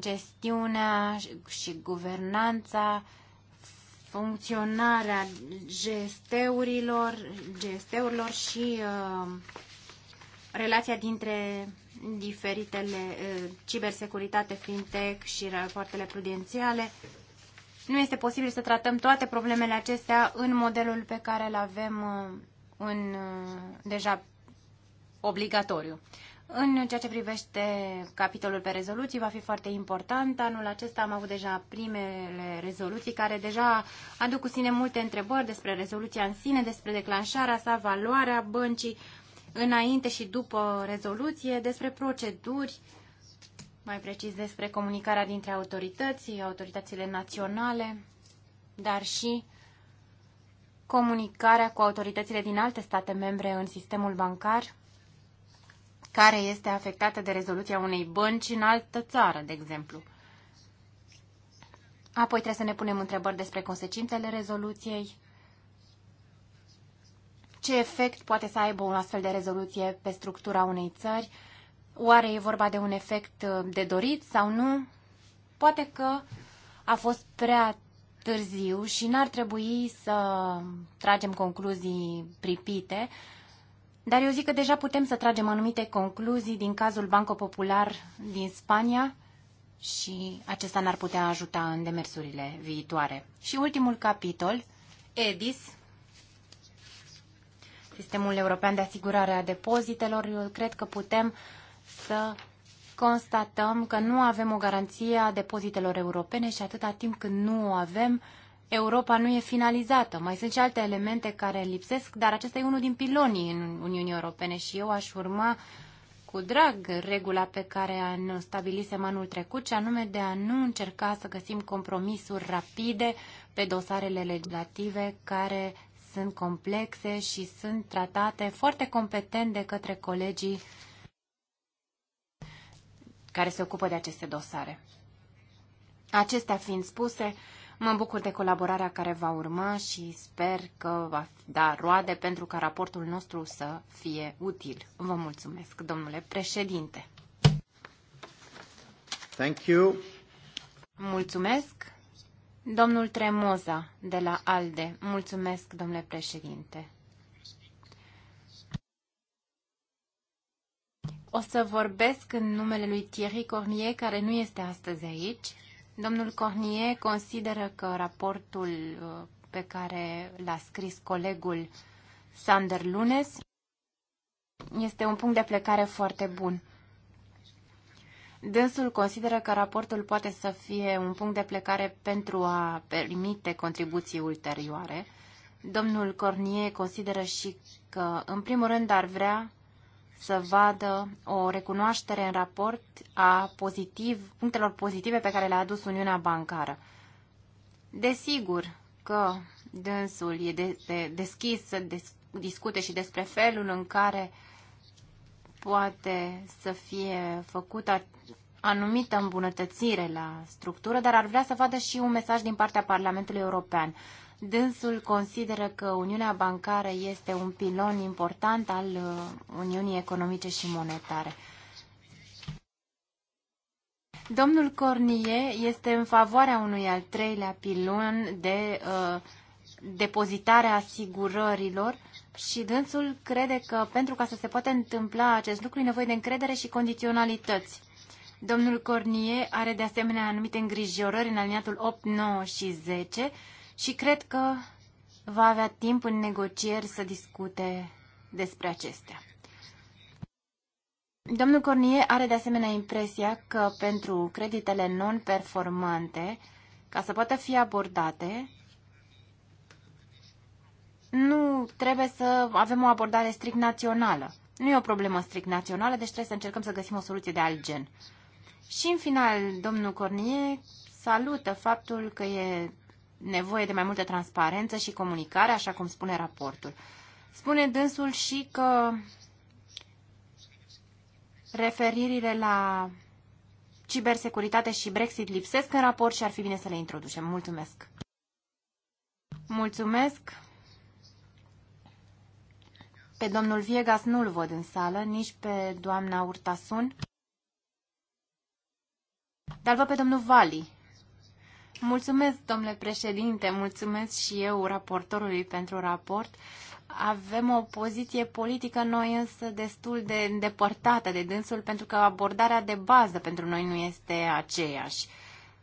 gestiunea și guvernanța, funcționarea gesteurilor, gesteurilor și uh, relația dintre diferitele uh, cibersecuritate, fintech și rapoartele prudențiale. Nu este posibil să tratăm toate problemele acestea în modelul pe care îl avem uh, în, deja obligatoriu. În ceea ce privește capitolul pe rezoluții, va fi foarte important. Anul acesta am avut deja primele rezoluții care deja aduc cu sine multe întrebări despre rezoluția în sine, despre declanșarea sa, valoarea băncii înainte și după rezoluție, despre proceduri, mai precis despre comunicarea dintre autorități, autoritățile naționale, dar și comunicarea cu autoritățile din alte state membre în sistemul bancar care este afectată de rezoluția unei bănci în altă țară, de exemplu. Apoi trebuie să ne punem întrebări despre consecințele rezoluției, ce efect poate să aibă o astfel de rezoluție pe structura unei țări, oare e vorba de un efect uh, de dorit sau nu. Poate că a fost prea târziu și n-ar trebui să tragem concluzii pripite, dar eu zic că deja putem să tragem anumite concluzii din cazul Banco Popular din Spania și acesta n-ar putea ajuta în demersurile viitoare. Și ultimul capitol, EDIS, Sistemul European de Asigurare a Depozitelor, eu cred că putem să constatăm că nu avem o garanție a depozitelor europene și atâta timp când nu o avem, uh, Europa nu e finalizată. Mai sunt și alte elemente care lipsesc, dar acesta e unul din pilonii în Uniunii Europene și eu aș urma cu drag regula pe care am stabilit anul trecut, și anume de a nu încerca să găsim compromisuri rapide pe dosarele legislative care sunt complexe și sunt tratate foarte competent de către colegii care se ocupă de aceste dosare. Acestea fiind spuse, Mă bucur de colaborarea care va urma și sper că va da roade pentru ca raportul nostru să fie util. Vă mulțumesc, domnule președinte. Thank you. Mulțumesc. Domnul Tremoza de la ALDE. Mulțumesc, domnule președinte. O să vorbesc în numele lui Thierry Cornier, care nu este astăzi aici. Domnul Cornier consideră că raportul uh, pe care l-a scris colegul Sander Lunes este un punct de plecare foarte bun. Dânsul consideră că raportul poate să fie un punct de plecare pentru a permite contribuții ulterioare. Domnul Cornier consideră și că, în primul rând, ar vrea să vadă o recunoaștere în raport a pozitiv, punctelor pozitive pe care le-a adus Uniunea Bancară. Desigur că dânsul e de, de, deschis să des, discute și despre felul în care poate să fie făcută anumită îmbunătățire la structură, dar ar vrea să vadă și un mesaj din partea Parlamentului European. Dânsul consideră că Uniunea Bancară este un pilon important al uh, Uniunii Economice și Monetare. Domnul Cornie este în favoarea unui al treilea pilon de uh, depozitare a asigurărilor și dânsul crede că pentru ca să se poată întâmpla acest lucru e nevoie de încredere și condiționalități. Domnul Cornie are de asemenea anumite îngrijorări în aliniatul 8, 9 și 10 și cred că va avea timp în negocieri să discute despre acestea. Domnul Cornie are de asemenea impresia că pentru creditele non-performante, ca să poată fi abordate, nu trebuie să avem o abordare strict națională. Nu e o problemă strict națională, deci trebuie să încercăm să găsim o soluție de alt gen. Și în final, domnul Cornie salută faptul că e nevoie de mai multă transparență și comunicare, așa cum spune raportul. Spune dânsul și că referirile la cibersecuritate și Brexit lipsesc în raport și ar fi bine să le introducem. Mulțumesc! Mulțumesc! Pe domnul Viegas nu-l văd în sală, nici pe doamna Urtasun. Dar văd pe domnul Vali. Mulțumesc, domnule președinte, mulțumesc și eu raportorului pentru raport. Avem o poziție politică noi însă destul de îndepărtată de dânsul pentru că abordarea de bază pentru noi nu este aceeași.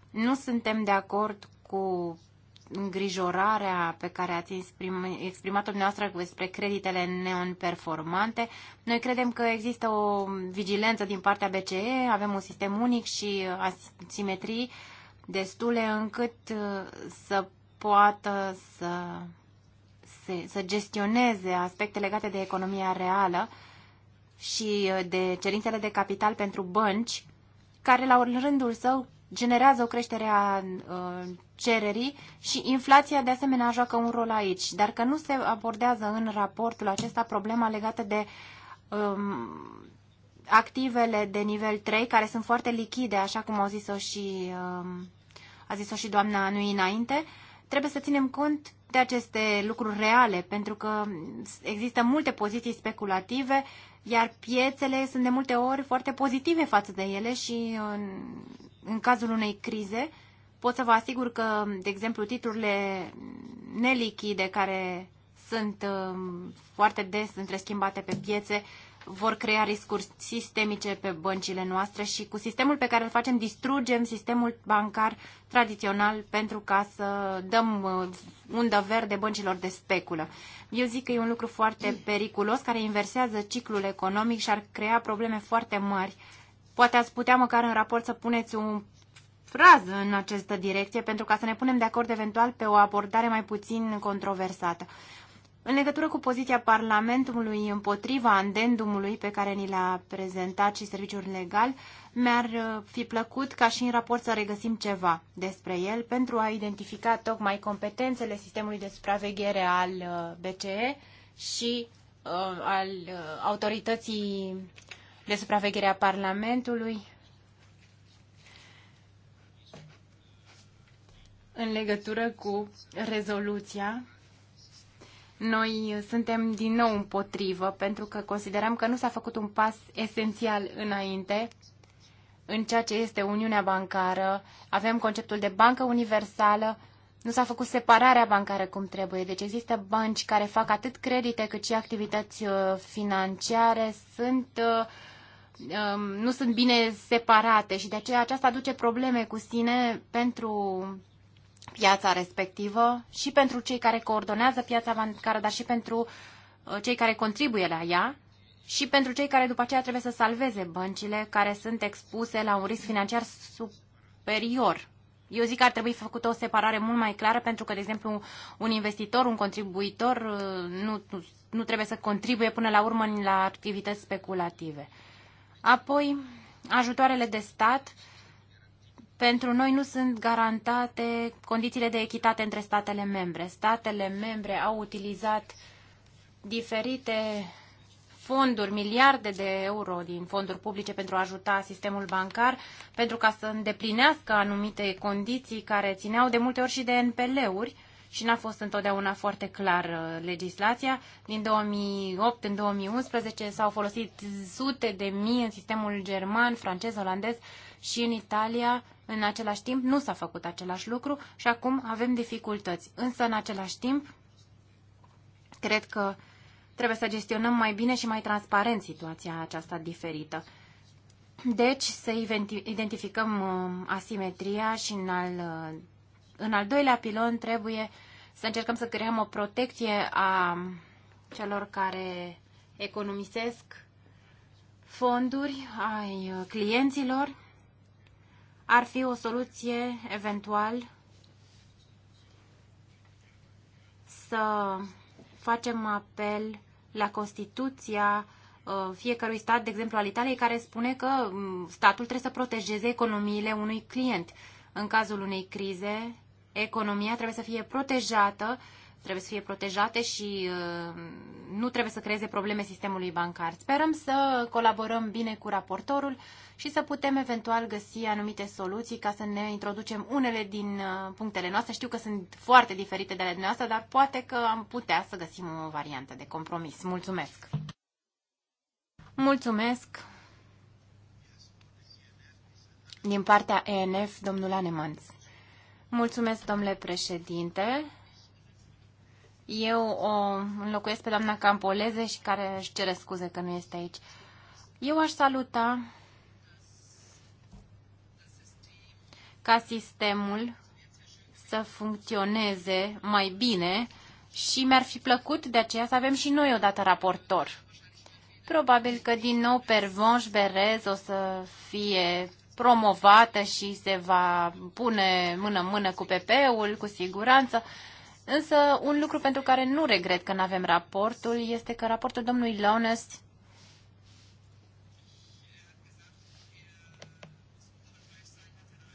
Nu suntem de acord cu îngrijorarea pe care ați exprimat-o dumneavoastră despre creditele neonperformante. Noi credem că există o vigilență din partea BCE, avem un sistem unic și asimetrii destule încât uh, să poată să, se, să gestioneze aspecte legate de economia reală și uh, de cerințele de capital pentru bănci, care la rândul său generează o creștere a uh, cererii și inflația de asemenea joacă un rol aici, dar că nu se abordează în raportul acesta problema legată de um, activele de nivel 3, care sunt foarte lichide, așa cum au zis-o și, um, a zis-o și doamna Anui înainte, trebuie să ținem cont de aceste lucruri reale, pentru că există multe poziții speculative, iar piețele sunt de multe ori foarte pozitive față de ele și în, în cazul unei crize pot să vă asigur că, de exemplu, titlurile nelichide care sunt um, foarte des între schimbate pe piețe vor crea riscuri sistemice pe băncile noastre și cu sistemul pe care îl facem distrugem sistemul bancar tradițional pentru ca să dăm uh, undă verde băncilor de speculă. Eu zic că e un lucru foarte periculos care inversează ciclul economic și ar crea probleme foarte mari. Poate ați putea măcar în raport să puneți un frază în această direcție pentru ca să ne punem de acord eventual pe o abordare mai puțin controversată. În legătură cu poziția Parlamentului împotriva andendumului pe care ni l-a prezentat și serviciul legal, mi-ar uh, fi plăcut ca și în raport să regăsim ceva despre el pentru a identifica tocmai competențele sistemului de supraveghere al uh, BCE și uh, al uh, autorității de supraveghere a Parlamentului în legătură cu rezoluția noi suntem din nou împotrivă pentru că considerăm că nu s-a făcut un pas esențial înainte în ceea ce este Uniunea Bancară. Avem conceptul de bancă universală, nu s-a făcut separarea bancară cum trebuie. Deci există bănci care fac atât credite cât și activități uh, financiare, sunt, uh, um, nu sunt bine separate și de aceea aceasta aduce probleme cu sine pentru piața respectivă și pentru cei care coordonează piața bancară, dar și pentru uh, cei care contribuie la ea și pentru cei care după aceea trebuie să salveze băncile care sunt expuse la un risc financiar superior. Eu zic că ar trebui făcută o separare mult mai clară pentru că, de exemplu, un investitor, un contribuitor uh, nu, nu, nu trebuie să contribuie până la urmă la activități speculative. Apoi, ajutoarele de stat uh, pentru noi nu sunt garantate condițiile de echitate între statele membre. Statele membre au utilizat diferite fonduri, miliarde de euro din fonduri publice pentru a ajuta sistemul bancar, pentru ca să îndeplinească anumite condiții care țineau de multe ori și de NPL-uri și n-a fost întotdeauna foarte clar uh, legislația. Din 2008 în 2011 s-au folosit sute de mii în sistemul german, francez, olandez și în Italia, în același timp, nu s-a făcut același lucru și acum avem dificultăți. Însă, în același timp, cred că trebuie să gestionăm mai bine și mai transparent situația aceasta diferită. Deci, să identificăm uh, asimetria și în al, uh, în al doilea pilon trebuie să încercăm să creăm o protecție a celor care economisesc fonduri ai uh, clienților ar fi o soluție eventual să facem apel la Constituția uh, fiecărui stat, de exemplu al Italiei, care spune că mm, statul trebuie să protejeze economiile unui client. În cazul unei crize, economia trebuie să fie protejată trebuie să fie protejate și uh, nu trebuie să creeze probleme sistemului bancar. Sperăm să colaborăm bine cu raportorul și să putem eventual găsi anumite soluții ca să ne introducem unele din uh, punctele noastre. Știu că sunt foarte diferite de ale noastre, dar poate că am putea să găsim o variantă de compromis. Mulțumesc! Mulțumesc! Din partea ENF, domnul Anemanț. Mulțumesc, domnule președinte. Eu o înlocuiesc pe doamna Campoleze și care își cere scuze că nu este aici. Eu aș saluta ca sistemul să funcționeze mai bine și mi-ar fi plăcut de aceea să avem și noi odată raportor. Probabil că din nou Pervonș Berez o să fie promovată și se va pune mână-mână cu PP-ul, cu siguranță, Însă, un lucru pentru care nu regret că nu avem raportul este că raportul domnului Lonest,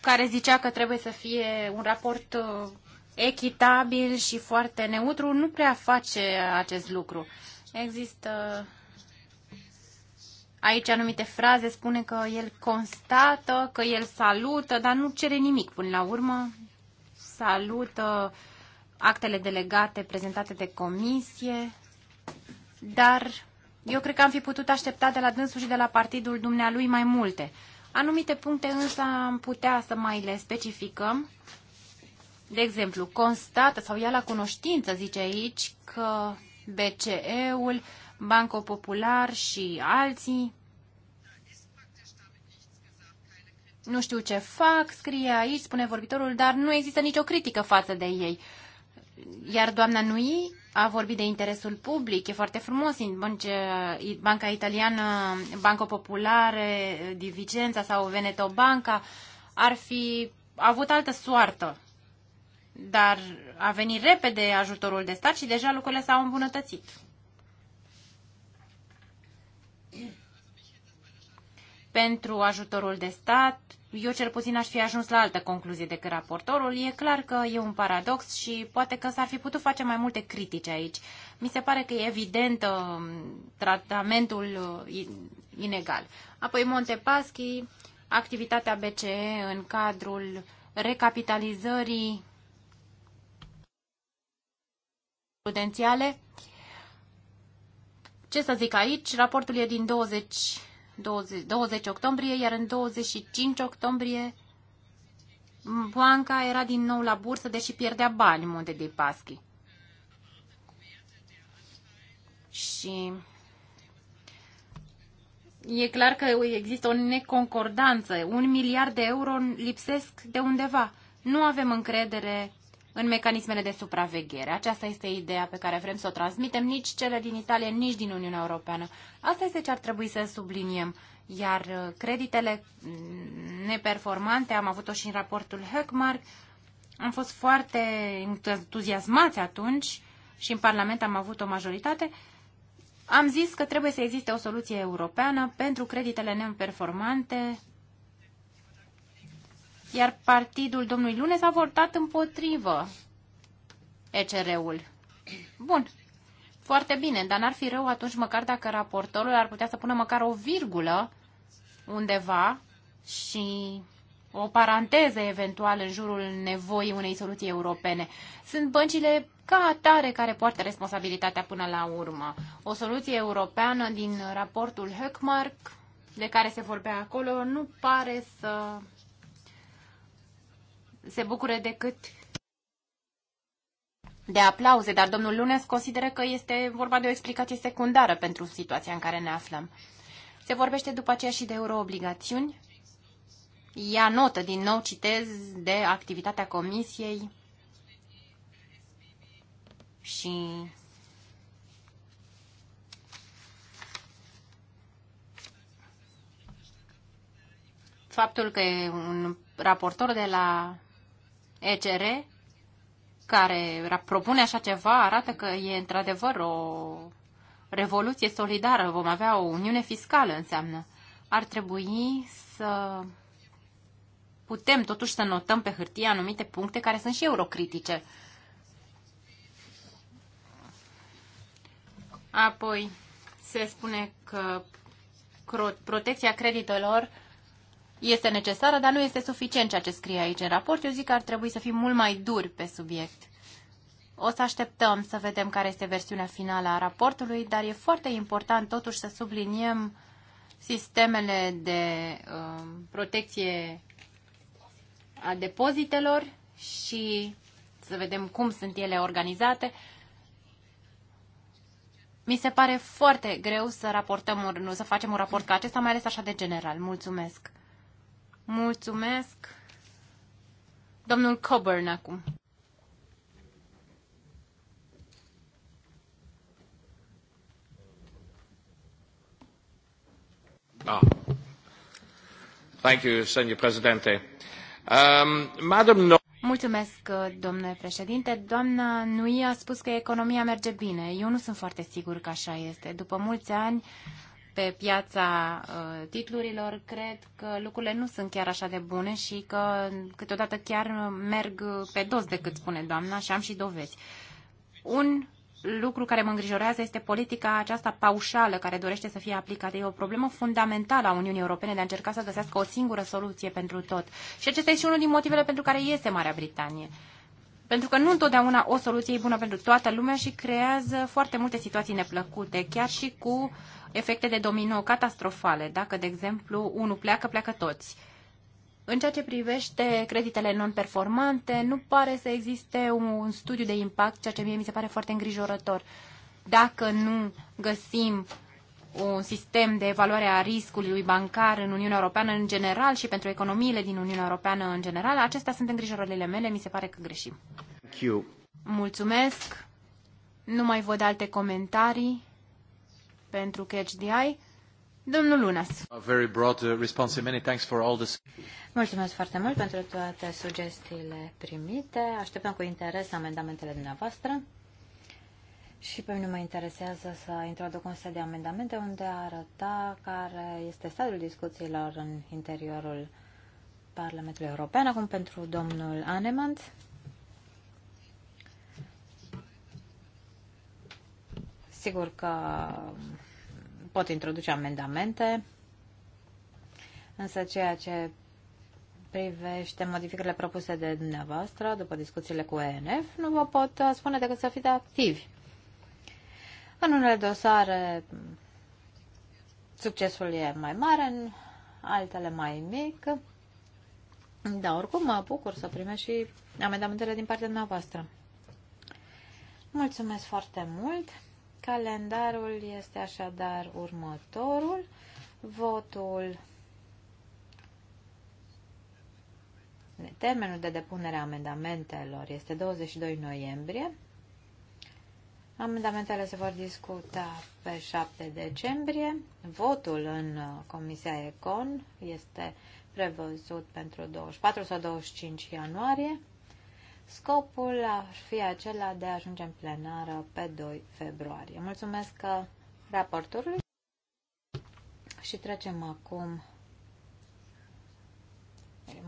care zicea că trebuie să fie un raport uh, echitabil și foarte neutru, nu prea face acest lucru. Există aici anumite fraze, spune că el constată, că el salută, dar nu cere nimic până la urmă. Salută uh, actele delegate prezentate de comisie, dar eu cred că am fi putut aștepta de la dânsul și de la partidul dumnealui mai multe. Anumite puncte însă am putea să mai le specificăm. De exemplu, constată sau ia la cunoștință, zice aici, că BCE-ul, Banco Popular și alții nu știu ce fac, scrie aici, spune vorbitorul, dar nu există nicio critică față de ei. Iar doamna Nui a vorbit de interesul public, e foarte frumos, Banca Italiană, Banco Populare, Divicenza sau Veneto Banca ar fi avut altă soartă, dar a venit repede ajutorul de stat și deja lucrurile s-au îmbunătățit. pentru ajutorul de stat, eu cel puțin aș fi ajuns la altă concluzie decât raportorul. E clar că e un paradox și poate că s-ar fi putut face mai multe critici aici. Mi se pare că e evident uh, tratamentul uh, inegal. Apoi Montepaschi, activitatea BCE în cadrul recapitalizării prudențiale. Ce să zic aici? Raportul e din 20 20, 20 octombrie, iar în 25 octombrie Banca era din nou la bursă, deși pierdea bani în Munte de Paschi. Și e clar că există o neconcordanță. Un miliard de euro lipsesc de undeva. Nu avem încredere în mecanismele de supraveghere. Aceasta este ideea pe care vrem să o transmitem, nici cele din Italia, nici din Uniunea Europeană. Asta este ce ar trebui să subliniem. Iar uh, creditele mm, neperformante, am avut-o și în raportul Höckmark, am fost foarte entuziasmați atunci și în Parlament am avut o majoritate, am zis că trebuie să existe o soluție europeană pentru creditele neperformante iar partidul domnului Lunes a votat împotrivă ECR-ul. Bun. Foarte bine, dar n-ar fi rău atunci măcar dacă raportorul ar putea să pună măcar o virgulă undeva și o paranteză eventual în jurul nevoii unei soluții europene. Sunt băncile ca atare care poartă responsabilitatea până la urmă. O soluție europeană din raportul Höckmark, de care se vorbea acolo, nu pare să se bucure decât de aplauze, dar domnul Lunes consideră că este vorba de o explicație secundară pentru situația în care ne aflăm. Se vorbește după aceea și de euroobligațiuni. Ia notă, din nou citez, de activitatea comisiei și faptul că un raportor de la ECR, care propune așa ceva, arată că e într-adevăr o revoluție solidară. Vom avea o uniune fiscală, înseamnă. Ar trebui să putem totuși să notăm pe hârtie anumite puncte care sunt și eurocritice. Apoi se spune că protecția creditelor este necesară, dar nu este suficient ceea ce scrie aici în raport. Eu zic că ar trebui să fim mult mai duri pe subiect. O să așteptăm să vedem care este versiunea finală a raportului, dar e foarte important totuși să subliniem sistemele de uh, protecție a depozitelor și să vedem cum sunt ele organizate. Mi se pare foarte greu să raportăm, să facem un raport ca acesta, mai ales așa de general. Mulțumesc! Mulțumesc. Domnul Coburn acum. Ah. Thank you, senior presidente. Um, Madam no Mulțumesc, domnule președinte. Doamna Nui a spus că economia merge bine. Eu nu sunt foarte sigur că așa este. După mulți ani pe piața uh, titlurilor, cred că lucrurile nu sunt chiar așa de bune și că câteodată chiar merg pe dos decât spune doamna și am și dovezi. Un lucru care mă îngrijorează este politica aceasta paușală care dorește să fie aplicată. E o problemă fundamentală a Uniunii Europene de a încerca să găsească o singură soluție pentru tot. Și acesta este și unul din motivele pentru care iese Marea Britanie. Pentru că nu întotdeauna o soluție e bună pentru toată lumea și creează foarte multe situații neplăcute, chiar și cu efecte de domino catastrofale. Dacă, de exemplu, unul pleacă, pleacă toți. În ceea ce privește creditele non-performante, nu pare să existe un studiu de impact, ceea ce mie mi se pare foarte îngrijorător. Dacă nu găsim un sistem de evaluare a riscului bancar în Uniunea Europeană în general și pentru economiile din Uniunea Europeană în general. Acestea sunt îngrijorările mele, mi se pare că greșim. Thank you. Mulțumesc. Nu mai văd alte comentarii pentru Catch Domnul Lunas. A very broad uh, response. Many thanks for all this. Mulțumesc foarte mult pentru toate sugestiile primite. Așteptăm cu interes amendamentele dumneavoastră. Și pe mine mă interesează să introduc un set de amendamente unde arăta care este stadiul discuțiilor în interiorul Parlamentului European. Acum pentru domnul Anemant. Sigur că pot introduce amendamente, însă ceea ce privește modificările propuse de dumneavoastră după discuțiile cu ENF, nu vă pot uh, spune decât să fiți activi. În unele dosare succesul e mai mare, în altele mai mic. dar oricum mă bucur să primesc și amendamentele din partea dumneavoastră. Mulțumesc foarte mult! Calendarul este așadar următorul. Votul Termenul de depunere a amendamentelor este 22 noiembrie Amendamentele se vor discuta pe 7 decembrie. Votul în uh, Comisia Econ este prevăzut pentru 24 sau 25 ianuarie. Scopul ar fi acela de a ajunge în plenară pe 2 februarie. Mulțumesc uh, raportului și trecem acum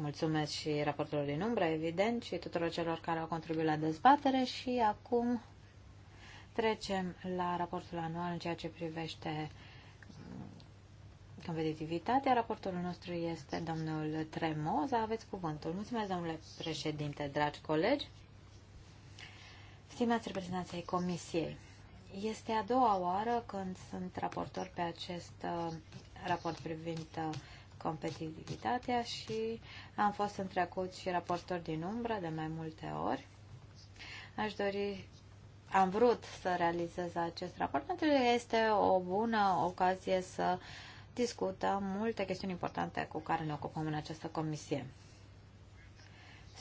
Mulțumesc și raportorului din umbră, evident, și tuturor celor care au contribuit la dezbatere și acum Trecem la raportul anual în ceea ce privește mm, competitivitatea. Raportul nostru este domnul Tremoza. Aveți cuvântul. Mulțumesc, domnule președinte, dragi colegi. Stimați reprezentanții ai Comisiei, este a doua oară când sunt raportor pe acest uh, raport privind uh, competitivitatea și am fost în trecut și raportor din umbră de mai multe ori. Aș dori am vrut să realizez acest raport, pentru că este o bună ocazie să discutăm multe chestiuni importante cu care ne ocupăm în această comisie.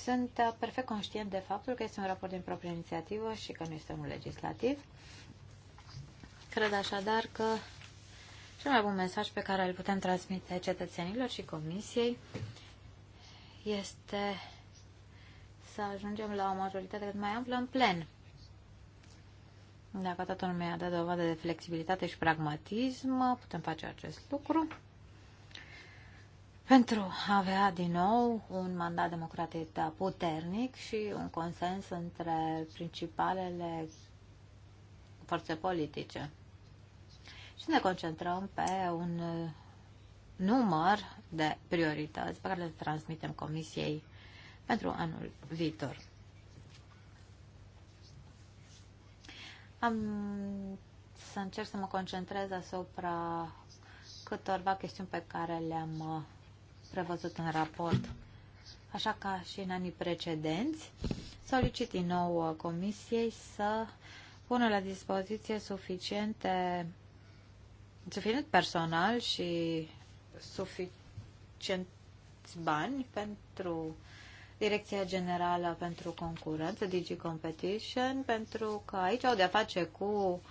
Sunt perfect conștient de faptul că este un raport din proprie inițiativă și că nu este un legislativ. Cred așadar că cel mai bun mesaj pe care îl putem transmite cetățenilor și comisiei este să ajungem la o majoritate cât mai amplă în plen. Dacă toată lumea a dat dovadă de flexibilitate și pragmatism, putem face acest lucru pentru a avea din nou un mandat democratic da, puternic și un consens între principalele forțe politice. Și ne concentrăm pe un număr de priorități pe care le transmitem Comisiei pentru anul viitor. Am să încerc să mă concentrez asupra câtorva chestiuni pe care le-am uh, prevăzut în raport. Așa ca și în anii precedenți, solicit din nou uh, Comisiei să pună la dispoziție suficiente, suficient personal și suficient bani pentru Direcția Generală pentru Concurență, Digi Competition, pentru că aici au de-a face cu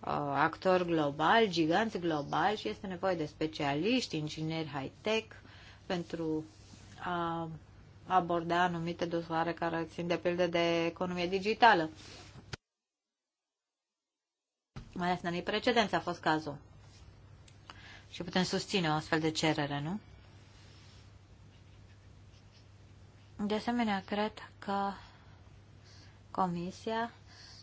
uh, actori globali, giganți globali și este nevoie de specialiști, ingineri high-tech pentru a aborda anumite dosare care țin de pildă de economie digitală. Mai ales în anii precedenți a fost cazul. Și putem susține o astfel de cerere, nu? De asemenea, cred că Comisia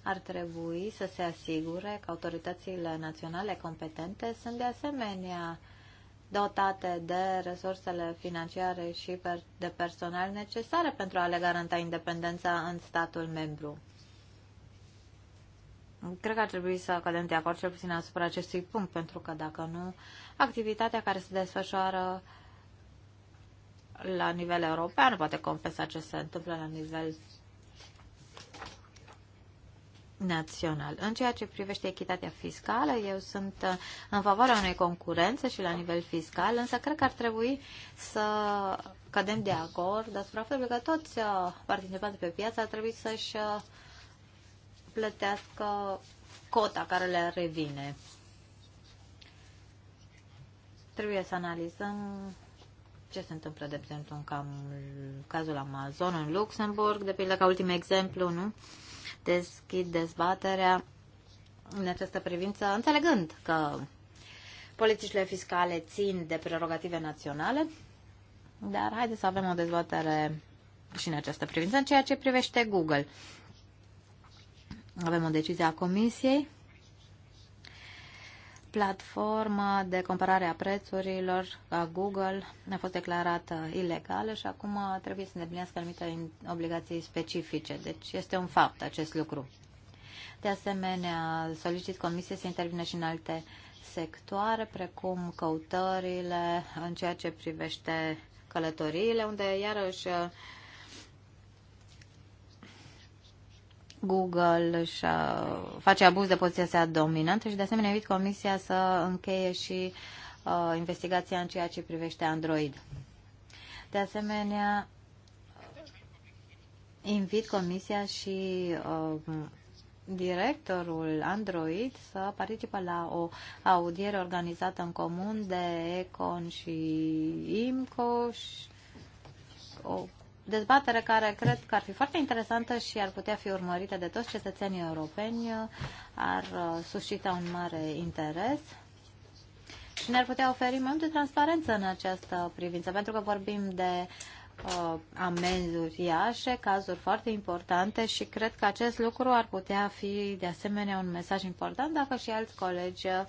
ar trebui să se asigure că autoritățile naționale competente sunt de asemenea dotate de resursele financiare și de personal necesare pentru a le garanta independența în statul membru. Cred că ar trebui să cădem de acord cel puțin asupra acestui punct, pentru că dacă nu, activitatea care se desfășoară uh, la nivel european poate compensa ce se întâmplă la nivel național. În ceea ce privește echitatea fiscală, eu sunt uh, în favoarea unei concurențe și la nivel fiscal, însă cred că ar trebui să cădem de acord asupra faptului că toți uh, participanții pe piață ar trebui să-și uh, plătească cota care le revine. Trebuie să analizăm ce se întâmplă, de exemplu, în cam, cazul Amazon în Luxemburg, de pildă ca ultim exemplu, nu? Deschid dezbaterea în această privință, înțelegând că politicile fiscale țin de prerogative naționale, dar haideți să avem o dezbatere și în această privință, în ceea ce privește Google. Avem o decizie a Comisiei platforma de comparare a prețurilor a Google a fost declarată ilegală și acum trebuie să îndeplinească anumite obligații specifice. Deci este un fapt acest lucru. De asemenea, solicit comisiei să intervină și în alte sectoare, precum căutările în ceea ce privește călătoriile, unde iarăși Google și uh, face abuz de poziția sa dominantă și de asemenea invit Comisia să încheie și uh, investigația în ceea ce privește Android. De asemenea, invit Comisia și uh, directorul Android să participe la o audiere organizată în comun de Econ și IMCO și o dezbatere care cred că ar fi foarte interesantă și ar putea fi urmărită de toți cetățenii europeni, ar uh, suscita un mare interes și ne-ar putea oferi mai multă transparență în această privință, pentru că vorbim de uh, amenzi uriașe, cazuri foarte importante și cred că acest lucru ar putea fi de asemenea un mesaj important dacă și alți colegi uh,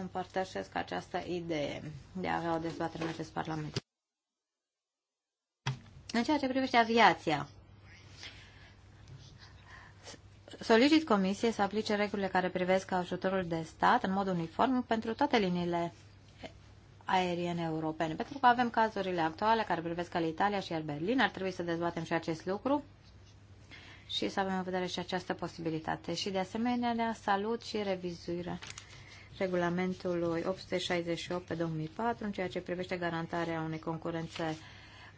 împărtășesc această idee de a avea o dezbatere în acest Parlament. În ceea ce privește aviația, solicit Comisiei să aplice regulile care privesc ajutorul de stat în mod uniform pentru toate liniile aeriene europene. Pentru că avem cazurile actuale care privesc al Italia și al Berlin, ar trebui să dezbatem și acest lucru și să avem în vedere și această posibilitate. Și de asemenea salut și revizuirea regulamentului 868 pe 2004 în ceea ce privește garantarea unei concurențe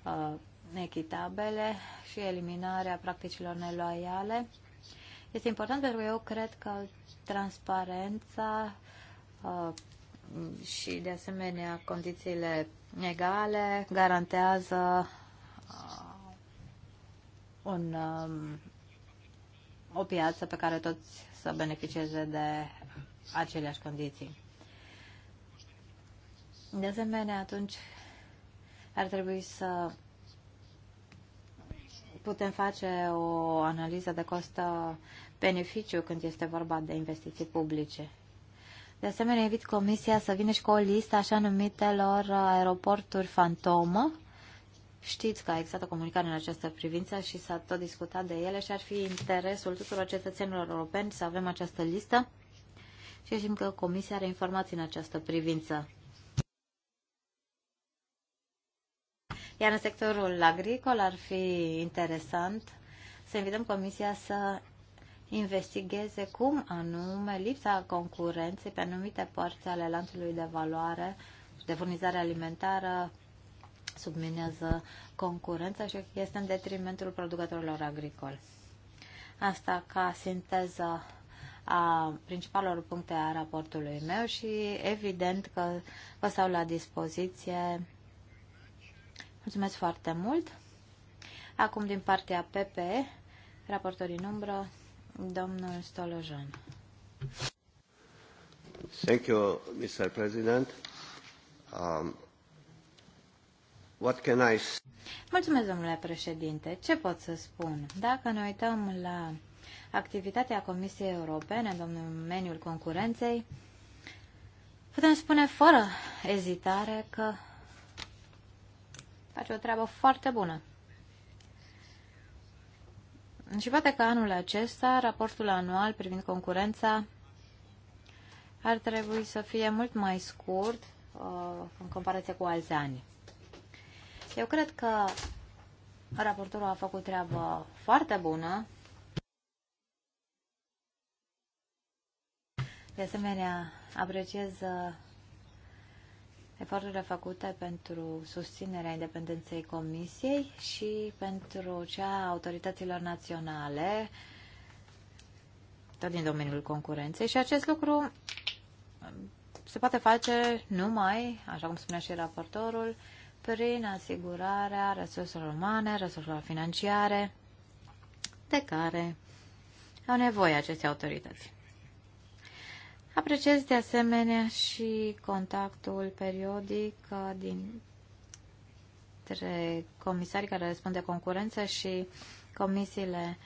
uh, echitabile și eliminarea practicilor neloiale. Este important pentru că eu cred că transparența uh, și, de asemenea, condițiile egale garantează uh, un, um, o piață pe care toți să beneficieze de aceleași condiții. De asemenea, atunci ar trebui să putem face o analiză de cost-beneficiu când este vorba de investiții publice. De asemenea, invit Comisia să vină și cu o listă așa numitelor uh, aeroporturi fantomă. Știți că a existat o comunicare în această privință și s-a tot discutat de ele și ar fi interesul tuturor cetățenilor europeni să avem această listă și știm că Comisia are informații în această privință. Iar în sectorul agricol ar fi interesant să invităm Comisia să investigheze cum anume lipsa concurenței pe anumite părți ale lanțului de valoare de furnizare alimentară subminează concurența și este în detrimentul producătorilor agricoli. Asta ca sinteză a principalor puncte a raportului meu și evident că vă stau la dispoziție Mulțumesc foarte mult. Acum din partea PP, raportor în umbră, domnul Stolojan. Thank you, Mr. President. Um, what can I... Mulțumesc, domnule președinte. Ce pot să spun? Dacă ne uităm la activitatea Comisiei Europene în domeniul concurenței, putem spune fără ezitare că Face o treabă foarte bună. Și poate că anul acesta, raportul anual privind concurența ar trebui să fie mult mai scurt uh, în comparație cu alți ani. Eu cred că raportorul a făcut treabă foarte bună. De asemenea, apreciez uh, eforturile făcute pentru susținerea independenței Comisiei și pentru cea a autorităților naționale, tot din domeniul concurenței. Și acest lucru um, se poate face numai, așa cum spunea și raportorul, prin asigurarea resurselor umane, resurselor financiare, de care au nevoie aceste autorități. Apreciez de asemenea și contactul periodic uh, dintre comisarii care răspund de concurență și comisiile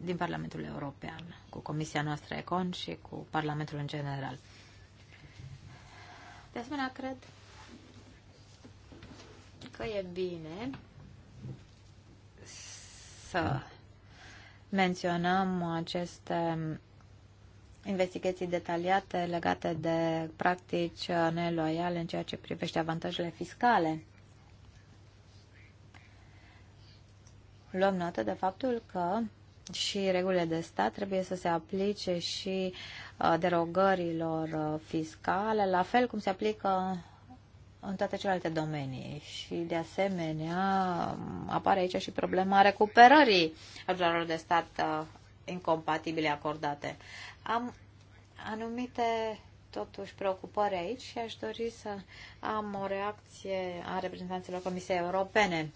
din Parlamentul European, cu Comisia noastră Econ și cu Parlamentul în general. De asemenea, cred că e bine să menționăm aceste investigații detaliate legate de practici neloiale în ceea ce privește avantajele fiscale. Luăm notă de faptul că și regulile de stat trebuie să se aplice și uh, derogărilor uh, fiscale, la fel cum se aplică în toate celelalte domenii. Și, de asemenea, apare aici și problema recuperării ajutorilor de stat uh, incompatibile acordate. Am anumite totuși preocupări aici și aș dori să am o reacție a reprezentanților Comisiei Europene.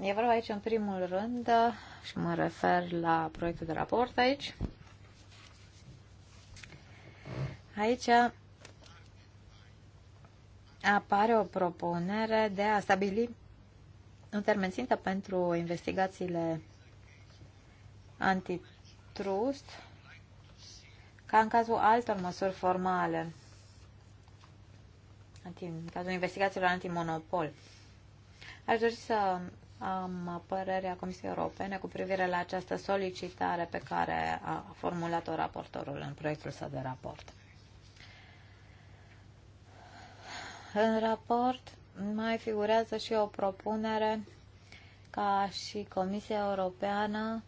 E vorba aici, în primul rând, și mă refer la proiectul de raport aici. Aici apare o propunere de a stabili un termen țintă pentru investigațiile antitrust ca în cazul altor măsuri formale, în cazul investigațiilor antimonopol. Aș dori să am părerea Comisiei Europene cu privire la această solicitare pe care a formulat-o raportorul în proiectul său de raport. În raport mai figurează și o propunere ca și Comisia Europeană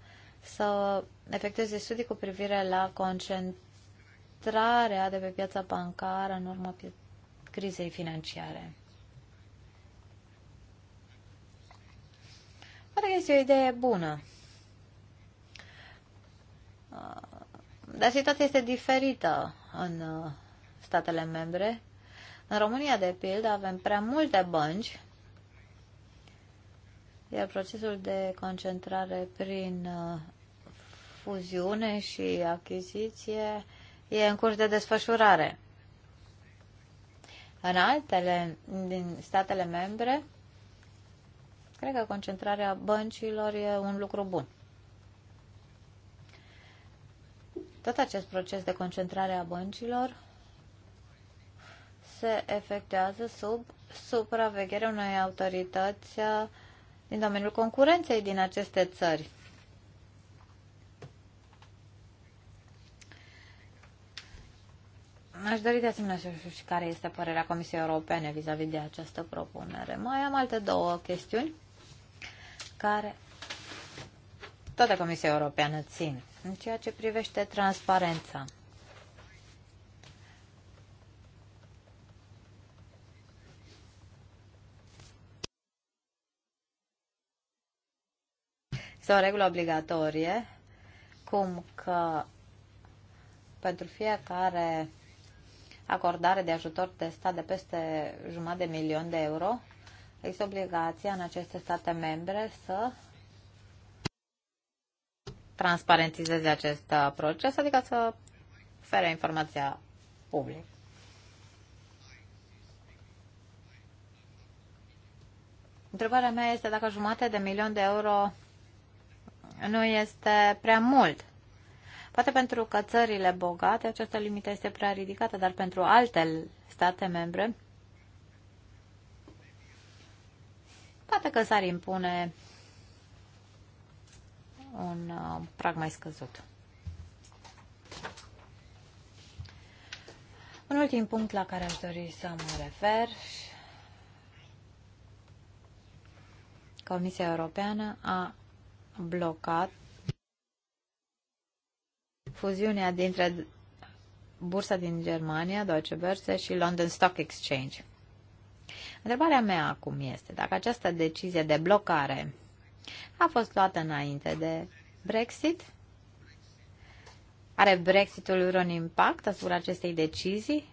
să efectueze studii cu privire la concentrarea de pe piața bancară în urma crizei financiare. Pare că este o idee bună. Ah, dar situația este diferită în uh, statele membre. În România, de pildă, avem prea multe bănci iar procesul de concentrare prin uh, fuziune și achiziție e în curs de desfășurare. În altele din statele membre, cred că concentrarea băncilor e un lucru bun. Tot acest proces de concentrare a băncilor se efectuează sub supravegherea unei autorități uh, din domeniul concurenței din aceste țări. Aș dori de asemenea să știu și care este părerea Comisiei Europene vis-a-vis -vis de această propunere. Mai am alte două chestiuni care toată Comisia Europeană țin în ceea ce privește transparența. Există o regulă obligatorie, cum că pentru fiecare acordare de ajutor de stat de peste jumătate de milion de euro, există obligația în aceste state membre să transparentizeze acest uh, proces, adică să ofere informația publică. Întrebarea mea este dacă jumate de milion de euro nu este prea mult. Poate pentru că țările bogate această limită este prea ridicată, dar pentru alte state membre poate că s-ar impune un uh, prag mai scăzut. Un ultim punct la care aș dori să mă refer. Comisia Europeană a blocat fuziunea dintre bursa din Germania, Deutsche Börse și London Stock Exchange. Întrebarea mea acum este dacă această decizie de blocare a fost luată înainte de Brexit? Are Brexitul vreun impact asupra acestei decizii?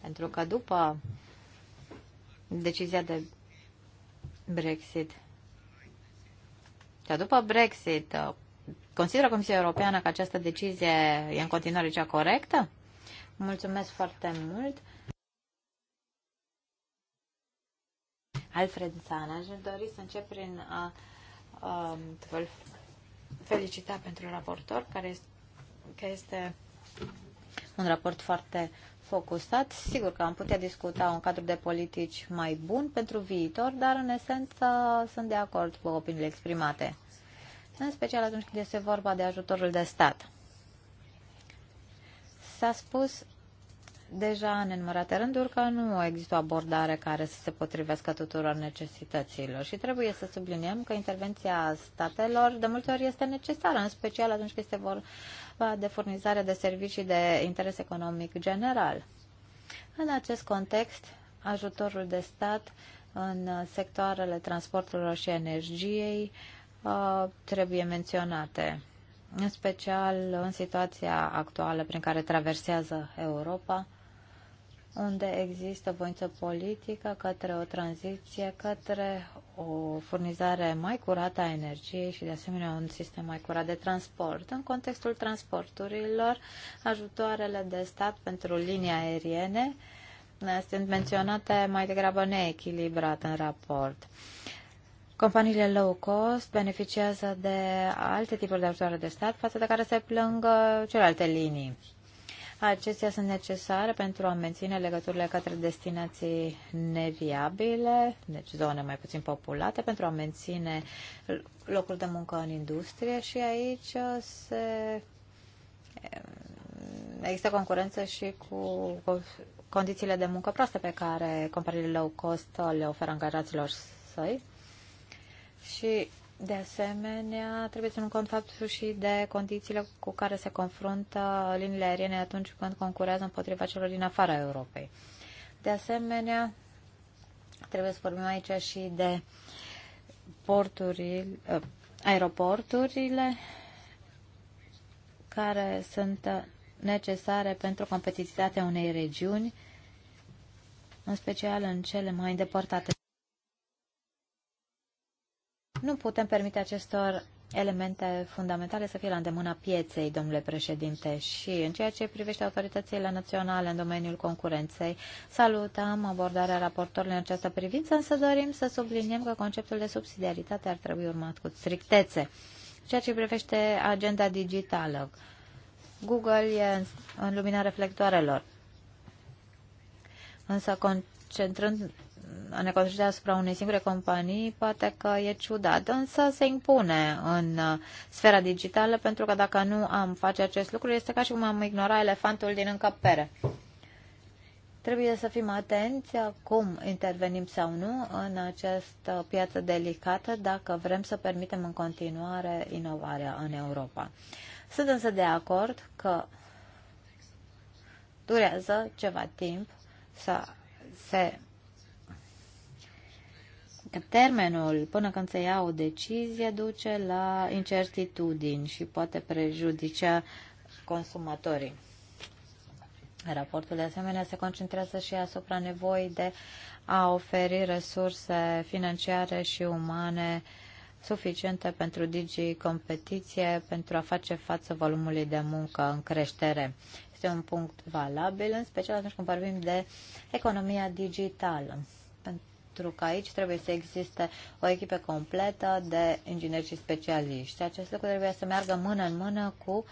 Pentru că după decizia de Brexit. Dar după Brexit, uh, consideră Comisia Europeană că această decizie e în continuare cea corectă? Mulțumesc foarte mult! Alfred Zana, aș dori să încep prin a, a um, vă felicita pentru raportor, care este, care este un raport foarte focusat. Sigur că am putea discuta un cadru de politici mai bun pentru viitor, dar în esență sunt de acord cu opiniile exprimate, în special atunci când este vorba de ajutorul de stat. S-a spus deja în enumărate rânduri că nu există o abordare care să se potrivească tuturor necesităților și trebuie să subliniem că intervenția statelor de multe ori este necesară, în special atunci când este vorba de furnizare de servicii de interes economic general. În acest context, ajutorul de stat în sectoarele transporturilor și energiei uh, trebuie menționate, în special în situația actuală prin care traversează Europa, unde există voință politică către o tranziție, către o furnizare mai curată a energiei și, de asemenea, un sistem mai curat de transport. În contextul transporturilor, ajutoarele de stat pentru linii aeriene uh, sunt menționate mai degrabă neechilibrat în raport. Companiile low cost beneficiază de alte tipuri de ajutoare de stat față de care se plângă celelalte linii. Acestea sunt necesare pentru a menține legăturile către destinații neviabile, deci zone mai puțin populate, pentru a menține locuri de muncă în industrie și aici se există concurență și cu condițiile de muncă proaste pe care companiile low cost le oferă angajaților săi. Și de asemenea, trebuie să nu cont faptul și de condițiile cu care se confruntă liniile aeriene atunci când concurează împotriva celor din afara Europei. De asemenea, trebuie să vorbim aici și de porturi, eh, aeroporturile care sunt necesare pentru competitivitatea unei regiuni, în special în cele mai îndepărtate. Nu putem permite acestor elemente fundamentale să fie la îndemâna pieței, domnule președinte, și în ceea ce privește autoritățile naționale în domeniul concurenței, salutăm abordarea raportorului în această privință, însă dorim să subliniem că conceptul de subsidiaritate ar trebui urmat cu strictețe. Ceea ce privește agenda digitală, Google e în, în lumina reflectoarelor, însă concentrând a ne concentra asupra unei singure companii poate că e ciudat, însă se impune în uh, sfera digitală pentru că dacă nu am face acest lucru este ca și cum am ignora elefantul din încăpere. Trebuie să fim atenți cum intervenim sau nu în această piață delicată dacă vrem să permitem în continuare inovarea în Europa. Sunt însă de acord că durează ceva timp să se termenul până când se ia o decizie duce la incertitudini și poate prejudicia consumatorii. Raportul de asemenea se concentrează și asupra nevoii de a oferi resurse financiare și umane suficiente pentru Digi competiție pentru a face față volumului de muncă în creștere. Este un punct valabil, în special atunci când vorbim de economia digitală. Pentru pentru că aici trebuie să existe o echipă completă de ingineri și specialiști. Acest lucru trebuie să meargă mână în mână cu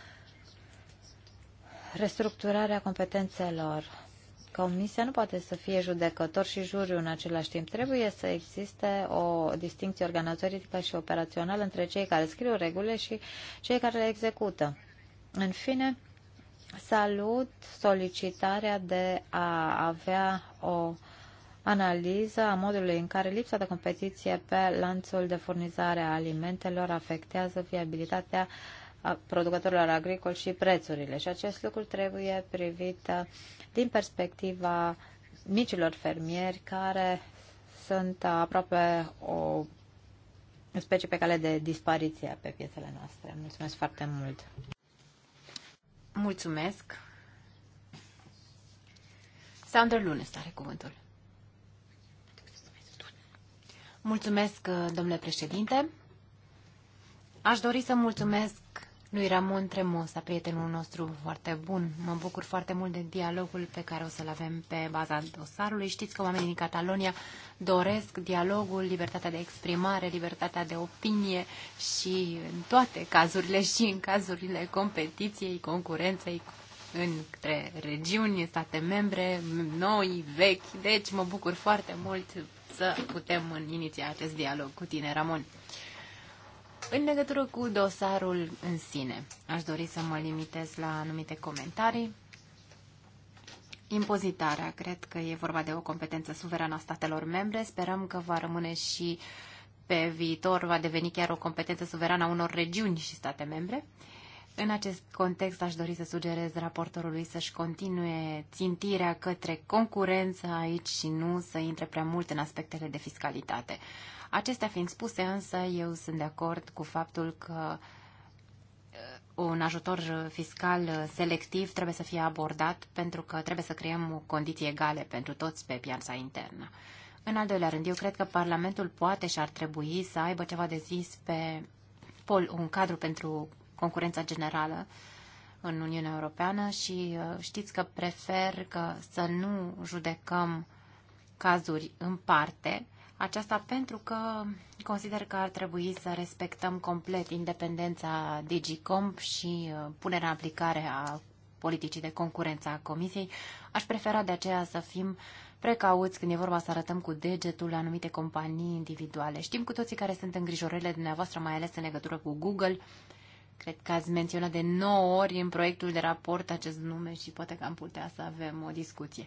restructurarea competențelor. Comisia nu poate să fie judecător și juriu în același timp. Trebuie să existe o distinție organizatorică și operațională între cei care scriu regulile și cei care le execută. În fine, salut solicitarea de a avea o analiză a modului în care lipsa de competiție pe lanțul de furnizare a alimentelor afectează viabilitatea producătorilor agricoli și prețurile. Și acest lucru trebuie privit uh, din perspectiva micilor fermieri care sunt uh, aproape o specie pe cale de dispariție pe piețele noastre. Mulțumesc foarte mult! Mulțumesc! Sandra Lunes are cuvântul. Mulțumesc, uh, domnule președinte. Aș dori să mulțumesc lui Ramon Tremosa, prietenul nostru foarte bun. Mă bucur foarte mult de dialogul pe care o să-l avem pe baza dosarului. Știți că oamenii din Catalonia doresc dialogul, libertatea de exprimare, libertatea de opinie și în toate cazurile și în cazurile competiției, concurenței între regiuni, state membre, noi, vechi. Deci mă bucur foarte mult să putem iniția acest dialog cu tine, Ramon. În legătură cu dosarul în sine, aș dori să mă limitez la anumite comentarii. Impozitarea. Cred că e vorba de o competență suverană a statelor membre. Sperăm că va rămâne și pe viitor, va deveni chiar o competență suverană a unor regiuni și state membre. Uh, în acest context aș dori să sugerez raportorului să-și continue țintirea către concurență aici și nu să intre prea mult în aspectele de fiscalitate. Acestea fiind spuse însă, eu sunt de acord cu faptul că uh, un ajutor fiscal selectiv trebuie să fie abordat pentru că trebuie să creăm condiții egale pentru toți pe piața internă. În al doilea rând, eu cred că Parlamentul poate și ar trebui să aibă ceva de zis pe un cadru pentru concurența generală în Uniunea Europeană și uh, știți că prefer că să nu judecăm cazuri în parte, aceasta pentru că consider că ar trebui să respectăm complet independența Digicomp și uh, punerea în aplicare a politicii de concurență a Comisiei. Aș prefera de aceea să fim precauți când e vorba să arătăm cu degetul anumite companii individuale. Știm cu toții care sunt îngrijorările dumneavoastră, mai ales în legătură cu Google Cred că ați menționat de 9 ori în proiectul de raport acest nume și poate că am putea să avem o discuție.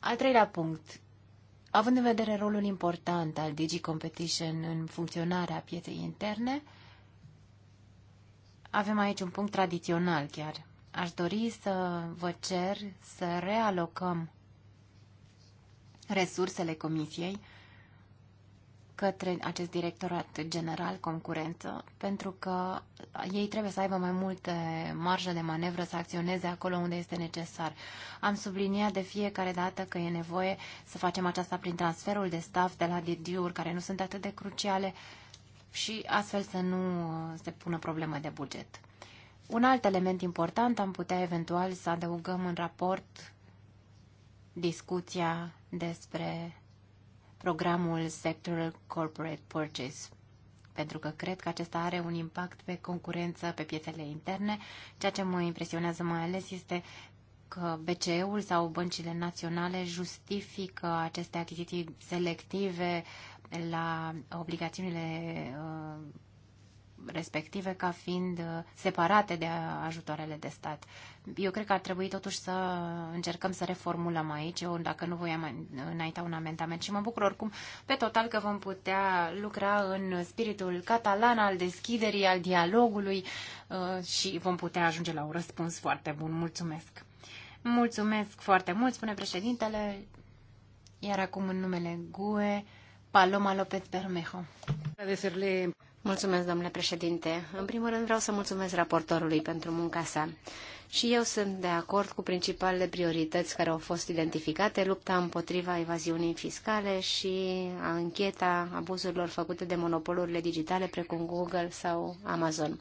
Al treilea punct. Având în vedere rolul important al Digi Competition în funcționarea pieței interne, avem aici un punct tradițional chiar. Aș dori să vă cer să realocăm resursele Comisiei către acest directorat general concurență, pentru că ei trebuie să aibă mai multe marjă de manevră să acționeze acolo unde este necesar. Am subliniat de fiecare dată că e nevoie să facem aceasta prin transferul de staff de la DDU-uri, care nu sunt atât de cruciale, și astfel să nu se pună problemă de buget. Un alt element important am putea eventual să adăugăm în raport discuția despre programul Sectoral Corporate Purchase, pentru că cred că acesta are un impact pe concurență pe piețele interne. Ceea ce mă impresionează mai ales este că BCE-ul sau băncile naționale justifică aceste achiziții selective la obligațiunile uh, respective ca fiind uh, separate de ajutoarele de stat. Eu cred că ar trebui totuși să încercăm să reformulăm aici, eu dacă nu voi înainta un amendament și mă bucur oricum pe total că vom putea lucra în spiritul catalan al deschiderii, al dialogului uh, și vom putea ajunge la un răspuns foarte bun. Mulțumesc! Mulțumesc foarte mult, spune președintele, iar acum în numele GUE, Paloma López Bermejo. Agradecerle Mulțumesc, domnule președinte. În primul rând vreau să mulțumesc raportorului pentru munca sa. Și eu sunt de acord cu principalele priorități care au fost identificate, lupta împotriva evaziunii fiscale și ancheta abuzurilor făcute de monopolurile digitale precum Google sau Amazon.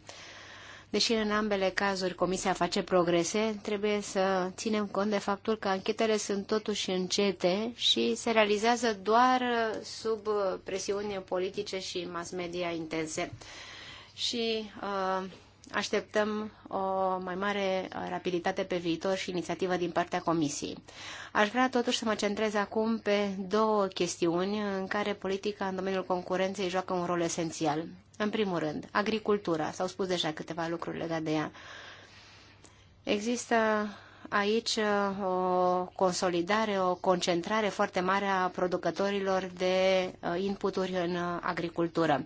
Deși în ambele cazuri Comisia face progrese, trebuie să ținem cont de faptul că anchetele sunt totuși încete și se realizează doar sub presiuni politice și mass media intense. Și uh, așteptăm o mai mare rapiditate pe viitor și inițiativă din partea Comisiei. Aș vrea totuși să mă centrez acum pe două chestiuni în care politica în domeniul concurenței joacă un rol esențial. În primul rând, agricultura. S-au spus deja câteva lucruri legate de ea. Există aici uh, o consolidare, o concentrare foarte mare a producătorilor de uh, inputuri în uh, agricultură.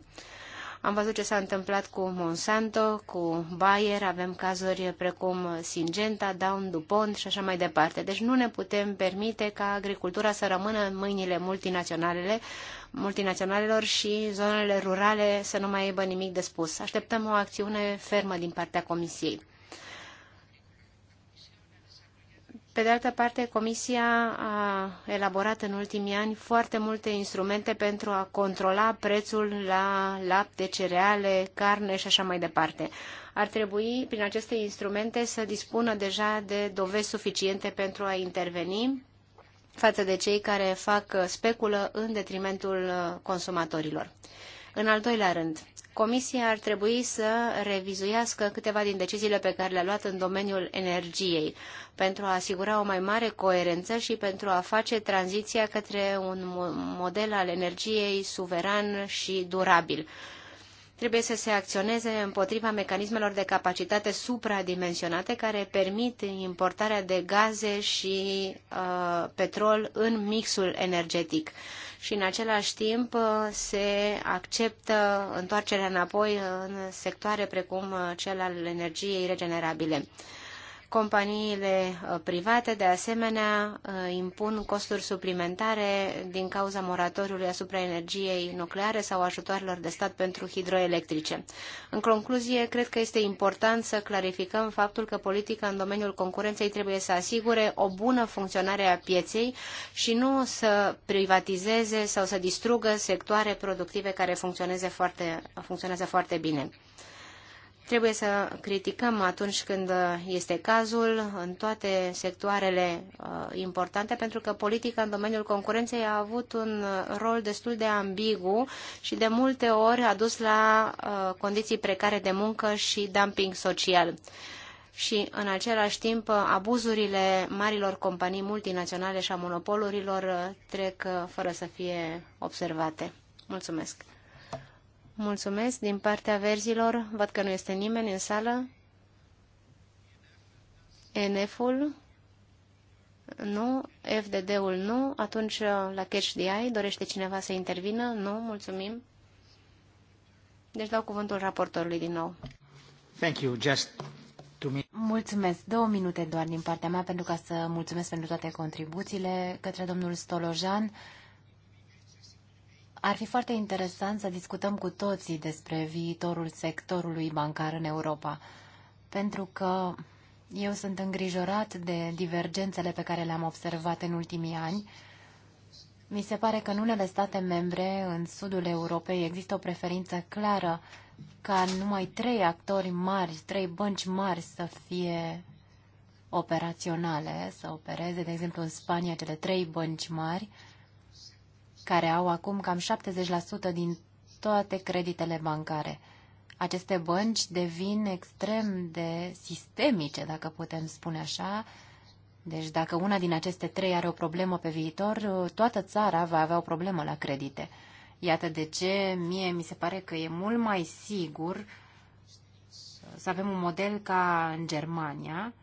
Am văzut ce s-a întâmplat cu Monsanto, cu Bayer, avem cazuri precum Syngenta, Down, DuPont și așa mai departe. Deci nu ne putem permite ca agricultura să rămână în mâinile multinaționalele, multinaționalelor și zonele rurale să nu mai aibă nimic de spus. Așteptăm o acțiune fermă din partea Comisiei. Pe de altă parte, Comisia a elaborat în ultimii ani foarte multe instrumente pentru a controla prețul la lapte, cereale, carne și așa mai departe. Ar trebui, prin aceste instrumente, să dispună deja de dovezi suficiente pentru a interveni față de cei care fac speculă în detrimentul uh, consumatorilor. În al doilea rând, Comisia ar trebui să revizuiască câteva din deciziile pe care le-a luat în domeniul energiei, pentru a asigura o mai mare coerență și pentru a face tranziția către un model al energiei suveran și durabil. Trebuie să se acționeze împotriva mecanismelor de capacitate supradimensionate care permit importarea de gaze și uh, petrol în mixul energetic și în același timp uh, se acceptă întoarcerea înapoi în sectoare precum uh, cel al energiei regenerabile. Companiile uh, private, de asemenea, uh, impun costuri suplimentare din cauza moratoriului asupra energiei nucleare sau ajutoarelor de stat pentru hidroelectrice. În concluzie, cred că este important să clarificăm faptul că politica în domeniul concurenței trebuie să asigure o bună funcționare a pieței și nu să privatizeze sau să distrugă sectoare productive care funcționează foarte, funcționează foarte bine. Trebuie să criticăm atunci când uh, este cazul în toate sectoarele uh, importante, pentru că politica în domeniul concurenței a avut un uh, rol destul de ambigu și de multe ori a dus la condiții precare de muncă și dumping social și, în același timp, abuzurile marilor companii multinaționale și a monopolurilor trec fără să fie observate. Mulțumesc! Mulțumesc din partea verzilor. Văd că nu este nimeni în sală. NF-ul? Nu. FDD-ul nu. Atunci uh, la Catch the Eye dorește cineva să intervină? Nu. Mulțumim. Deci dau cuvântul raportorului din nou. Thank you. Just Mulțumesc. Două minute doar din partea mea pentru ca să mulțumesc pentru toate contribuțiile către domnul Stolojan. Ar fi foarte interesant să discutăm cu toții despre viitorul sectorului bancar în Europa, pentru că eu sunt îngrijorat de divergențele pe care le-am observat în ultimii ani. Mi se pare că în unele state membre, în sudul Europei, există o preferință clară ca numai trei actori mari, trei bănci mari să fie operaționale, să opereze, de exemplu, în Spania, cele trei bănci mari – care au acum cam 70% din toate creditele bancare. Aceste bănci devin extrem de sistemice, dacă putem spune așa. Deci dacă una din aceste trei are o problemă pe viitor, toată țara va avea o problemă la credite. Iată de ce mie mi se pare că e mult mai sigur să avem un model ca în Germania,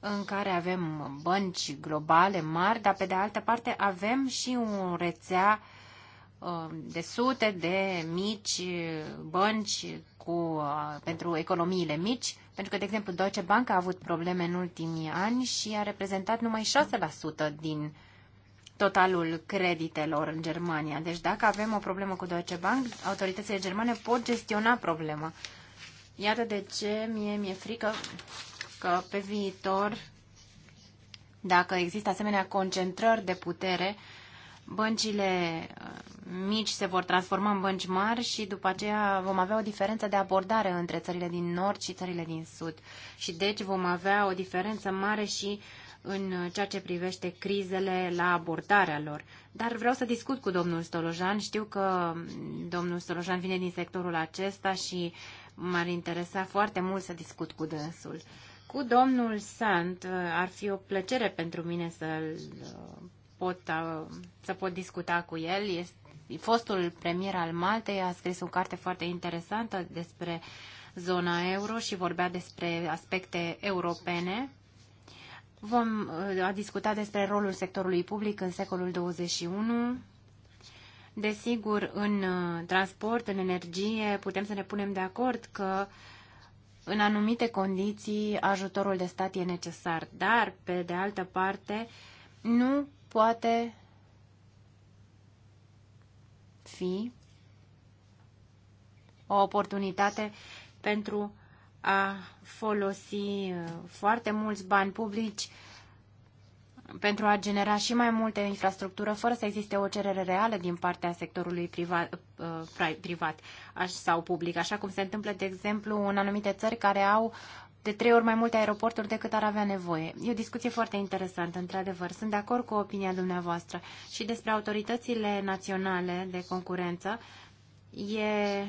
în care avem bănci globale mari, dar pe de altă parte avem și o rețea uh, de sute de mici bănci cu, uh, pentru economiile mici, pentru că, de exemplu, Deutsche Bank a avut probleme în ultimii ani și a reprezentat numai 6% din totalul creditelor în Germania. Deci dacă avem o problemă cu Deutsche Bank, autoritățile germane pot gestiona problema. Iată de ce mie mi-e frică că pe viitor, dacă există asemenea concentrări de putere, băncile uh, mici se vor transforma în bănci mari și după aceea vom avea o diferență de abordare între țările din nord și țările din sud. Și deci vom avea o diferență mare și în ceea ce privește crizele la abordarea lor. Dar vreau să discut cu domnul Stolojan. Știu că domnul Stolojan vine din sectorul acesta și m-ar interesa foarte mult să discut cu dânsul. Cu domnul Sant uh, ar fi o plăcere pentru mine să uh, pot, uh, să pot discuta cu el. Este fostul premier al Maltei a scris o carte foarte interesantă despre zona euro și vorbea despre aspecte europene. Vom a discuta despre rolul sectorului public în secolul 21. Desigur, în transport, în energie, putem să ne punem de acord că uh, în anumite condiții ajutorul de stat e necesar, dar, pe de altă parte, nu poate fi o oportunitate pentru a folosi uh, foarte mulți bani publici pentru a genera și mai multe infrastructură fără să existe o cerere reală din partea sectorului privat, uh, privat sau public, așa cum se întâmplă, de exemplu, în anumite țări care au de trei ori mai multe aeroporturi decât ar avea nevoie. E o discuție foarte interesantă, într-adevăr. Sunt de acord cu opinia dumneavoastră și despre autoritățile naționale de concurență. E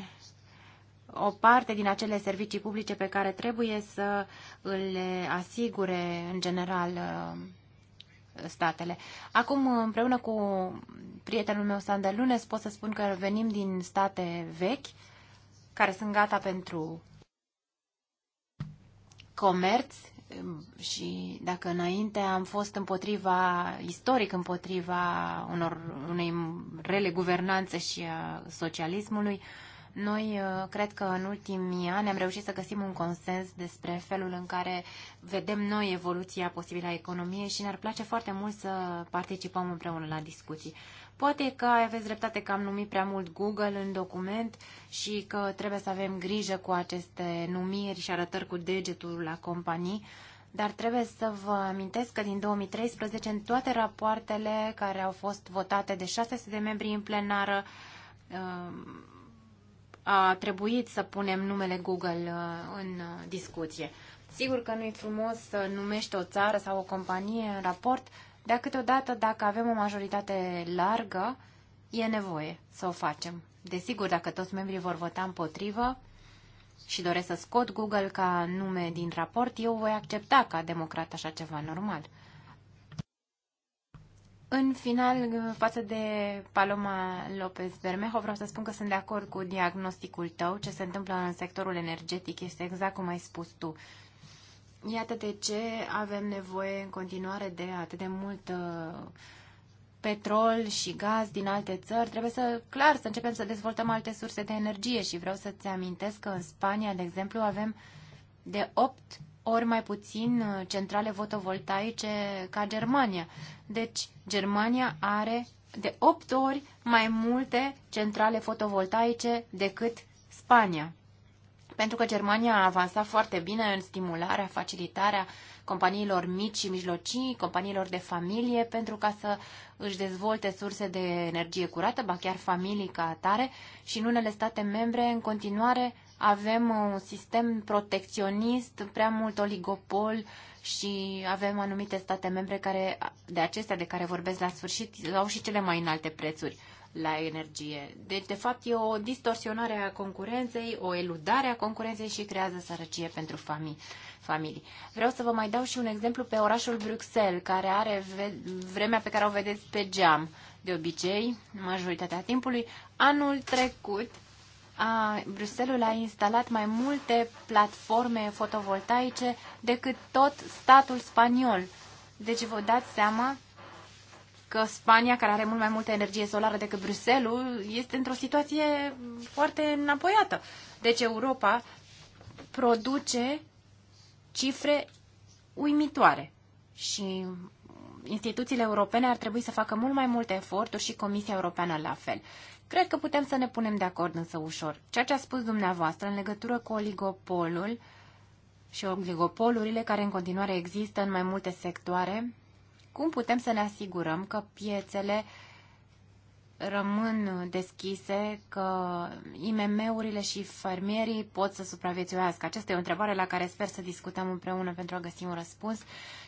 o parte din acele servicii publice pe care trebuie să le asigure în general uh, statele. Acum, împreună cu prietenul meu, Sander Lunes, pot să spun că venim din state vechi, care sunt gata pentru comerț și dacă înainte am fost împotriva, istoric împotriva unor, unei rele guvernanțe și a socialismului, uh, noi uh, cred că în ultimii ani am reușit să găsim un consens despre felul în care vedem noi evoluția posibilă a economiei și ne-ar place foarte mult să participăm împreună la discuții. Poate că aveți dreptate că am numit prea mult Google în document și că trebuie să avem grijă cu aceste numiri și arătări cu degetul la companii, dar trebuie să vă amintesc că din 2013 în toate rapoartele care au fost votate de 600 de membri în plenară, uh, a trebuit să punem numele Google uh, în uh, discuție. Sigur că nu-i frumos să numești o țară sau o companie în raport, dar câteodată, dacă avem o majoritate largă, e nevoie să o facem. Desigur, dacă toți membrii vor vota împotrivă și doresc să scot Google ca nume din raport, eu voi accepta ca democrat așa ceva normal. În final, față de Paloma López Bermejo, vreau să spun că sunt de acord cu diagnosticul tău. Ce se întâmplă în sectorul energetic este exact cum ai spus tu. Iată de ce avem nevoie în continuare de atât de mult uh, petrol și gaz din alte țări. Trebuie să, clar, să începem să dezvoltăm alte surse de energie și vreau să-ți amintesc că în Spania, de exemplu, avem de 8 ori mai puțin uh, centrale fotovoltaice ca Germania. Deci, Germania are de 8 ori mai multe centrale fotovoltaice decât Spania. Pentru că Germania a avansat foarte bine în stimularea, facilitarea companiilor mici și mijlocii, companiilor de familie, pentru ca să își dezvolte surse de energie curată, ba chiar familii ca atare, și în unele state membre, în continuare, avem un sistem protecționist, prea mult oligopol și avem anumite state membre care, de acestea de care vorbesc la sfârșit, au și cele mai înalte prețuri la energie. Deci, de fapt, e o distorsionare a concurenței, o eludare a concurenței și creează sărăcie pentru familii. Familii. Vreau să vă mai dau și un exemplu pe orașul Bruxelles, care are vremea pe care o vedeți pe geam. De obicei, majoritatea timpului, anul trecut a, Bruselul a instalat mai multe platforme fotovoltaice decât tot statul spaniol. Deci vă dați seama că Spania, care are mult mai multă energie solară decât Bruselul, este într-o situație foarte înapoiată. Deci Europa produce cifre uimitoare și instituțiile europene ar trebui să facă mult mai multe eforturi și Comisia Europeană la fel. Cred că putem să ne punem de acord însă ușor. Ceea ce a spus dumneavoastră în legătură cu oligopolul și oligopolurile care în continuare există în mai multe sectoare, cum putem să ne asigurăm că piețele rămân deschise, că IMM-urile și fermierii pot să supraviețuiască? Aceasta e o întrebare la care sper să discutăm împreună pentru a găsi un răspuns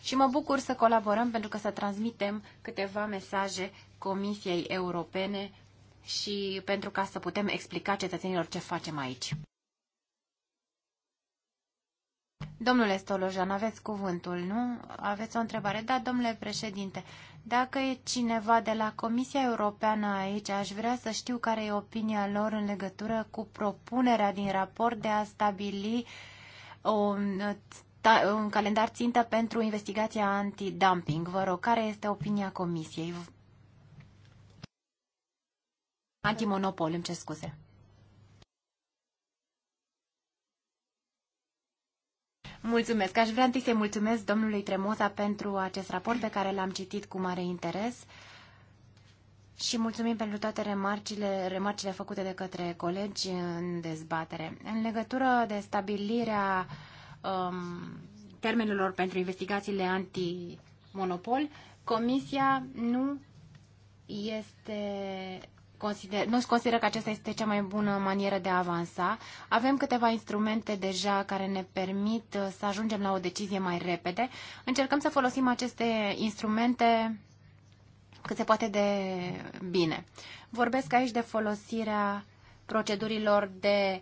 și mă bucur să colaborăm pentru că să transmitem câteva mesaje Comisiei Europene și pentru ca să putem explica cetățenilor ce facem aici. Domnule Stolojan, aveți cuvântul, nu? Aveți o întrebare? Da, domnule președinte, dacă e cineva de la Comisia Europeană aici, aș vrea să știu care e opinia lor în legătură cu propunerea din raport de a stabili un, un calendar țintă pentru investigația antidumping. Vă rog, care este opinia Comisiei? Antimonopol, îmi ce scuze. Mulțumesc. Aș vrea întâi să-i mulțumesc domnului Tremosa pentru acest raport pe care l-am citit cu mare interes și mulțumim pentru toate remarcile, remarcile făcute de către colegi în dezbatere. În legătură de stabilirea um, termenelor pentru investigațiile antimonopol, Comisia nu este consider, nu consideră că aceasta este cea mai bună manieră de a avansa. Avem câteva instrumente deja care ne permit uh, să ajungem la o decizie mai repede. Încercăm să folosim aceste instrumente cât se poate de bine. Vorbesc aici de folosirea procedurilor de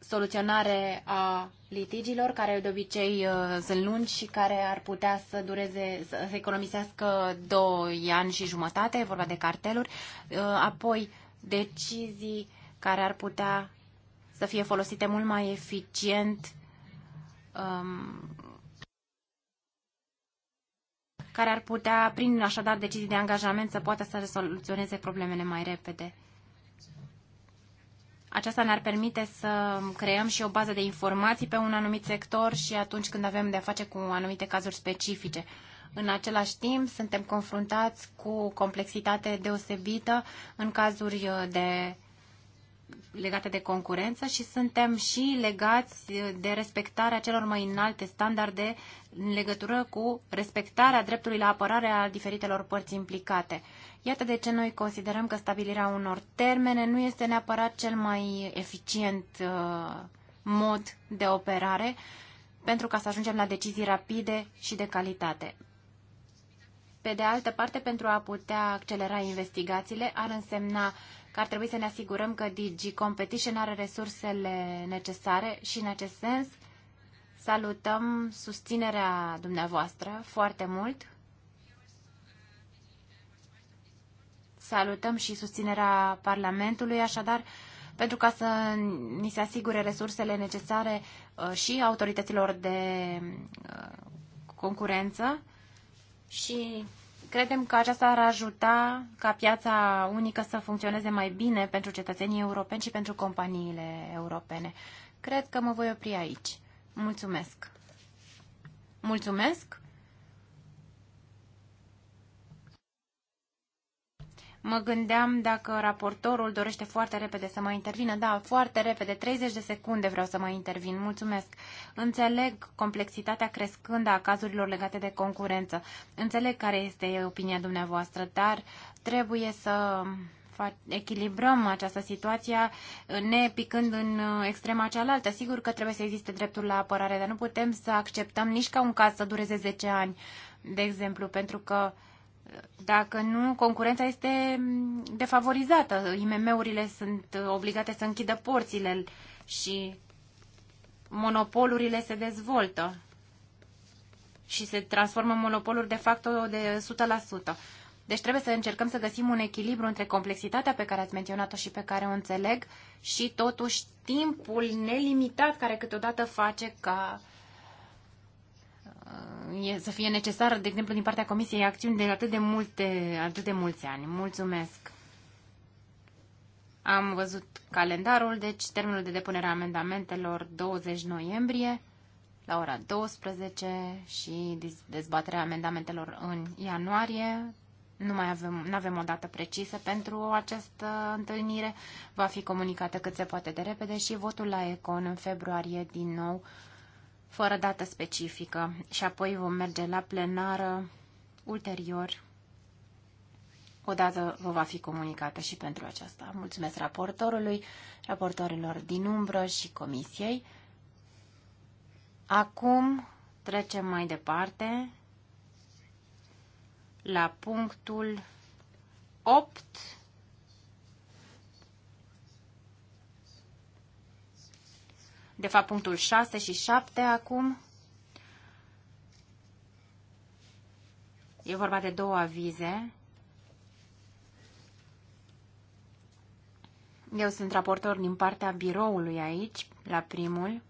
soluționare a litigilor, care de obicei uh, sunt lungi și care ar putea să dureze, să economisească 2 ani și jumătate, e vorba de carteluri, uh, apoi decizii care ar putea să fie folosite mult mai eficient um, care ar putea, prin așadar decizii de angajament, să poată să rezolvioneze problemele mai repede. Aceasta ne-ar permite să creăm și o bază de informații pe un anumit sector și atunci când avem de-a face cu anumite cazuri specifice. În același timp, suntem confruntați cu complexitate deosebită în cazuri uh, de legate de concurență și suntem și legați uh, de respectarea celor mai înalte standarde în legătură cu respectarea dreptului la apărare a diferitelor părți implicate. Iată de ce noi considerăm că stabilirea unor termene nu este neapărat cel mai eficient uh, mod de operare pentru ca să ajungem la decizii rapide și de calitate. Pe de altă parte, pentru a putea accelera investigațiile, ar însemna că ar trebui să ne asigurăm că Digi Competition are resursele necesare și, în acest sens, salutăm susținerea dumneavoastră foarte mult Salutăm și susținerea Parlamentului, așadar, pentru ca să ni se asigure resursele necesare uh, și autorităților de uh, concurență și credem că aceasta ar ajuta ca piața unică să funcționeze mai bine pentru cetățenii europeni și pentru companiile europene. Cred că mă voi opri aici. Mulțumesc! Mulțumesc! Mă gândeam dacă raportorul dorește foarte repede să mai intervină. Da, foarte repede, 30 de secunde vreau să mai intervin. Mulțumesc. Înțeleg complexitatea crescândă a cazurilor legate de concurență. Înțeleg care este opinia dumneavoastră, dar trebuie să echilibrăm această situație ne picând în uh, extrema cealaltă. Sigur că trebuie să existe dreptul la apărare, dar nu putem să acceptăm nici ca un caz să dureze 10 ani, de exemplu, pentru că uh, dacă nu, concurența este defavorizată. IMM-urile sunt obligate să închidă porțile și monopolurile se dezvoltă și se transformă în monopoluri de facto de 100%. Deci trebuie să încercăm să găsim un echilibru între complexitatea pe care ați menționat-o și pe care o înțeleg și totuși timpul nelimitat care câteodată face ca uh, e, să fie necesară, de exemplu, din partea Comisiei acțiuni de atât de, multe, atât de mulți ani. Mulțumesc! Am văzut calendarul, deci termenul de depunere a amendamentelor 20 noiembrie la ora 12 și dezbaterea amendamentelor în ianuarie. Nu mai avem, nu avem o dată precisă pentru această întâlnire. Va fi comunicată cât se poate de repede și votul la Econ în februarie din nou fără dată specifică și apoi vom merge la plenară ulterior, dată vă va fi comunicată și pentru aceasta. Mulțumesc raportorului, raportorilor din umbră și comisiei. Acum trecem mai departe la punctul 8 de fapt punctul 6 și 7 acum. E vorba de două avize. Eu sunt raportor din partea biroului aici, la primul.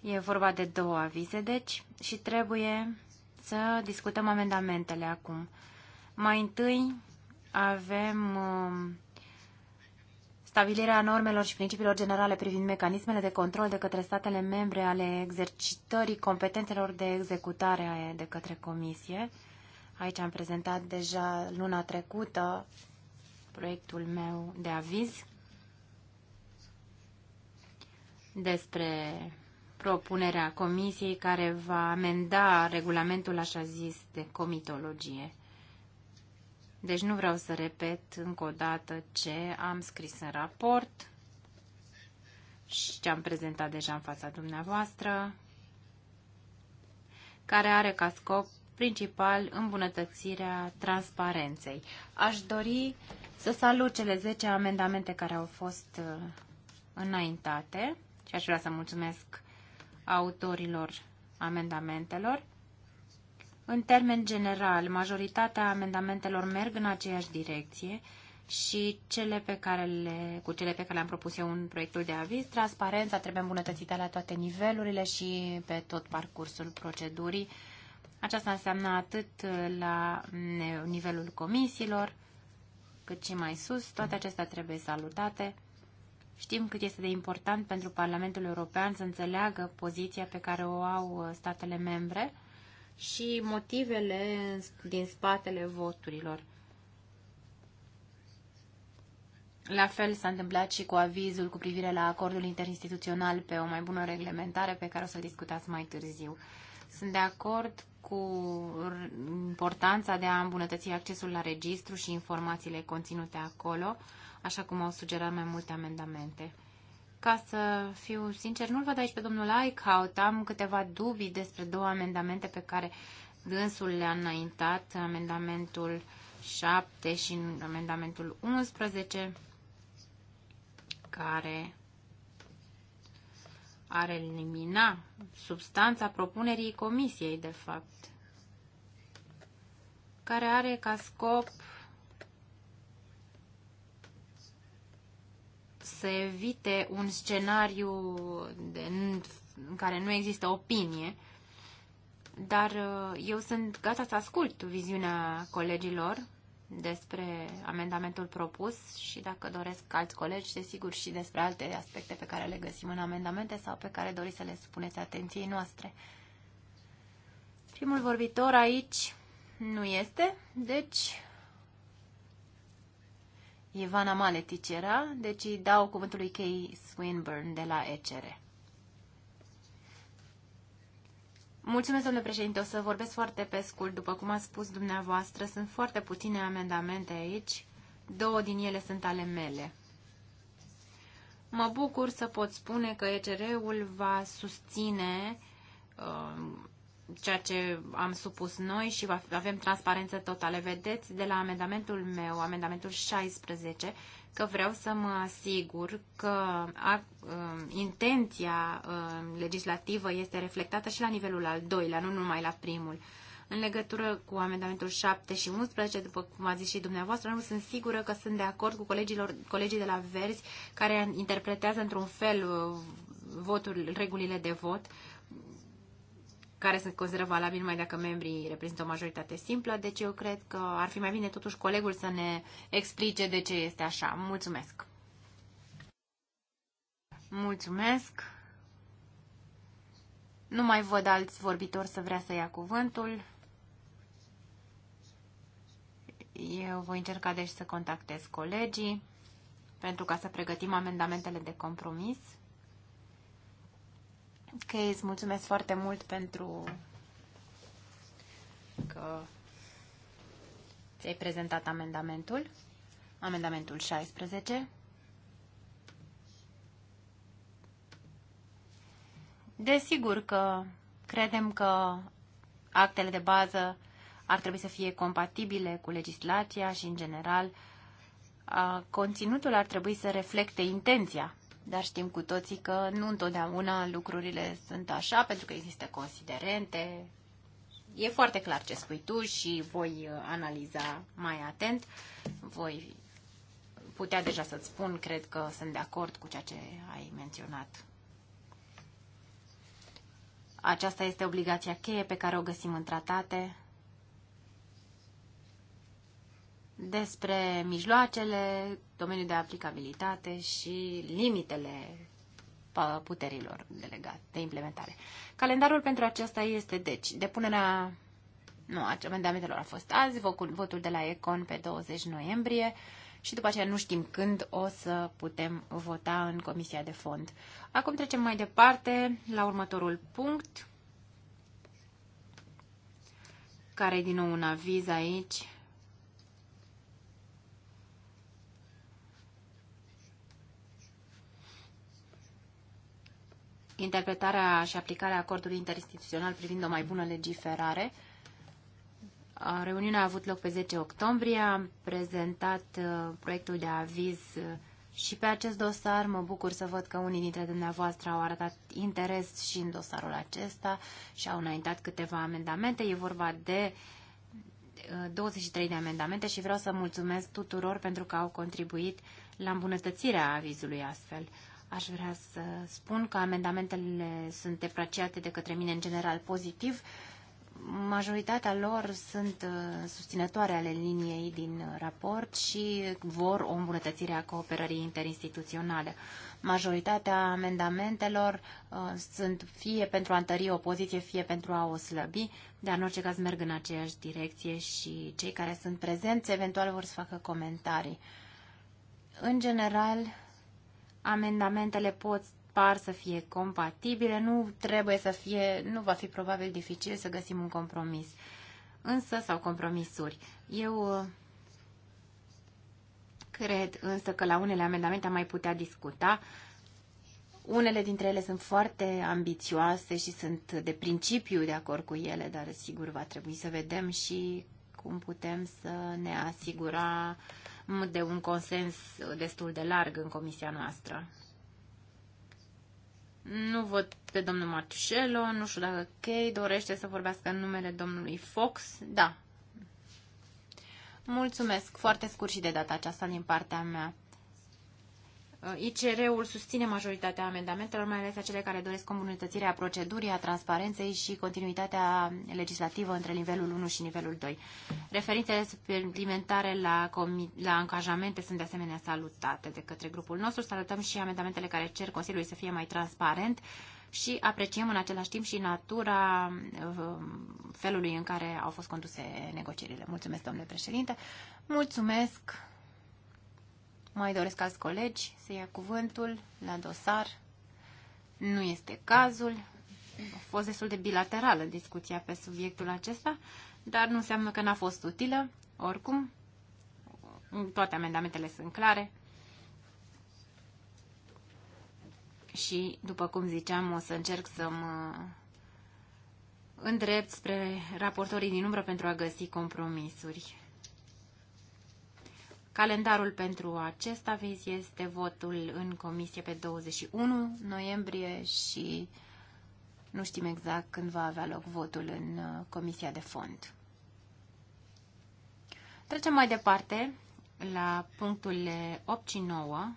E vorba de două avize, deci, și trebuie să discutăm amendamentele acum. Mai întâi avem uh, Stabilirea normelor și principiilor generale privind mecanismele de control de către statele membre ale exercitării competențelor de executare de către Comisie. Aici am prezentat deja luna trecută proiectul meu de aviz despre propunerea Comisiei care va amenda regulamentul așa zis de comitologie. Deci nu vreau să repet încă o dată ce am scris în raport și ce am prezentat deja în fața dumneavoastră, care are ca scop principal îmbunătățirea transparenței. Aș dori să salut cele 10 amendamente care au fost uh, înaintate și aș vrea să mulțumesc autorilor amendamentelor. În termen general, majoritatea amendamentelor merg în aceeași direcție și cele pe care le, cu cele pe care le-am propus eu în proiectul de aviz, transparența trebuie îmbunătățită la toate nivelurile și pe tot parcursul procedurii. Aceasta înseamnă atât la nivelul comisiilor, cât și mai sus. Toate acestea trebuie salutate. Știm cât este de important pentru Parlamentul European să înțeleagă poziția pe care o au statele membre și motivele din spatele voturilor. La fel s-a întâmplat și cu avizul cu privire la acordul interinstituțional pe o mai bună reglementare pe care o să-l discutați mai târziu. Sunt de acord cu importanța de a îmbunătăți accesul la registru și informațiile conținute acolo, așa cum au sugerat mai multe amendamente. Ca să fiu sincer, nu-l văd aici pe domnul Eichhout. Am câteva dubii despre două amendamente pe care dânsul le-a înaintat, amendamentul 7 și amendamentul 11, care ar elimina substanța propunerii comisiei, de fapt, care are ca scop să evite un scenariu de, în care nu există opinie, dar uh, eu sunt gata să ascult viziunea colegilor despre amendamentul propus și dacă doresc alți colegi, desigur, și despre alte aspecte pe care le găsim în amendamente sau pe care doriți să le supuneți atenției noastre. Primul vorbitor aici nu este, deci Ivana Maletic era, deci îi dau cuvântul lui Kay Swinburne de la ECR. Mulțumesc, domnule președinte. O să vorbesc foarte pe scurt. După cum a spus dumneavoastră, sunt foarte puține amendamente aici. Două din ele sunt ale mele. Mă bucur să pot spune că ECR-ul va susține uh, ceea ce am supus noi și avem transparență totală. Vedeți de la amendamentul meu, amendamentul 16, că vreau să mă asigur că a, um, intenția um, legislativă este reflectată și la nivelul al doilea, nu numai la primul. În legătură cu amendamentul 7 și 11, după cum a zis și dumneavoastră, nu sunt sigură că sunt de acord cu colegilor, colegii de la Verzi care interpretează într-un fel uh, votul, regulile de vot care se consideră valabil numai dacă membrii reprezintă o majoritate simplă, deci eu cred că ar fi mai bine totuși colegul să ne explice de ce este așa. Mulțumesc! Mulțumesc! Nu mai văd alți vorbitori să vrea să ia cuvântul. Eu voi încerca deci să contactez colegii pentru ca să pregătim amendamentele de compromis. Ok, îți mulțumesc foarte mult pentru că ți-ai prezentat amendamentul, amendamentul 16. Desigur că credem că actele de bază ar trebui să fie compatibile cu legislația și, în general, conținutul ar trebui să reflecte intenția dar știm cu toții că nu întotdeauna lucrurile sunt așa, pentru că există considerente. E foarte clar ce spui tu și voi uh, analiza mai atent. Voi putea deja să-ți spun, cred că sunt de acord cu ceea ce ai menționat. Aceasta este obligația cheie pe care o găsim în tratate despre mijloacele, domeniul de aplicabilitate și limitele puterilor delegate de implementare. Calendarul pentru aceasta este, deci, depunerea nu, amendamentelor a fost azi, votul de la ECON pe 20 noiembrie și după aceea nu știm când o să putem vota în Comisia de Fond. Acum trecem mai departe la următorul punct, care e din nou un aviz aici interpretarea și aplicarea acordului interinstituțional privind o mai bună legiferare. Reuniunea a avut loc pe 10 octombrie, am prezentat uh, proiectul de aviz uh, și pe acest dosar mă bucur să văd că unii dintre dumneavoastră au arătat interes și în dosarul acesta și au înaintat câteva amendamente. E vorba de 23 uh, de amendamente și vreau să mulțumesc tuturor pentru că au contribuit la îmbunătățirea avizului astfel. Aș vrea să spun că amendamentele sunt depreciate de către mine în general pozitiv. Majoritatea lor sunt uh, susținătoare ale liniei din raport și vor o îmbunătățire a cooperării interinstituționale. Majoritatea amendamentelor uh, sunt fie pentru a întări o poziție, fie pentru a o slăbi, dar în orice caz merg în aceeași direcție și cei care sunt prezenți eventual vor să facă comentarii. În general, Amendamentele pot par să fie compatibile, nu trebuie să fie, nu va fi probabil dificil să găsim un compromis. Însă, sau compromisuri. Eu uh, cred însă că la unele amendamente am mai putea discuta. Unele dintre ele sunt foarte ambițioase și sunt de principiu de acord cu ele, dar sigur va trebui să vedem și cum putem să ne asigura uh, de un consens destul de larg în comisia noastră. Nu văd pe domnul Marcello, nu știu dacă Kay dorește să vorbească în numele domnului Fox. Da. Mulțumesc, foarte scurt și de data aceasta din partea mea. Uh, ICR-ul susține majoritatea amendamentelor, mai ales acele care doresc comunitățirea procedurii, a transparenței și continuitatea legislativă între nivelul 1 și nivelul 2. Referințele suplimentare la, la angajamente sunt de asemenea salutate de către grupul nostru. Salutăm și amendamentele care cer Consiliului să fie mai transparent și apreciem în același timp și natura uh, felului în care au fost conduse negocierile. Mulțumesc, domnule președinte. Mulțumesc mai doresc alți colegi să ia cuvântul la dosar? Nu este cazul. A fost destul de bilaterală discuția pe subiectul acesta, dar nu înseamnă că n-a fost utilă. Oricum, toate amendamentele sunt clare. Și, după cum ziceam, o să încerc să mă îndrept spre raportorii din umbră pentru a găsi compromisuri. Calendarul pentru acest aviz este votul în comisie pe 21 noiembrie și nu știm exact când va avea loc votul în uh, comisia de fond. Trecem mai departe la punctul 8 și 9.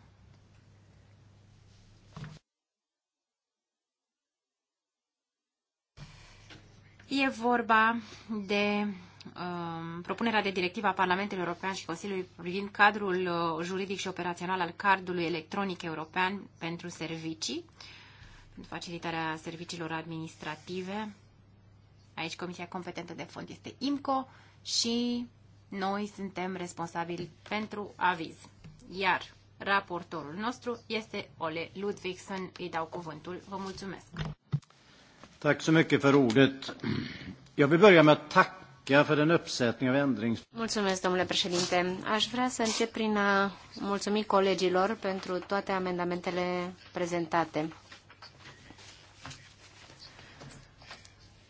E vorba de Um, propunerea de directivă a Parlamentului European și Consiliului privind cadrul uh, juridic și operațional al cardului electronic european pentru servicii, pentru facilitarea serviciilor administrative. Aici comisia competentă de fond este IMCO și noi suntem responsabili pentru aviz. Iar raportorul nostru este Ole Ludvigsen. Îi dau cuvântul. Vă mulțumesc! Tack så mycket för ordet. Jag vill börja med att tacka Mulțumesc, domnule președinte. Aș vrea să încep prin a mulțumi colegilor pentru toate amendamentele prezentate.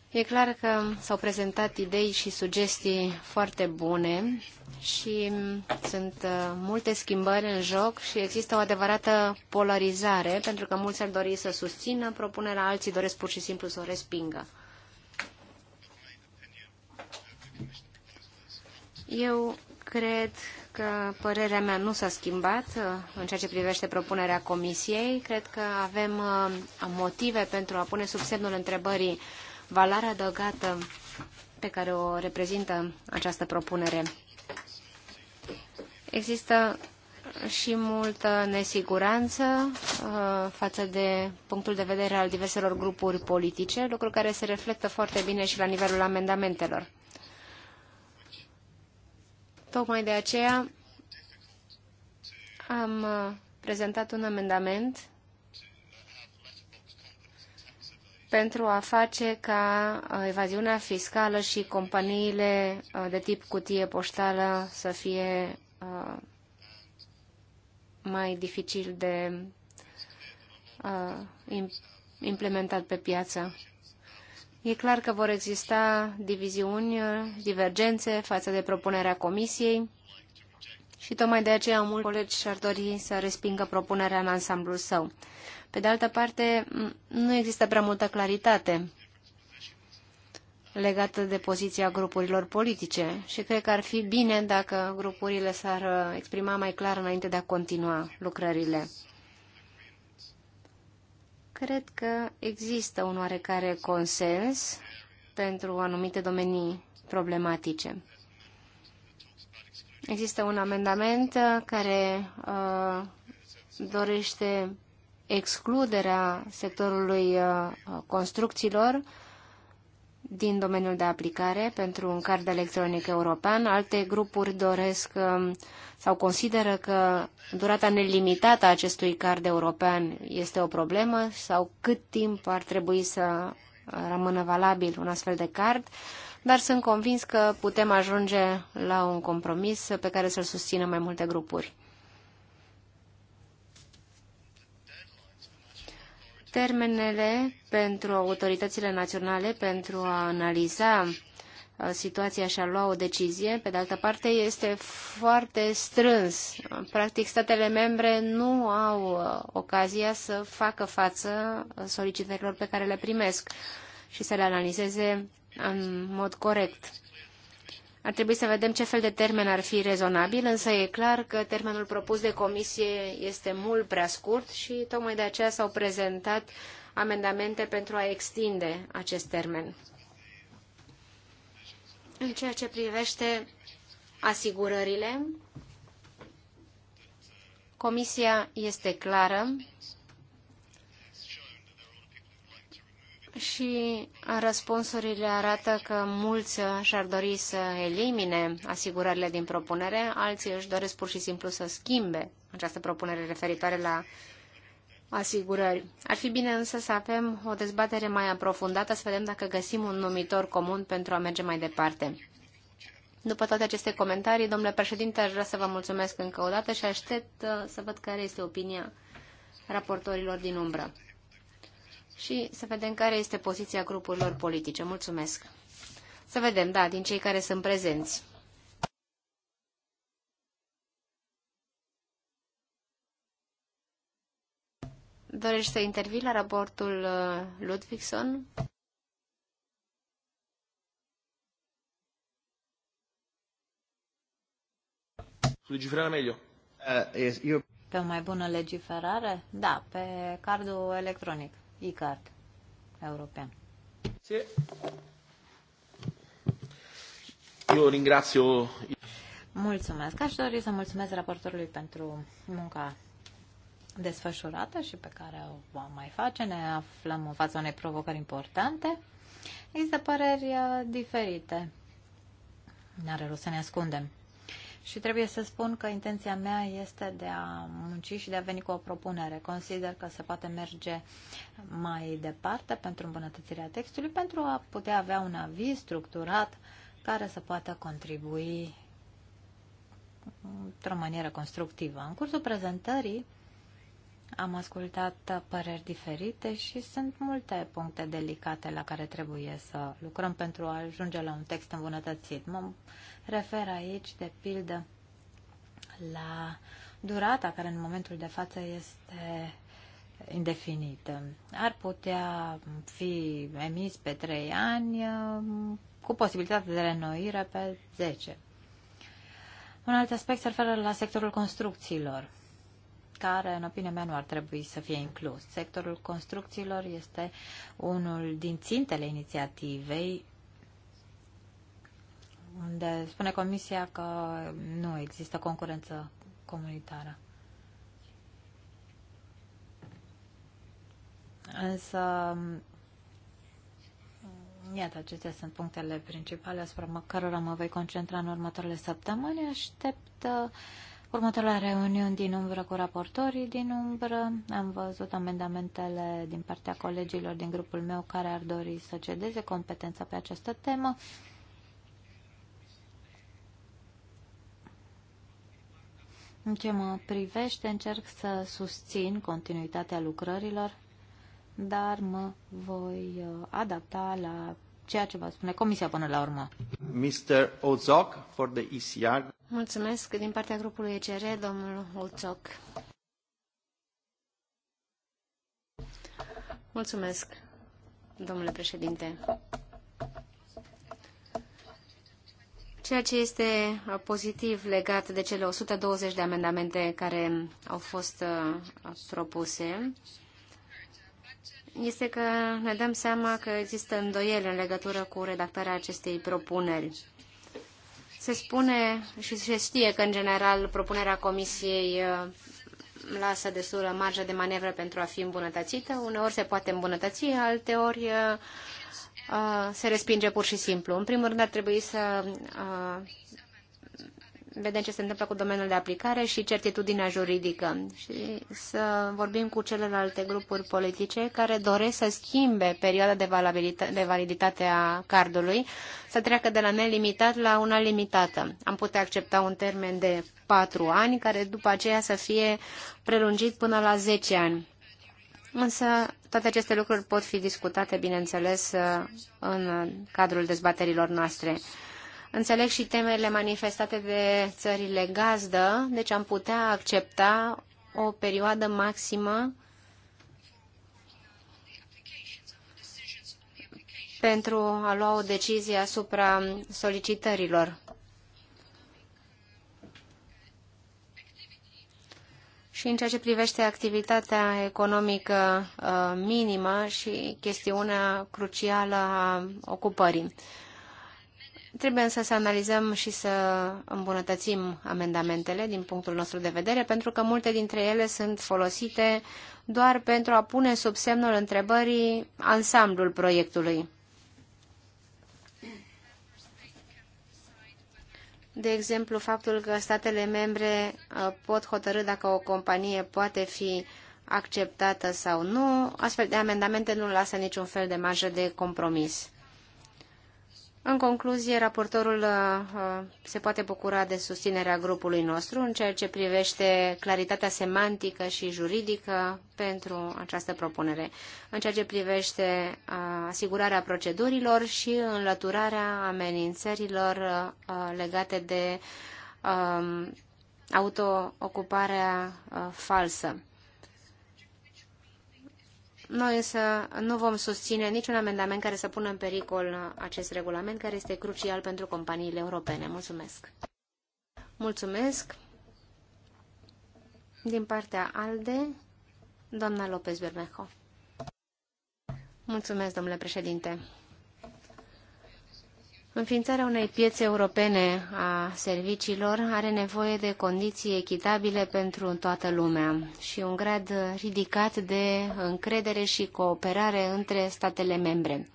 E clar că s-au prezentat idei și sugestii foarte bune și sunt uh, multe schimbări în joc și există o adevărată polarizare, pentru că mulți ar dori să susțină propunerea, alții doresc pur și simplu să o respingă. Eu cred că părerea mea nu s-a schimbat uh, în ceea ce privește propunerea comisiei. Cred că avem uh, motive pentru a pune sub semnul întrebării valoarea adăugată pe care o reprezintă această propunere. Există și multă nesiguranță uh, față de punctul de vedere al diverselor grupuri politice, lucru care se reflectă foarte bine și la nivelul amendamentelor. Tocmai de aceea am uh, prezentat un amendament pentru a face ca uh, evaziunea fiscală și companiile uh, de tip cutie poștală să fie mai dificil de implementat pe piață. E clar că vor exista diviziuni, divergențe față de propunerea Comisiei și tocmai de aceea mulți colegi și-ar dori să respingă propunerea în ansamblul său. Pe de altă parte, nu există prea multă claritate legată de poziția grupurilor politice și cred că ar fi bine dacă grupurile s-ar exprima mai clar înainte de a continua lucrările. Cred că există un oarecare consens pentru anumite domenii problematice. Există un amendament uh, care uh, dorește excluderea sectorului uh, construcțiilor din domeniul de aplicare pentru un card electronic european. Alte grupuri doresc um, sau consideră că durata nelimitată a acestui card european este o problemă sau cât timp ar trebui să rămână valabil un astfel de card, dar sunt convins că putem ajunge la un compromis pe care să-l susțină mai multe grupuri. Termenele pentru autoritățile naționale pentru a analiza uh, situația și a lua o decizie, pe de altă parte, este foarte strâns. Practic, statele membre nu au uh, ocazia să facă față uh, solicitărilor pe care le primesc și să le analizeze în mod corect. Ar trebui să vedem ce fel de termen ar fi rezonabil, însă e clar că termenul propus de comisie este mult prea scurt și tocmai de aceea s-au prezentat amendamente pentru a extinde acest termen. În ceea ce privește asigurările, comisia este clară și răspunsurile arată că mulți și-ar dori să elimine asigurările din propunere, alții își doresc pur și simplu să schimbe această propunere referitoare la asigurări. Ar fi bine însă să avem o dezbatere mai aprofundată, să vedem dacă găsim un numitor comun pentru a merge mai departe. După toate aceste comentarii, domnule președinte, aș vrea să vă mulțumesc încă o dată și aștept uh, să văd care este opinia raportorilor din umbră și să vedem care este poziția grupurilor politice. Mulțumesc. Să vedem, da, din cei care sunt prezenți. Dorești să intervii la raportul uh, Ludvigson? Legiferarea meglio. Eh, pe o mai bună legiferare? Da, pe cardul electronic. ICART european. Eu ringrazio... Mulțumesc. Aș dori să mulțumesc raportorului pentru munca desfășurată și pe care o vom mai face. Ne aflăm în fața unei provocări importante. Există păreri uh, diferite. N-are rost să ne ascundem. Și trebuie să spun că intenția mea este de a munci și de a veni cu o propunere. Consider că se poate merge mai departe pentru îmbunătățirea textului, pentru a putea avea un aviz structurat care să poată contribui într-o manieră constructivă. În cursul prezentării am ascultat păreri diferite și sunt multe puncte delicate la care trebuie să lucrăm pentru a ajunge la un text îmbunătățit. Mă refer aici, de pildă, la durata care în momentul de față este indefinită. Ar putea fi emis pe 3 ani cu posibilitatea de renoire pe 10. Un alt aspect se referă la sectorul construcțiilor care, în opinia mea, nu ar trebui să fie inclus. Sectorul construcțiilor este unul din țintele inițiativei unde spune Comisia că nu există concurență comunitară. Însă, iată, acestea sunt punctele principale asupra cărora mă voi concentra în următoarele săptămâni. Aștept uh, Următoarea reuniune din umbră cu raportorii din umbră. Am văzut amendamentele din partea colegilor din grupul meu care ar dori să cedeze competența pe această temă. În ce mă privește, încerc să susțin continuitatea lucrărilor, dar mă voi uh, adapta la ceea ce va spune Comisia până la urmă. Mr. Ozok for the ECR. Mulțumesc din partea grupului ECR, domnul Ulțoc. Mulțumesc, domnule președinte. Ceea ce este uh, pozitiv legat de cele 120 de amendamente care au fost uh, propuse este că ne dăm seama că există îndoieli în legătură cu redactarea acestei propuneri. Se spune și se știe că, în general, propunerea Comisiei uh, lasă destulă marjă de manevră pentru a fi îmbunătățită. Uneori se poate îmbunătăți, alteori uh, uh, se respinge pur și simplu. În primul rând ar trebui să vedem ce se întâmplă cu domeniul de aplicare și certitudinea juridică și să vorbim cu celelalte grupuri politice care doresc să schimbe perioada de, de validitate a cardului, să treacă de la nelimitat la una limitată. Am putea accepta un termen de 4 ani, care după aceea să fie prelungit până la 10 ani. Însă toate aceste lucruri pot fi discutate, bineînțeles, în cadrul dezbaterilor noastre. Înțeleg și temerile manifestate de țările gazdă, deci am putea accepta o perioadă maximă pentru a lua o decizie asupra solicitărilor. Și în ceea ce privește activitatea economică uh, minimă și chestiunea crucială a ocupării. Trebuie însă să analizăm și să îmbunătățim amendamentele din punctul nostru de vedere, pentru că multe dintre ele sunt folosite doar pentru a pune sub semnul întrebării ansamblul proiectului. De exemplu, faptul că statele membre uh, pot hotărâ dacă o companie poate fi acceptată sau nu, astfel de amendamente nu lasă niciun fel de marjă de compromis. În concluzie, raportorul uh, uh, se poate bucura de susținerea grupului nostru în ceea ce privește claritatea semantică și juridică pentru această propunere, în ceea ce privește uh, asigurarea procedurilor și înlăturarea amenințărilor legate de um, autoocuparea falsă. Noi însă nu vom susține niciun amendament care să pună în pericol acest regulament, care este crucial pentru companiile europene. Mulțumesc! Mulțumesc! Din partea ALDE, doamna López Bermejo. Mulțumesc, domnule președinte! Înființarea unei piețe europene a serviciilor are nevoie de condiții echitabile pentru toată lumea și un grad ridicat de încredere și cooperare între statele membre.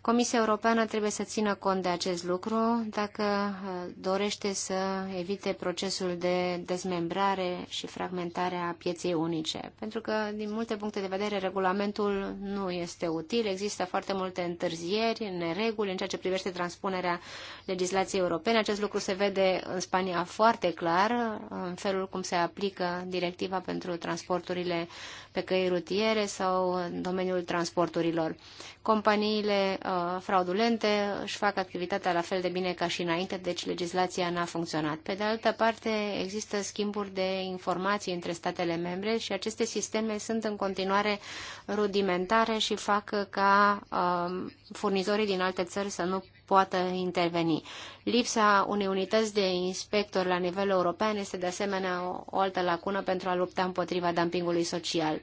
Comisia Europeană trebuie să țină cont de acest lucru dacă uh, dorește să evite procesul de dezmembrare și fragmentare a pieței unice. Pentru că, din multe puncte de vedere, regulamentul nu este util. Există foarte multe întârzieri, nereguli în ceea ce privește transpunerea legislației europene. Acest lucru se vede în Spania foarte clar, în felul cum se aplică directiva pentru transporturile pe căi rutiere sau în domeniul transporturilor. Companiile uh, fraudulente își fac activitatea la fel de bine ca și înainte, deci legislația n-a funcționat. Pe de altă parte, există schimburi de informații între statele membre și aceste sisteme sunt în continuare rudimentare și fac ca uh, furnizorii din alte țări să nu poată interveni. Lipsa unei unități de inspectori la nivel european este de asemenea o altă lacună pentru a lupta împotriva dumpingului social.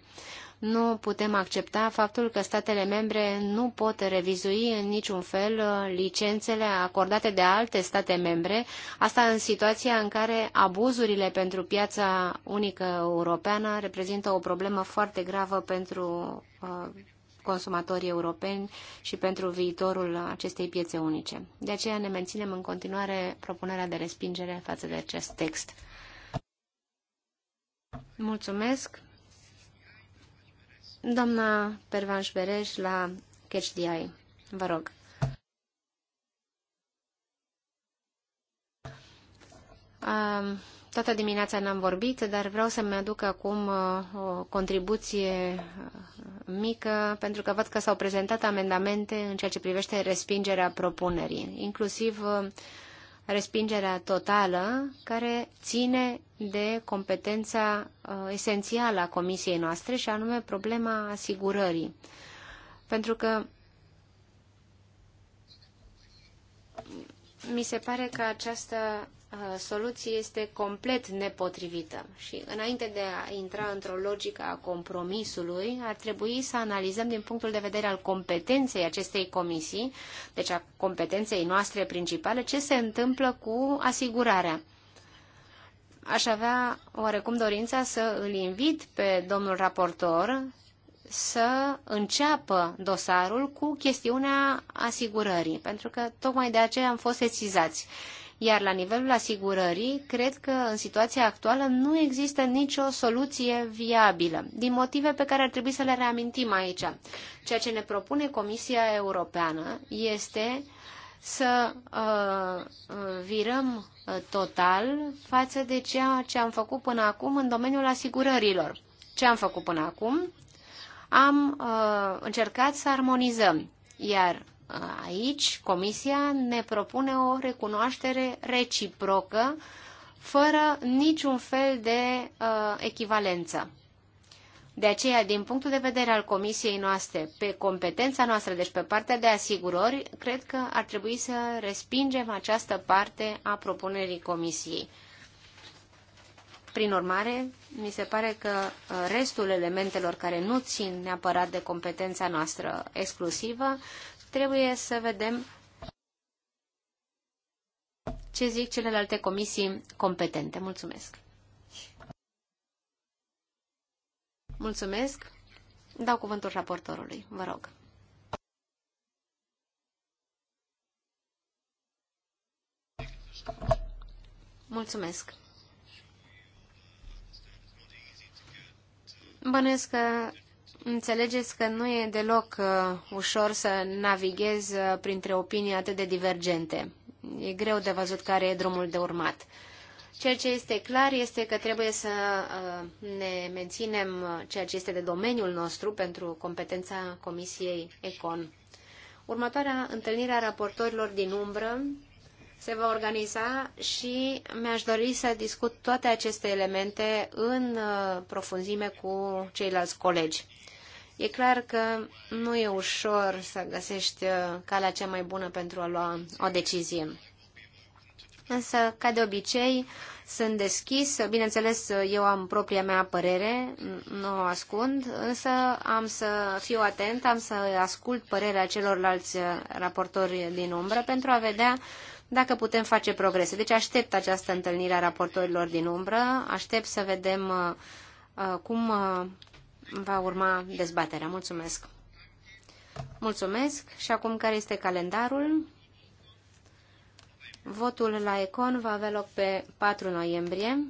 Nu putem accepta faptul că statele membre nu pot revizui în niciun fel uh, licențele acordate de alte state membre, asta în situația în care abuzurile pentru piața unică europeană reprezintă o problemă foarte gravă pentru uh, consumatorii europeni și pentru viitorul acestei piețe unice. De aceea ne menținem în continuare propunerea de respingere față de acest text. Mulțumesc. Doamna Pervanș Bereș la Catch the Eye. Vă rog. Um, Toată dimineața n-am vorbit, dar vreau să-mi aduc acum uh, o contribuție uh, mică, pentru că văd că s-au prezentat amendamente în ceea ce privește respingerea propunerii, inclusiv uh, respingerea totală, care ține de competența esențială a comisiei noastre, și anume problema asigurării. Pentru că mi se pare că această Uh, soluție este complet nepotrivită și înainte de a intra într-o logică a compromisului, ar trebui să analizăm din punctul de vedere al competenței acestei comisii, deci a competenței noastre principale, ce se întâmplă cu asigurarea. Aș avea oarecum dorința să îl invit pe domnul raportor să înceapă dosarul cu chestiunea asigurării, pentru că tocmai de aceea am fost sesizați. Iar la nivelul asigurării, cred că în situația actuală nu există nicio soluție viabilă, din motive pe care ar trebui să le reamintim aici. Ceea ce ne propune Comisia Europeană este să uh, uh virăm uh, total față de ceea ce am făcut până acum în domeniul asigurărilor. Ce am făcut până acum? Am uh, încercat să armonizăm, iar aici Comisia ne propune o recunoaștere reciprocă fără niciun fel de uh, echivalență. De aceea, din punctul de vedere al comisiei noastre, pe competența noastră, deci pe partea de asigurări, cred că ar trebui să respingem această parte a propunerii comisiei. Prin urmare, mi se pare că uh, restul elementelor care nu țin neapărat de competența noastră exclusivă trebuie să vedem ce zic celelalte comisii competente. Mulțumesc! Mulțumesc! Dau cuvântul raportorului, vă rog. Mulțumesc! Bănuiesc că Înțelegeți că nu e deloc uh, ușor să uh, printre opinii atât de divergente. E greu de văzut care e drumul de urmat. Ceea ce este clar este că trebuie să uh, ne menținem uh, ceea ce este de domeniul nostru pentru competența Comisiei Econ. Următoarea întâlnire a raportorilor din umbră se va organiza și mi-aș dori să discut toate aceste elemente în profunzime cu ceilalți colegi. E clar că nu e ușor să găsești uh, calea cea mai bună pentru a lua o decizie. Însă, ca de obicei, sunt deschis. Bineînțeles, uh, eu am propria mea părere, nu o ascund, însă am să fiu atent, am să ascult părerea celorlalți uh, raportori din umbră pentru a vedea dacă putem face progrese. Deci aștept această întâlnire a raportorilor din umbră, aștept să vedem cum va urma dezbaterea. Mulțumesc! Mulțumesc! Și acum care este calendarul? Votul la Econ va avea loc pe 4 noiembrie.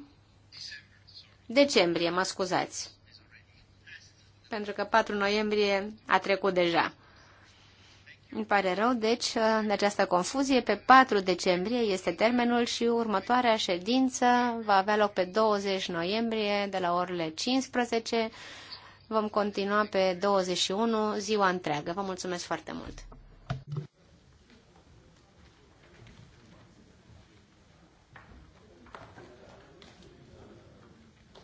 Decembrie, mă scuzați. Pentru că 4 noiembrie a trecut deja. Îmi pare rău, deci, de această confuzie, pe 4 decembrie este termenul și următoarea ședință va avea loc pe 20 noiembrie de la orele 15 Vom continua pe 21 ziua întreagă. Vă mulțumesc foarte mult!